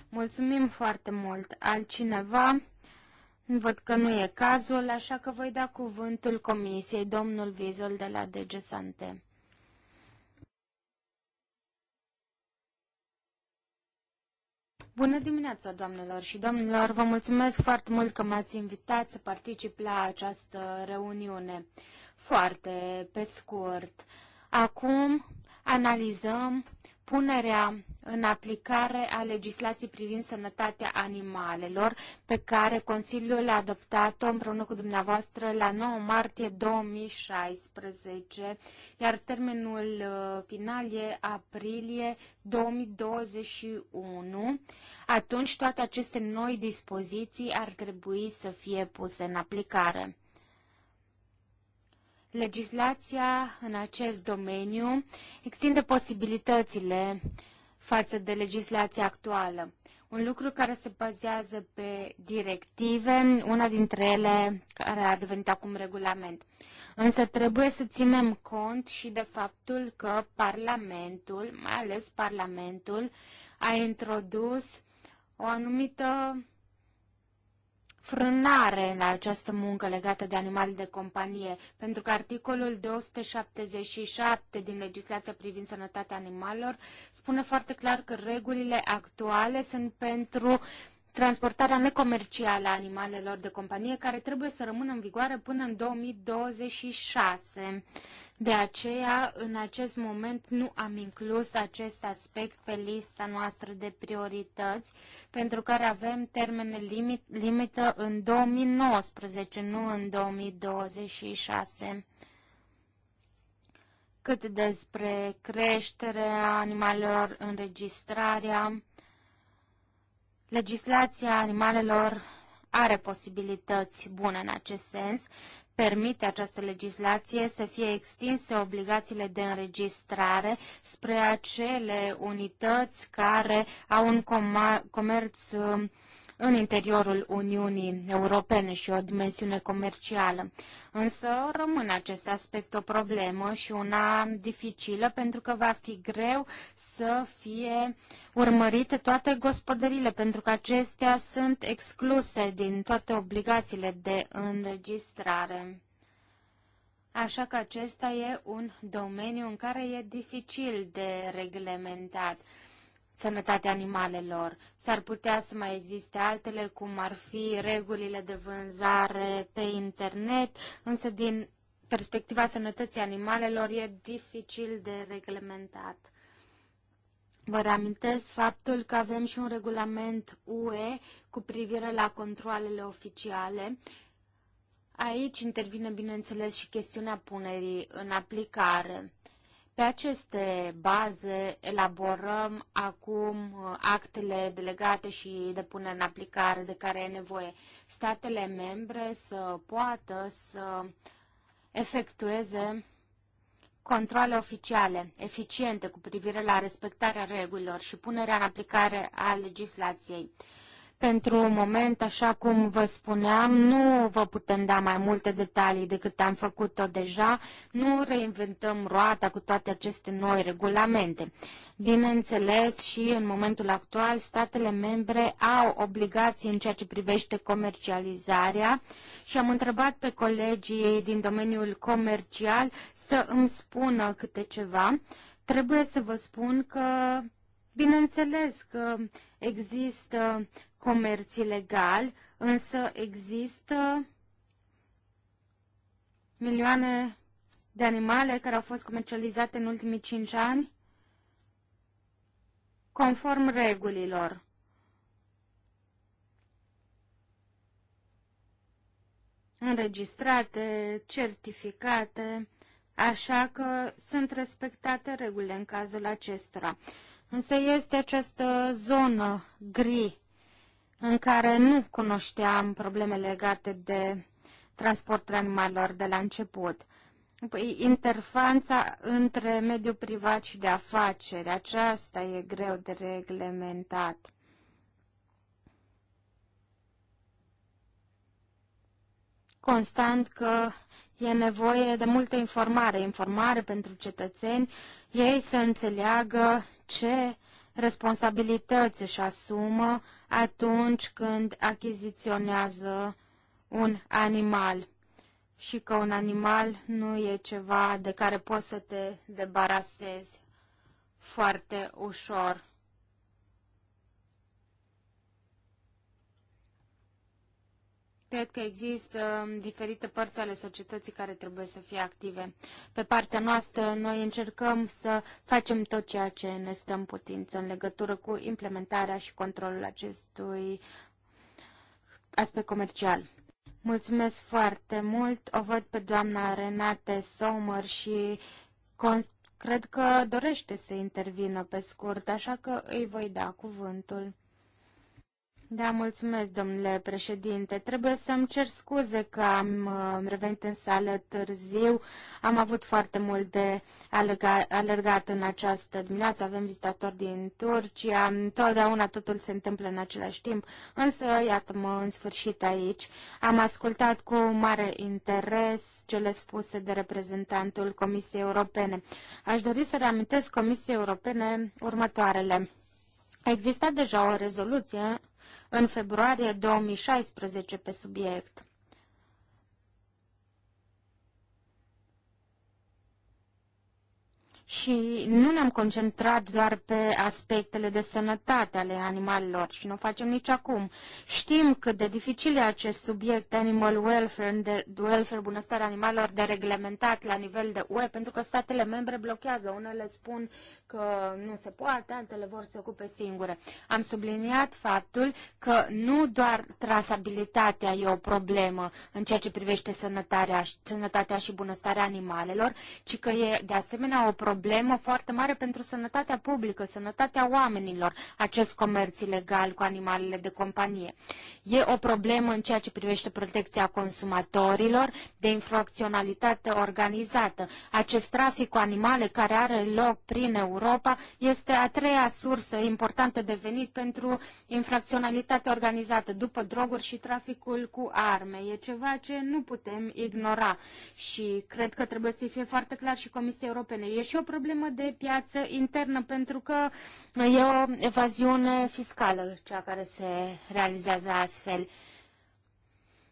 Mulțumim foarte mult. Altcineva? Văd că nu e cazul, așa că voi da cuvântul comisiei, domnul Vizol de la DG Sante. Bună dimineața, doamnelor și domnilor! Vă mulțumesc foarte mult că m-ați invitat să particip la această reuniune. Foarte pe scurt. Acum analizăm punerea în aplicare a legislației privind sănătatea animalelor, pe care Consiliul a adoptat-o împreună cu dumneavoastră la 9 martie 2016, iar termenul uh, final e aprilie 2021. Atunci toate aceste noi dispoziții ar trebui să fie puse în aplicare. Legislația în acest domeniu extinde posibilitățile față de legislația actuală. Un lucru care se bazează pe directive, una dintre ele care a devenit acum regulament. Însă trebuie să ținem cont și de faptul că Parlamentul, mai ales Parlamentul, a introdus o anumită frânare la această muncă legată de animale de companie, pentru că articolul 277 din legislația privind sănătatea animalelor spune foarte clar că regulile actuale sunt pentru transportarea necomercială a animalelor de companie, care trebuie să rămână în vigoare până în 2026. De aceea, în acest moment, nu am inclus acest aspect pe lista noastră de priorități, pentru care avem termene limit, limită în 2019, nu în 2026 cât despre creșterea animalelor, înregistrarea. Legislația animalelor are posibilități bune în acest sens permite această legislație să fie extinse obligațiile de înregistrare spre acele unități care au un comerț um, în interiorul Uniunii Europene și o dimensiune comercială. Însă rămâne acest aspect o problemă și una dificilă pentru că va fi greu să fie urmărite toate gospodările pentru că acestea sunt excluse din toate obligațiile de înregistrare. Așa că acesta e un domeniu în care e dificil de reglementat sănătatea animalelor. S-ar putea să mai existe altele, cum ar fi regulile de vânzare pe internet, însă din perspectiva sănătății animalelor e dificil de reglementat. Vă reamintesc faptul că avem și un regulament UE cu privire la controlele oficiale. Aici intervine, bineînțeles, și chestiunea punerii în aplicare. Pe aceste baze elaborăm acum actele delegate și de pune în aplicare de care e nevoie statele membre să poată să efectueze controle oficiale eficiente cu privire la respectarea regulilor și punerea în aplicare a legislației. Pentru un moment, așa cum vă spuneam, nu vă putem da mai multe detalii decât am făcut-o deja. Nu reinventăm roata cu toate aceste noi regulamente. Bineînțeles, și în momentul actual, statele membre au obligații în ceea ce privește comercializarea și am întrebat pe colegii din domeniul comercial să îmi spună câte ceva. Trebuie să vă spun că Bineînțeles că există comerț ilegal, însă există milioane de animale care au fost comercializate în ultimii 5 ani conform regulilor. Înregistrate, certificate, așa că sunt respectate regulile în cazul acestora. Însă este această zonă gri în care nu cunoșteam probleme legate de transportul animalelor de la început. Păi, interfanța între mediul privat și de afaceri, aceasta e greu de reglementat. Constant că e nevoie de multă informare, informare pentru cetățeni, ei să înțeleagă ce responsabilități își asumă atunci când achiziționează un animal și că un animal nu e ceva de care poți să te debarasezi foarte ușor. Cred că există um, diferite părți ale societății care trebuie să fie active. Pe partea noastră, noi încercăm să facem tot ceea ce ne stă în putință în legătură cu implementarea și controlul acestui aspect comercial. Mulțumesc foarte mult. O văd pe doamna Renate Sommer și cred că dorește să intervină pe scurt, așa că îi voi da cuvântul. Da, mulțumesc, domnule președinte. Trebuie să-mi cer scuze că am uh, revenit în sală târziu. Am avut foarte mult de alerga, alergat în această dimineață. Avem vizitatori din Turcia. Întotdeauna totul se întâmplă în același timp. Însă, iată-mă, în sfârșit aici. Am ascultat cu mare interes cele spuse de reprezentantul Comisiei Europene. Aș dori să reamintesc Comisiei Europene următoarele. A existat deja o rezoluție în februarie 2016 pe subiect. Și nu ne-am concentrat doar pe aspectele de sănătate ale animalelor și nu o facem nici acum. Știm cât de dificil e acest subiect, animal welfare, de, welfare bunăstarea animalelor, de reglementat la nivel de UE, pentru că statele membre blochează. Unele spun că nu se poate, altele vor să ocupe singure. Am subliniat faptul că nu doar trasabilitatea e o problemă în ceea ce privește sănătatea, sănătatea și bunăstarea animalelor, ci că e de asemenea o problemă foarte mare pentru sănătatea publică, sănătatea oamenilor, acest comerț ilegal cu animalele de companie. E o problemă în ceea ce privește protecția consumatorilor de infracționalitate organizată. Acest trafic cu animale care are loc prin Europa, Europa este a treia sursă importantă de venit pentru infracționalitatea organizată după droguri și traficul cu arme. E ceva ce nu putem ignora și cred că trebuie să fie foarte clar și Comisia Europene. E și o problemă de piață internă pentru că e o evaziune fiscală cea care se realizează astfel.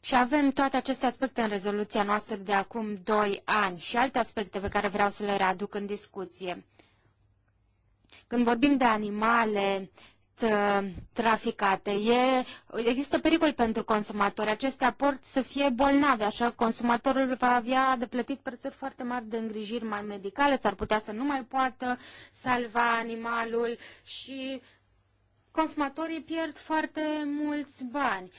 Și avem toate aceste aspecte în rezoluția noastră de acum 2 ani și alte aspecte pe care vreau să le readuc în discuție. Când vorbim de animale traficate. E, există pericol pentru consumatori. Acestea pot să fie bolnave, așa consumatorul va avea de plătit prețuri foarte mari de îngrijiri mai medicale, s-ar putea să nu mai poată salva animalul și consumatorii pierd foarte mulți bani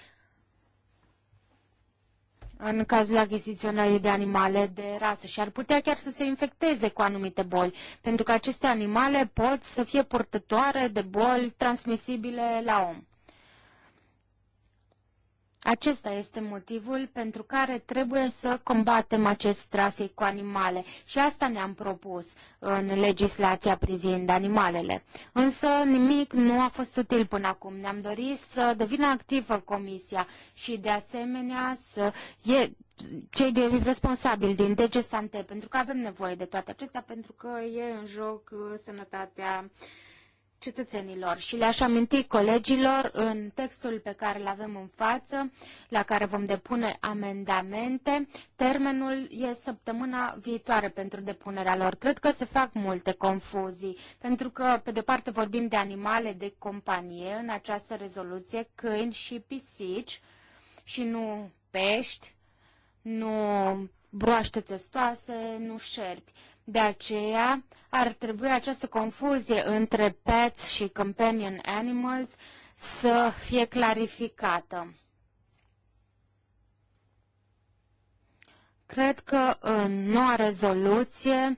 în cazul achiziționării de animale de rasă și ar putea chiar să se infecteze cu anumite boli, pentru că aceste animale pot să fie purtătoare de boli transmisibile la om. Acesta este motivul pentru care trebuie să combatem acest trafic cu animale și asta ne-am propus în legislația privind animalele. Însă nimic nu a fost util până acum. Ne-am dorit să devină activă comisia și de asemenea să e cei de responsabili din DGSANTE pentru că avem nevoie de toate acestea, pentru că e în joc uh, sănătatea uh, cetățenilor și le-aș aminti colegilor în textul pe care îl avem în față, la care vom depune amendamente, termenul e săptămâna viitoare pentru depunerea lor. Cred că se fac multe confuzii, pentru că pe de parte vorbim de animale de companie în această rezoluție, câini și pisici și nu pești, nu broaște testoase, nu șerpi. De aceea ar trebui această confuzie între pets și companion animals să fie clarificată. Cred că în noua rezoluție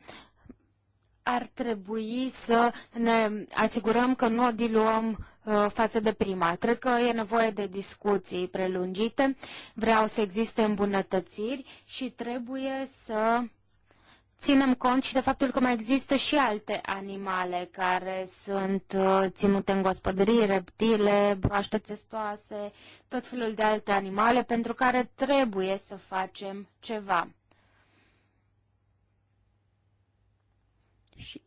ar trebui să ne asigurăm că nu o diluăm uh, față de prima. Cred că e nevoie de discuții prelungite, vreau să existe îmbunătățiri și trebuie să ținem cont și de faptul că mai există și alte animale care sunt uh, ținute în gospodării, reptile, broaște testoase, tot felul de alte animale pentru care trebuie să facem ceva. Și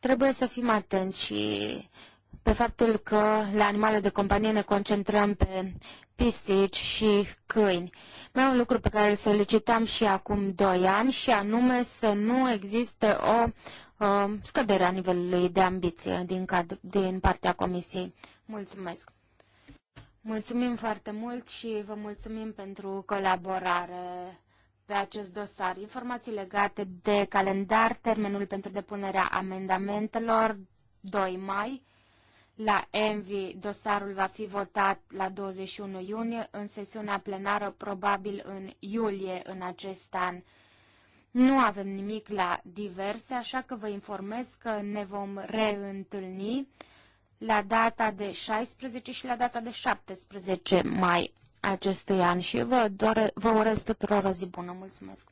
trebuie să fim atenți și pe faptul că la animale de companie ne concentrăm pe pisici și câini mai un lucru pe care îl solicitam și acum 2 ani și anume să nu existe o uh, scădere a nivelului de ambiție din, cad- din partea Comisiei. Mulțumesc! Mulțumim foarte mult și vă mulțumim pentru colaborare pe acest dosar. Informații legate de calendar, termenul pentru depunerea amendamentelor 2 mai la Envi, dosarul va fi votat la 21 iunie, în sesiunea plenară probabil în iulie în acest an. Nu avem nimic la diverse, așa că vă informez că ne vom reîntâlni la data de 16 și la data de 17 mai acestui an și vă, dore, vă urez tuturor o zi bună. Mulțumesc!